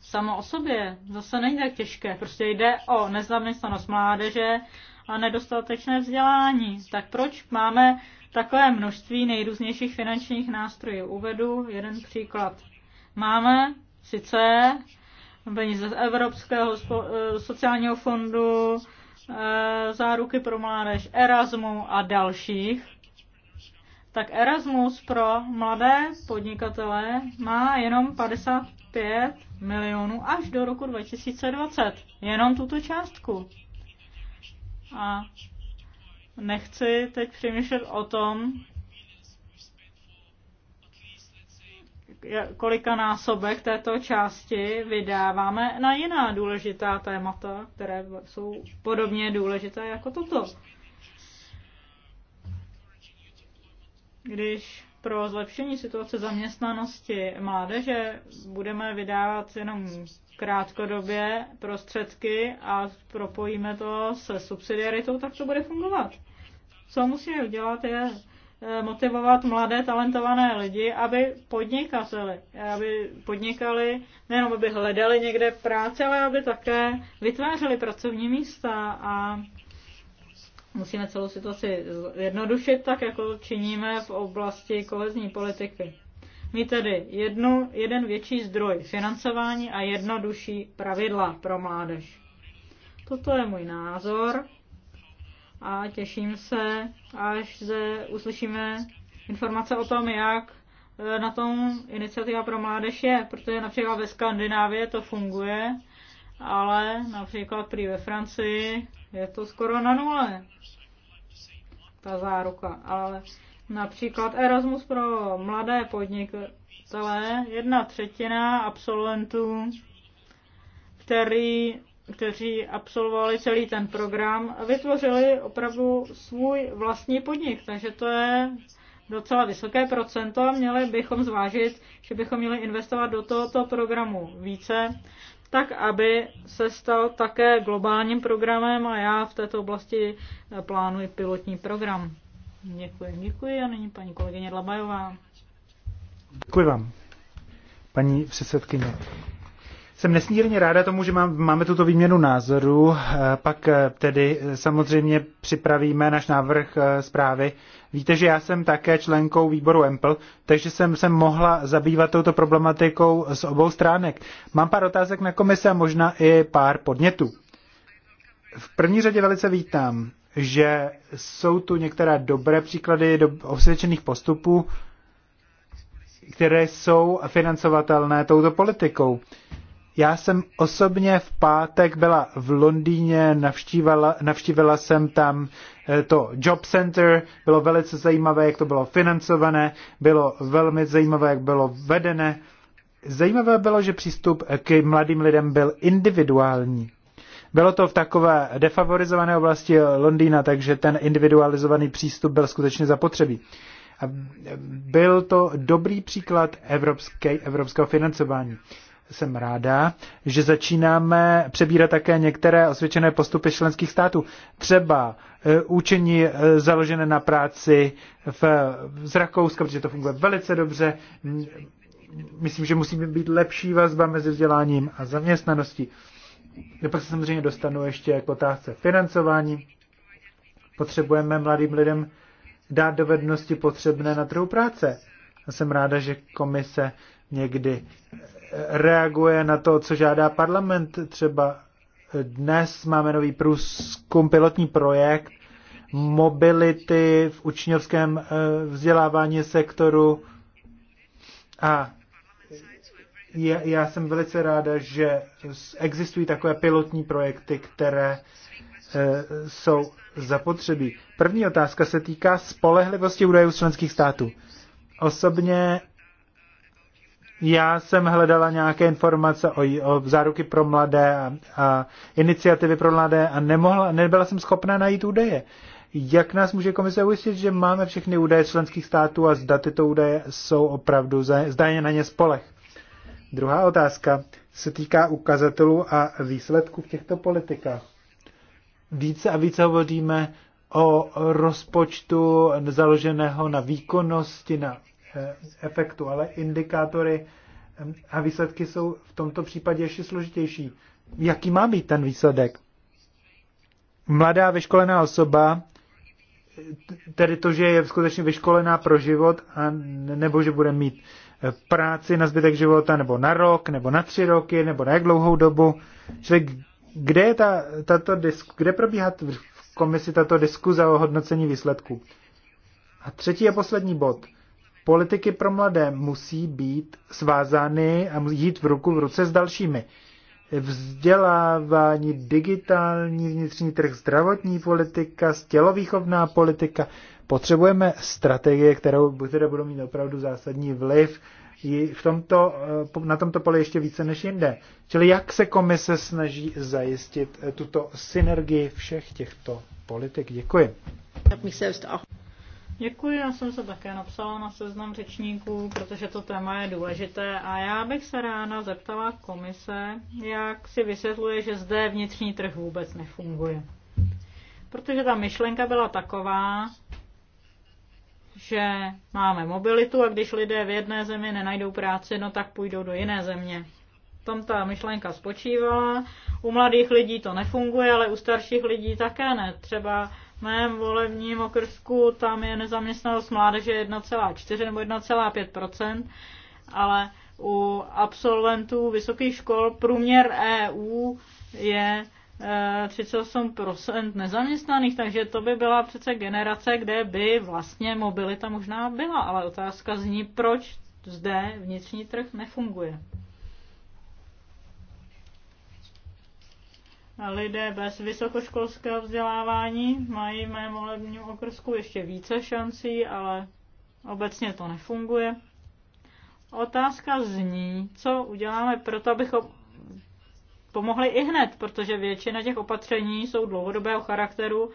samo o sobě zase není tak těžké. Prostě jde o nezaměstnanost mládeže a nedostatečné vzdělání. Tak proč máme takové množství nejrůznějších finančních nástrojů. Uvedu jeden příklad. Máme sice peníze z Evropského eh, sociálního fondu, eh, záruky pro mládež, Erasmu a dalších, tak Erasmus pro mladé podnikatele má jenom 55 milionů až do roku 2020. Jenom tuto částku. A nechci teď přemýšlet o tom, kolika násobek této části vydáváme na jiná důležitá témata, které jsou podobně důležité jako toto. Když pro zlepšení situace zaměstnanosti mládeže budeme vydávat jenom krátkodobě prostředky a propojíme to se subsidiaritou, tak to bude fungovat. Co musíme udělat je eh, motivovat mladé talentované lidi, aby podnikali, aby podnikali, nejenom aby hledali někde práci, ale aby také vytvářeli pracovní místa a musíme celou situaci jednodušit, tak jako činíme v oblasti kohezní politiky. Mít tedy jednu, jeden větší zdroj financování a jednodušší pravidla pro mládež. Toto je můj názor a těším se, až se uslyšíme informace o tom, jak e, na tom iniciativa pro mládež je, protože například ve Skandinávii to funguje, ale například prý ve Francii je to skoro na nule, ta záruka. Ale například Erasmus pro mladé podnikatele, jedna třetina absolventů, který, kteří absolvovali celý ten program, vytvořili opravdu svůj vlastní podnik. Takže to je docela vysoké procento a měli bychom zvážit, že bychom měli investovat do tohoto programu více, tak aby se stal také globálním programem a já v této oblasti eh, plánuji pilotní program. Děkuji, děkuji a nyní paní kolegyně Dlabajová. Děkuji vám, paní předsedkyně. Jsem nesmírně ráda tomu, že máme tuto výměnu názoru. Eh, pak eh, tedy samozřejmě připravíme náš návrh zprávy Víte, že já jsem také členkou výboru EMPL, takže jsem se mohla zabývat touto problematikou z obou stránek. Mám pár otázek na komise a možná i pár podnětů. V první řadě velice vítám, že jsou tu některé dobré příklady do osvědčených postupů, které jsou financovatelné touto politikou. Já jsem osobně v pátek byla v Londýně, navštívila, navštívila jsem tam eh, to Job Center, bylo velice zajímavé, jak to bylo financované, bylo velmi zajímavé, jak bylo vedené. Zajímavé bylo, že přístup k mladým lidem byl individuální. Bylo to v takové defavorizované oblasti Londýna, takže ten individualizovaný přístup byl skutečně zapotřebí. byl to dobrý příklad evropské, evropského financování jsem ráda, že začínáme přebírat také některé osvědčené postupy členských států. Třeba učení e, e, založené na práci v, z Rakouska, protože to funguje velice dobře. Myslím, že musí být lepší vazba mezi vzděláním a zaměstnaností. Pak se samozřejmě dostanu ještě k otázce financování. Potřebujeme mladým lidem dát dovednosti potřebné na trhu práce. A jsem ráda, že komise někdy reaguje na to, co žádá parlament. Třeba dnes máme nový průzkum, pilotní projekt mobility v učňovském eh, vzdělávání sektoru a já, jsem velice ráda, že existují takové pilotní projekty, které eh, jsou zapotřebí. První otázka se týká spolehlivosti údajů členských států. Osobně já jsem hledala nějaké informace o, o záruky pro mladé a, a iniciativy pro mladé a nemohla, nebyla jsem schopna najít údaje. Jak nás může komise ujistit, že máme všechny údaje členských států a zda tyto údaje jsou opravdu, zda na ně spolech? Druhá otázka se týká ukazatelů a výsledků v těchto politikách. Více a více hovoříme o rozpočtu založeného na výkonnosti, na Eh, efektu, ale indikátory eh, a výsledky jsou v tomto případě ještě složitější. Jaký má být ten výsledek? Mladá vyškolená osoba, eh, tedy to, že je skutečně vyškolená pro život, a nebo že bude mít práci na zbytek života, nebo na rok, nebo na tři roky, nebo na jak dlouhou dobu. Čili kde, je ta, tato disk, kde probíhá v komisi tato diskuze o hodnocení výsledků? A třetí a poslední bod. Politiky pro mladé musí být svázány a jít v ruku v ruce s dalšími. Vzdělávání, digitální vnitřní trh, zdravotní politika, stělovýchovná politika. Potřebujeme strategie, kterou, které budou mít opravdu zásadní vliv v tomto, eh, na tomto poli ještě více než jinde. Čili jak se komise snaží zajistit eh, tuto synergii všech těchto politik? Děkuji. Děkuji, já jsem se také napsala na seznam řečníků, protože to téma je důležité a já bych se ráda zeptala komise, jak si vysvětluje, že zde vnitřní trh vůbec nefunguje. Protože ta myšlenka byla taková, že máme mobilitu a když lidé v jedné zemi nenajdou práci, no tak půjdou do jiné země. Tam ta myšlenka spočívala. U mladých lidí to nefunguje, ale u starších lidí také ne. Třeba mém volebním okrsku tam je nezaměstnanost mládeže 1,4 nebo 1,5 ale u absolventů vysokých škol průměr EU je 38% eh, nezaměstnaných, takže to by byla přece generace, kde by vlastně mobilita možná byla, ale otázka zní, proč zde vnitřní trh nefunguje. lidé bez vysokoškolského vzdělávání mají v mém volebním okrsku ještě více šancí, ale obecně to nefunguje. Otázka zní, co uděláme pro to, abychom pomohli i hned, protože většina těch opatření jsou dlouhodobého charakteru,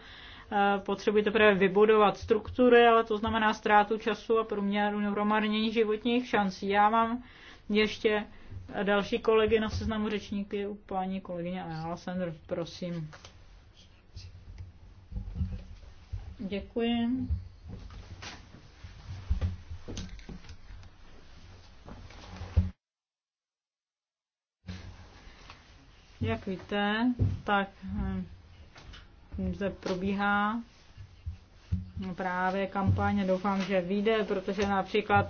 eh, potřebují teprve vybudovat struktury, ale to znamená ztrátu času a průměru hromadnění životních šancí. Já mám ještě a další kolegy na seznamu řečníky je paní kolegyně Ayala prosím. Děkuji. Jak víte, tak hm, zde probíhá právě kampaně. Doufám, že vyjde, protože například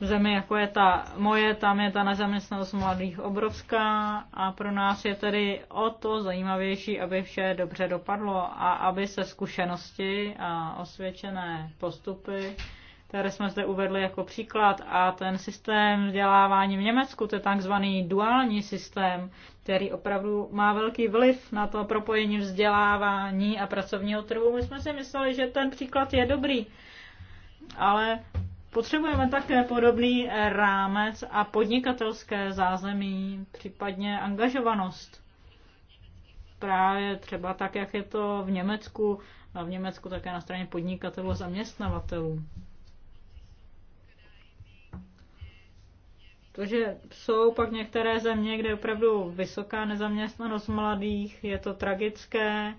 v zemi, jako je ta moje, tam je ta nezaměstnanost mladých obrovská a pro nás je tedy o to zajímavější, aby vše dobře dopadlo a aby se zkušenosti a osvědčené postupy, které jsme zde uvedli jako příklad, a ten systém vzdělávání v Německu, to je takzvaný duální systém, který opravdu má velký vliv na to propojení vzdělávání a pracovního trhu. My jsme si mysleli, že ten příklad je dobrý, ale Potřebujeme také podobný rámec a podnikatelské zázemí, případně angažovanost. Právě třeba tak, jak je to v Německu, a v Německu také na straně podnikatelů a zaměstnavatelů. Protože jsou pak některé země, kde je opravdu vysoká nezaměstnanost mladých, je to tragické,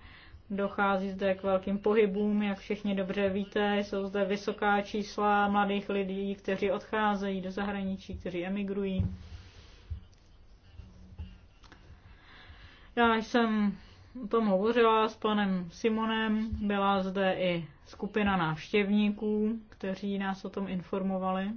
Dochází zde k velkým pohybům, jak všichni dobře víte, jsou zde vysoká čísla mladých lidí, kteří odcházejí do zahraničí, kteří emigrují. Já jsem o tom hovořila s panem Simonem, byla zde i skupina návštěvníků, kteří nás o tom informovali.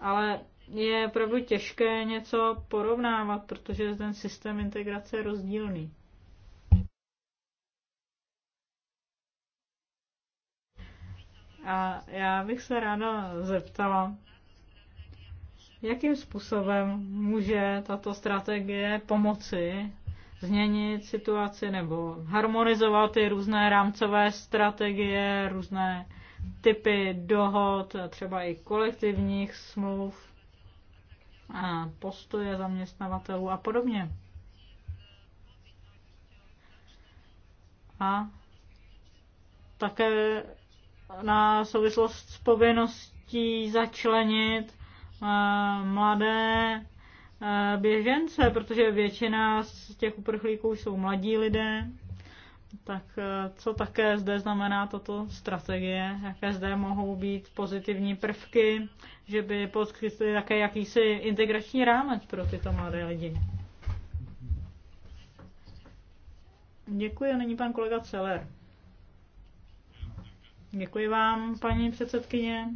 Ale je opravdu těžké něco porovnávat, protože je ten systém integrace je rozdílný. A já bych se ráda zeptala, jakým způsobem může tato strategie pomoci změnit situaci nebo harmonizovat ty různé rámcové strategie, různé typy dohod, třeba i kolektivních smluv postoje zaměstnavatelů a podobně. A také na souvislost s povinností začlenit eh, mladé eh, běžence, protože většina z těch uprchlíků jsou mladí lidé tak eh, co také zde znamená tato strategie? Jaké zde mohou být pozitivní prvky, že by poskytly také jakýsi integrační rámec pro tyto mladé lidi? Děkuji, a nyní pan kolega Celer. Děkuji vám, paní předsedkyně.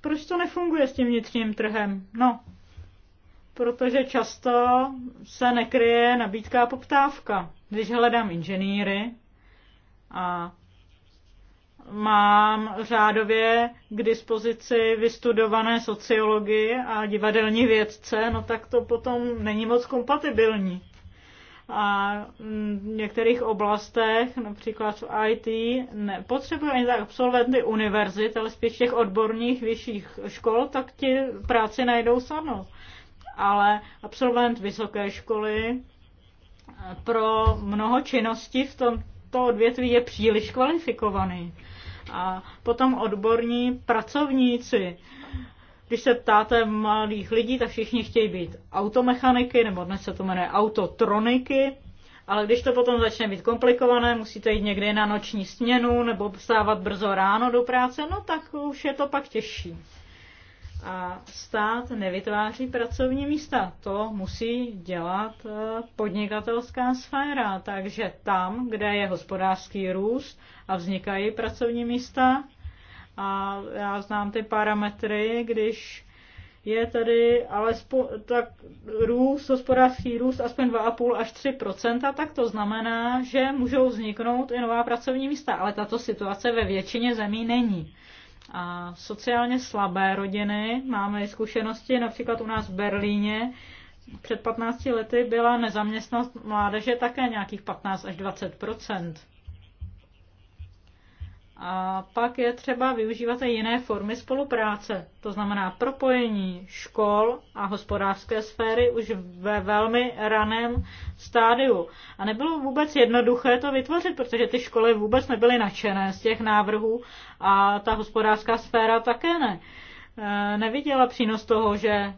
Proč to nefunguje s tím vnitřním trhem? No, protože často se nekryje nabídka a poptávka když hledám inženýry a mám řádově k dispozici vystudované sociology a divadelní vědce, no tak to potom není moc kompatibilní. A v některých oblastech, například v IT, nepotřebují ani tak absolventy univerzit, ale spíš těch odborných vyšších škol, tak ti práci najdou samo. Ale absolvent vysoké školy pro mnoho činností v tomto odvětví je příliš kvalifikovaný. A potom odborní pracovníci. Když se ptáte malých lidí, tak všichni chtějí být automechaniky, nebo dnes se to jmenuje autotroniky, ale když to potom začne být komplikované, musíte jít někde na noční směnu nebo vstávat brzo ráno do práce, no tak už je to pak těžší. A stát nevytváří pracovní místa. To musí dělat eh, podnikatelská sféra. Takže tam, kde je hospodářský růst a vznikají pracovní místa, a já znám ty parametry, když je tady alespoň tak růst, hospodářský růst aspoň 2,5 až 3 tak to znamená, že můžou vzniknout i nová pracovní místa. Ale tato situace ve většině zemí není a sociálně slabé rodiny. Máme zkušenosti například u nás v Berlíně. Před 15 lety byla nezaměstnost mládeže také nějakých 15 až 20 a pak je třeba využívat i jiné formy spolupráce, to znamená propojení škol a hospodářské sféry už ve velmi raném stádiu. A nebylo vůbec jednoduché to vytvořit, protože ty školy vůbec nebyly nadšené z těch návrhů a ta hospodářská sféra také ne. E, neviděla přínos toho, že e,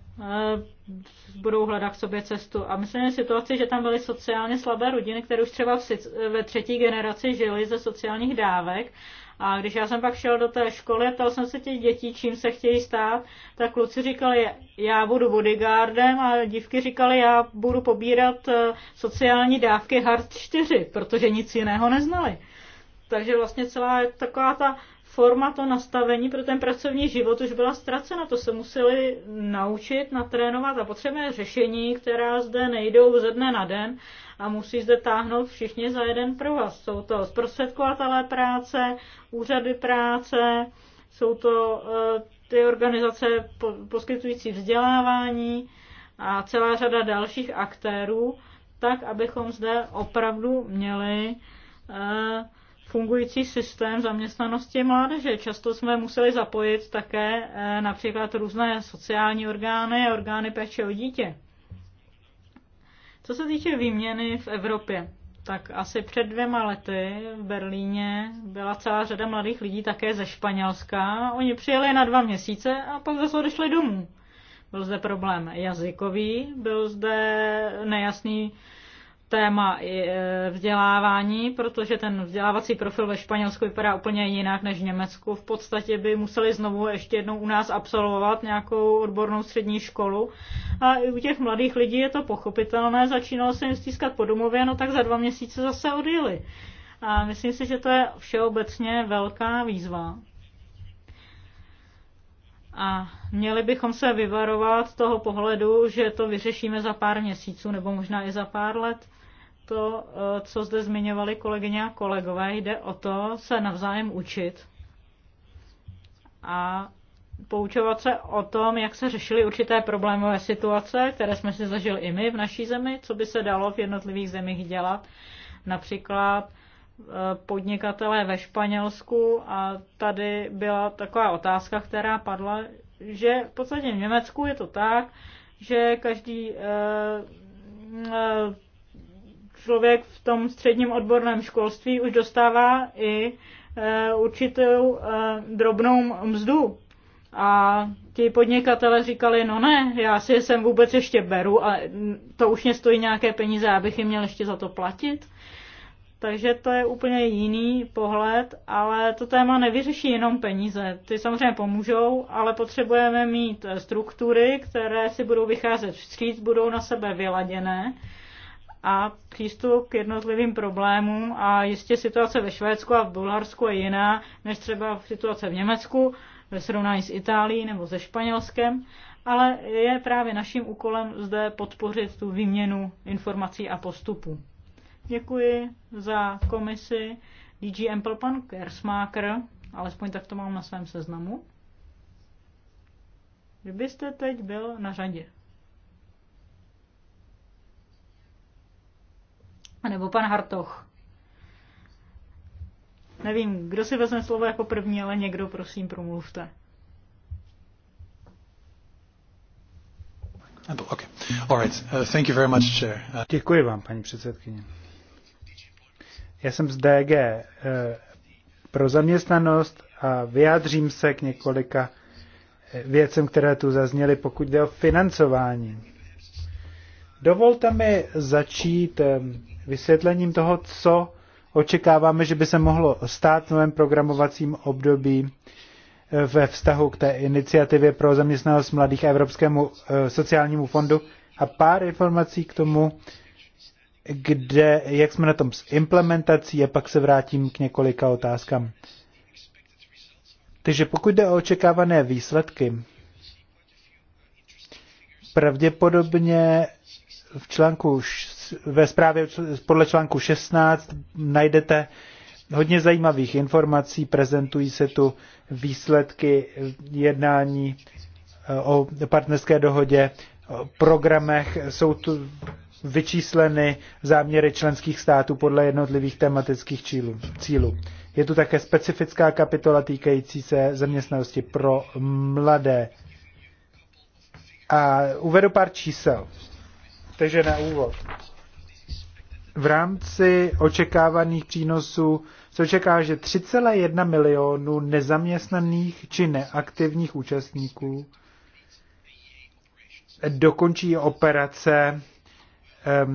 budou hledat k sobě cestu. A myslím že situaci, že tam byly sociálně slabé rodiny, které už třeba e, ve třetí generaci žily ze sociálních dávek a když já jsem pak šel do té školy, ptal jsem se těch dětí, čím se chtějí stát, tak kluci říkali, já budu bodyguardem a dívky říkali, já budu pobírat eh, sociální dávky Hard 4, protože nic jiného neznali. Takže vlastně celá taková ta forma, to nastavení pro ten pracovní život už byla ztracena. To se museli naučit, natrénovat a potřebujeme řešení, která zde nejdou ze dne na den, a musí zde táhnout všichni za jeden provaz. Jsou to zprostředkovatelé práce, úřady práce, jsou to eh, ty organizace poskytující vzdělávání a celá řada dalších aktérů, tak abychom zde opravdu měli eh, fungující systém zaměstnanosti mládeže. Často jsme museli zapojit také eh, například různé sociální orgány a orgány péče o dítě. Co se týče výměny v Evropě, tak asi před dvěma lety v Berlíně byla celá řada mladých lidí také ze Španělska. Oni přijeli na dva měsíce a pak zase odešli domů. Byl zde problém jazykový, byl zde nejasný téma eh, vzdělávání, protože ten vzdělávací profil ve Španělsku vypadá úplně jinak než v Německu. V podstatě by museli znovu ještě jednou u nás absolvovat nějakou odbornou střední školu. A i u těch mladých lidí je to pochopitelné, začínalo se jim stískat po domově, no tak za dva měsíce zase odjeli. A myslím si, že to je všeobecně velká výzva. A měli bychom se vyvarovat toho pohledu, že to vyřešíme za pár měsíců nebo možná i za pár let to, eh, co zde zmiňovali kolegyně a kolegové. Jde o to se navzájem učit a poučovat se o tom, jak se řešily určité problémové situace, které jsme si zažili i my v naší zemi, co by se dalo v jednotlivých zemích dělat. Například eh, podnikatelé ve Španělsku a tady byla taková otázka, která padla, že v podstatě v Německu je to tak, že každý eh, člověk v tom středním odborném školství už dostává i e, určitou e, drobnou mzdu. A ti podnikatele říkali, no ne, já si je sem vůbec ještě beru a to už mě stojí nějaké peníze, abych jim měl ještě za to platit. Takže to je úplně jiný pohled, ale to téma nevyřeší jenom peníze. Ty samozřejmě pomůžou, ale potřebujeme mít e, struktury, které si budou vycházet vstříc, budou na sebe vyladěné a přístup k jednotlivým problémům a jistě situace ve Švédsku a v Bulharsku je jiná než třeba situace v Německu ve srovnání s Itálií nebo se Španělskem, ale je právě naším úkolem zde podpořit tu výměnu informací a postupů. Děkuji za komisi DG Ample Kersmaker, alespoň tak to mám na svém seznamu. Kdybyste teď byl na řadě. nebo pan Hartoch. Nevím, kdo si vezme slovo jako první, ale někdo, prosím, promluvte. Okay. All right. uh, thank you very much, Chair. Uh... Děkuji vám, paní předsedkyně. Já jsem z DG eh, pro zaměstnanost a vyjádřím se k několika eh, věcem, které tu zazněly, pokud jde o financování. Dovolte mi začít vysvětlením toho, co očekáváme, že by se mohlo stát v novém programovacím období eh, ve vztahu k té iniciativě pro zaměstnanost mladých a Evropskému eh, sociálnímu fondu a pár informací k tomu, kde, jak jsme na tom s implementací a pak se vrátím k několika otázkám. Takže pokud jde o očekávané výsledky, pravděpodobně v článku, ve zprávě podle článku 16 najdete hodně zajímavých informací, prezentují se tu výsledky jednání eh, o partnerské dohodě, o programech, jsou tu vyčísleny záměry členských států podle jednotlivých tematických cílů. Je tu také specifická kapitola týkající se zaměstnanosti pro mladé. A uvedu pár čísel. Takže na úvod. V rámci očekávaných přínosů se očeká, že 3,1 milionu nezaměstnaných či neaktivních účastníků dokončí operace um,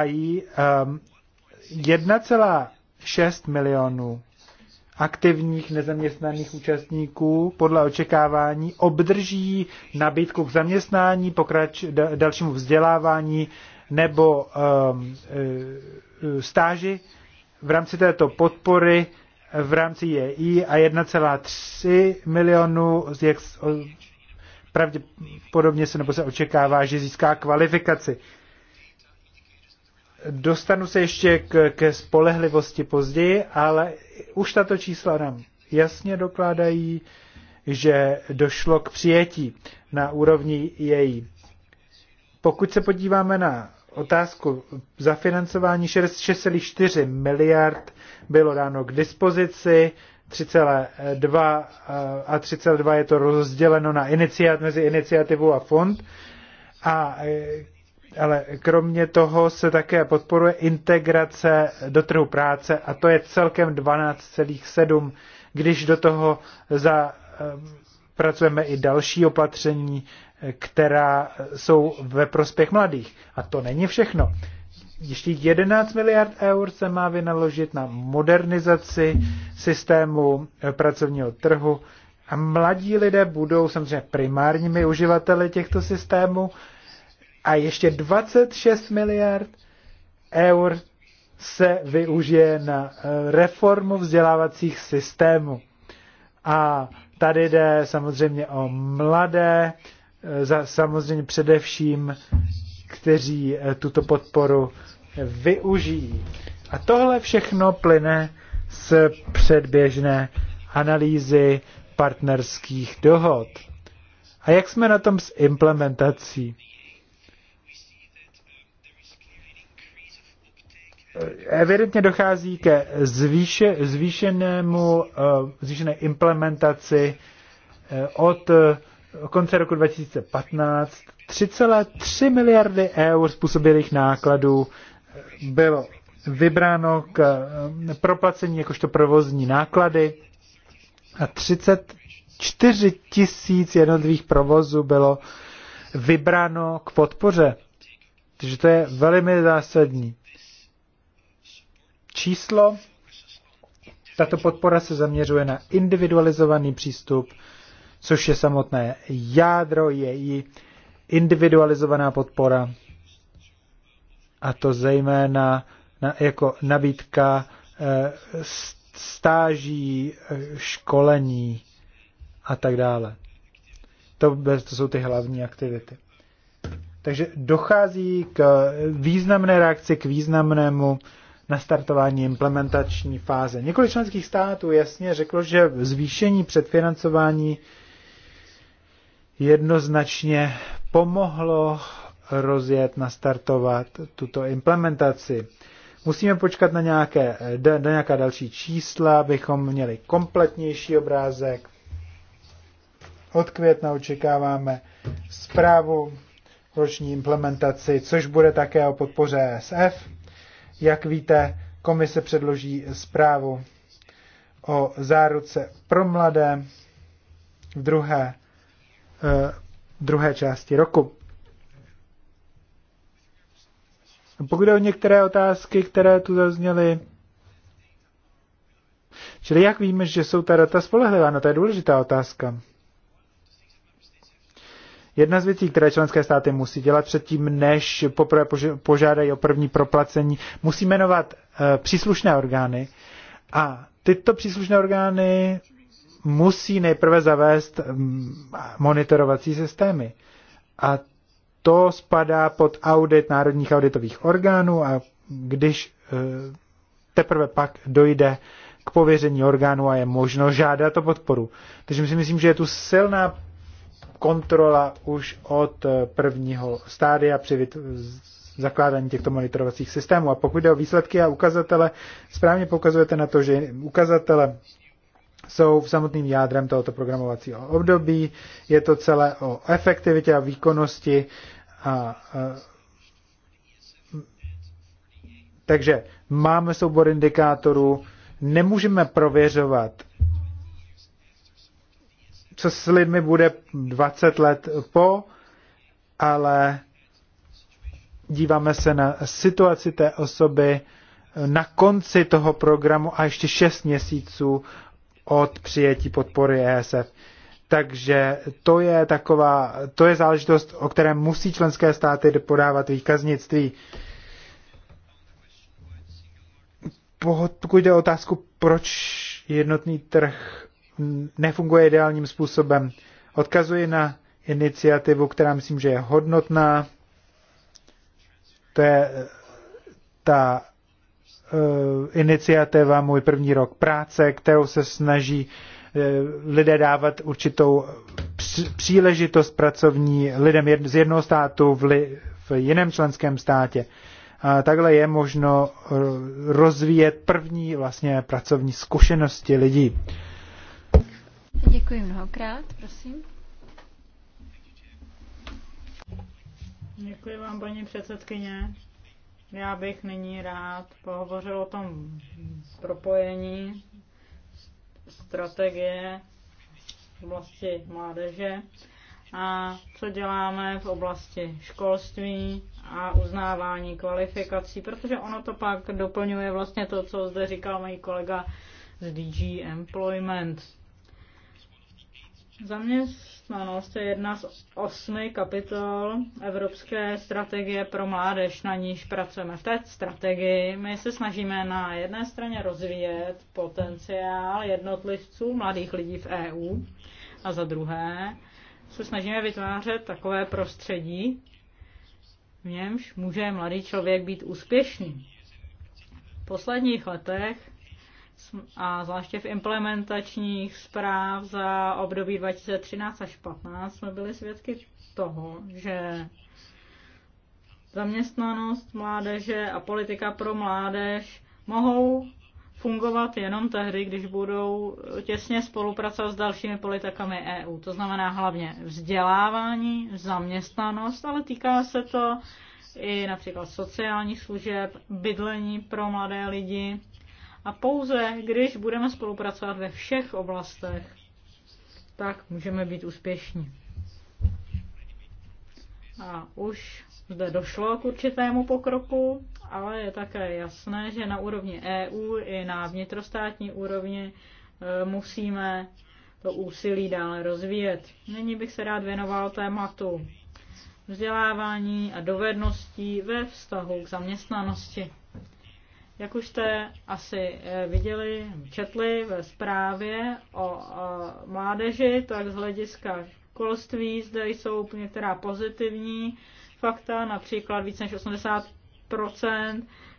um, 1,6 milionů aktivních nezaměstnaných účastníků podle očekávání obdrží nabídku k zaměstnání, pokrač dalšímu vzdělávání nebo um, e, e, stáži v rámci této podpory v rámci JEI a 1,3 milionu jak pravděpodobně se nebo se očekává, že získá kvalifikaci. Dostanu se ještě k, ke spolehlivosti později, ale už tato čísla nám jasně dokládají, že došlo k přijetí na úrovni její. Pokud se podíváme na otázku za financování, 6,4 miliard bylo dáno k dispozici, 3,2 a 3,2 je to rozděleno na iniciat, mezi iniciativu a fond. A e, ale kromě toho se také podporuje integrace do trhu práce a to je celkem 12,7, když do toho zapracujeme eh, pracujeme i další opatření, která jsou ve prospěch mladých. A to není všechno. Ještě 11 miliard eur se má vynaložit na modernizaci systému eh, pracovního trhu. A mladí lidé budou samozřejmě primárními uživateli těchto systémů, a ještě 26 miliard eur se využije na eh, reformu vzdělávacích systémů. A tady jde samozřejmě o mladé, eh, samozřejmě především, kteří eh, tuto podporu využijí. A tohle všechno plyne z předběžné analýzy partnerských dohod. A jak jsme na tom s implementací? evidentně dochází ke zvýše, zvýšenému, eh, zvýšené implementaci eh, od eh, konce roku 2015 3,3 miliardy eur způsobilých nákladů bylo vybráno k proplacení jakožto provozní náklady a 34 tisíc jednotlivých provozů bylo vybráno k podpoře. Takže to je velmi zásadní číslo. Tato podpora se zaměřuje na individualizovaný přístup, což je samotné jádro její individualizovaná podpora, a to zejména na, jako nabídka eh, stáží, eh, školení a tak dále. To, to jsou ty hlavní aktivity. Takže dochází k významné reakci, k významnému nastartování implementační fáze. Několik členských států jasně řeklo, že zvýšení předfinancování jednoznačně pomohlo rozjet, nastartovat tuto implementaci. Musíme počkat na, nějaké, na nějaká další čísla, abychom měli kompletnější obrázek. Od května očekáváme zprávu roční implementaci, což bude také o podpoře SF jak víte, komise předloží zprávu o záruce pro mladé v druhé, eh, druhé části roku. Pokud jde o některé otázky, které tu zazněly, čili jak víme, že jsou ta data spolehlivá, no to je důležitá otázka. Jedna z věcí, které členské státy musí dělat předtím, než poprvé požádají o první proplacení, musí jmenovat eh, příslušné orgány a tyto příslušné orgány musí nejprve zavést mm, monitorovací systémy. A to spadá pod audit národních auditových orgánů a když eh, teprve pak dojde k pověření orgánu a je možno žádat o podporu. Takže my si myslím, že je tu silná kontrola už od eh, prvního stádia při zakládání těchto monitorovacích systémů. A pokud jde o výsledky a ukazatele, správně poukazujete na to, že ukazatele jsou v samotným jádrem tohoto programovacího období. Je to celé o efektivitě a výkonnosti. A, a, takže máme soubor indikátorů, nemůžeme prověřovat co s lidmi bude 20 let po, ale díváme se na situaci té osoby na konci toho programu a ještě 6 měsíců od přijetí podpory ESF. Takže to je taková, to je záležitost, o které musí členské státy podávat výkaznictví. Pokud jde o otázku, proč jednotný trh nefunguje ideálním způsobem. Odkazuji na iniciativu, která myslím, že je hodnotná. To je eh, ta eh, iniciativa Můj první rok práce, kterou se snaží eh, lidé dávat určitou příležitost pracovní lidem z jednoho státu v jiném členském státě. A takhle je možno rozvíjet první vlastně pracovní zkušenosti lidí. Děkuji mnohokrát, prosím. Děkuji vám, paní předsedkyně. Já bych nyní rád pohovořil o tom propojení strategie v oblasti mládeže a co děláme v oblasti školství a uznávání kvalifikací, protože ono to pak doplňuje vlastně to, co zde říkal můj kolega z DG Employment. Zaměstnanost je jedna z osmi kapitol Evropské strategie pro mládež, na níž pracujeme. V té strategii my se snažíme na jedné straně rozvíjet potenciál jednotlivců, mladých lidí v EU, a za druhé se snažíme vytvářet takové prostředí, v němž může mladý člověk být úspěšný. V posledních letech a zvláště v implementačních zpráv za období 2013 až 2015 jsme byli svědky toho, že zaměstnanost mládeže a politika pro mládež mohou fungovat jenom tehdy, když budou těsně spolupracovat s dalšími politikami EU. To znamená hlavně vzdělávání, zaměstnanost, ale týká se to i například sociálních služeb, bydlení pro mladé lidi, a pouze když budeme spolupracovat ve všech oblastech, tak můžeme být úspěšní. A už zde došlo k určitému pokroku, ale je také jasné, že na úrovni EU i na vnitrostátní úrovni e, musíme to úsilí dále rozvíjet. Nyní bych se rád věnoval tématu vzdělávání a dovedností ve vztahu k zaměstnanosti. Jak už jste asi eh, viděli, četli ve zprávě o mládeži, tak z hlediska školství zde jsou některá pozitivní fakta, například více než 80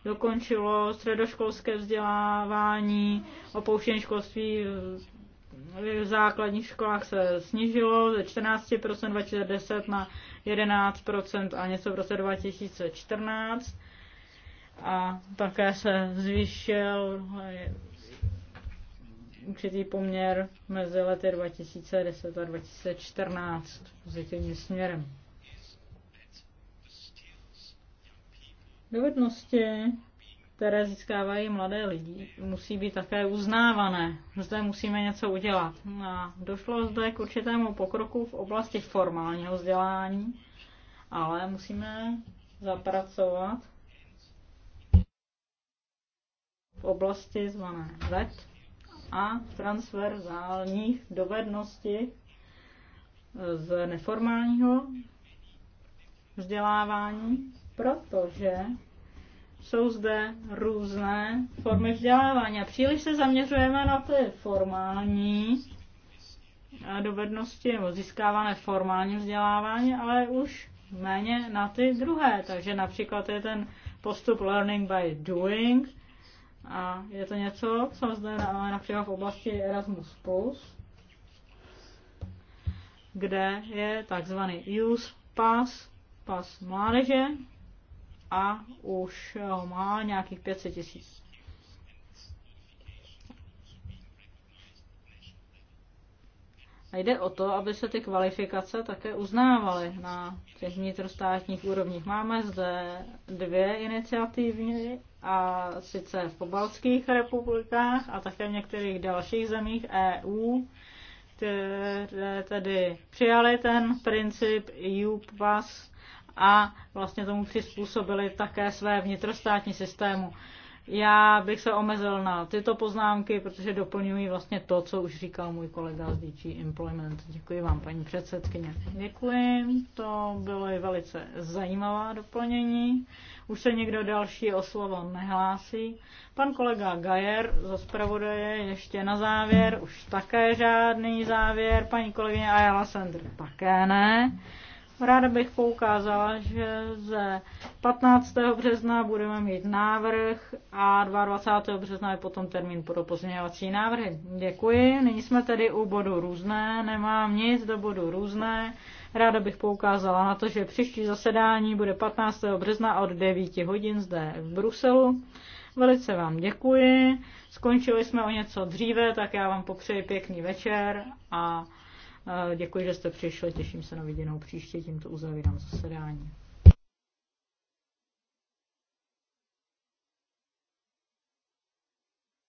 dokončilo středoškolské vzdělávání, opouštění školství v základních školách se snížilo ze 14% 2010 na 11% a něco v roce 2014 a také se zvýšil určitý poměr mezi lety 2010 a 2014 pozitivním směrem. Dovednosti, které získávají mladé lidi, musí být také uznávané. Zde musíme něco udělat. A došlo zde k určitému pokroku v oblasti formálního vzdělání, ale musíme zapracovat oblasti zvané VET a transverzální dovedností e, z neformálního vzdělávání, protože jsou zde různé formy vzdělávání. A příliš se zaměřujeme na ty formální e, dovednosti nebo získávané formální vzdělávání, ale už méně na ty druhé. Takže například je ten postup learning by doing, a je to něco, co zde máme například v oblasti Erasmus+, kde je takzvaný Youth Pass, pas mládeže a už ho má nějakých 500 tisíc. A jde o to, aby se ty kvalifikace také uznávaly na těch vnitrostátních úrovních. Máme zde dvě iniciativy, a sice v pobalských republikách a také v některých dalších zemích EU, které tedy přijali ten princip EU pas a vlastně tomu přizpůsobili také své vnitrostátní systému. Já bych se omezil na tyto poznámky, protože doplňují vlastně to, co už říkal můj kolega z DG Employment. Děkuji vám, paní předsedkyně. Děkuji, to bylo i velice zajímavá doplnění. Už se někdo další o slovo nehlásí. Pan kolega Gajer za zpravodaje ještě na závěr, už také žádný závěr. Paní kolegyně Ayala Sender také ne. Ráda bych poukázala, že ze 15. března budeme mít návrh a 22. března je potom termín pro pozměňovací návrhy. Děkuji. Nyní jsme tedy u bodu různé. Nemám nic do bodu různé. Ráda bych poukázala na to, že příští zasedání bude 15. března od 9 hodin zde v Bruselu. Velice vám děkuji. Skončili jsme o něco dříve, tak já vám popřeji pěkný večer a Děkuji, že jste přišli, těším se na viděnou příště, tímto uzavírám zasedání.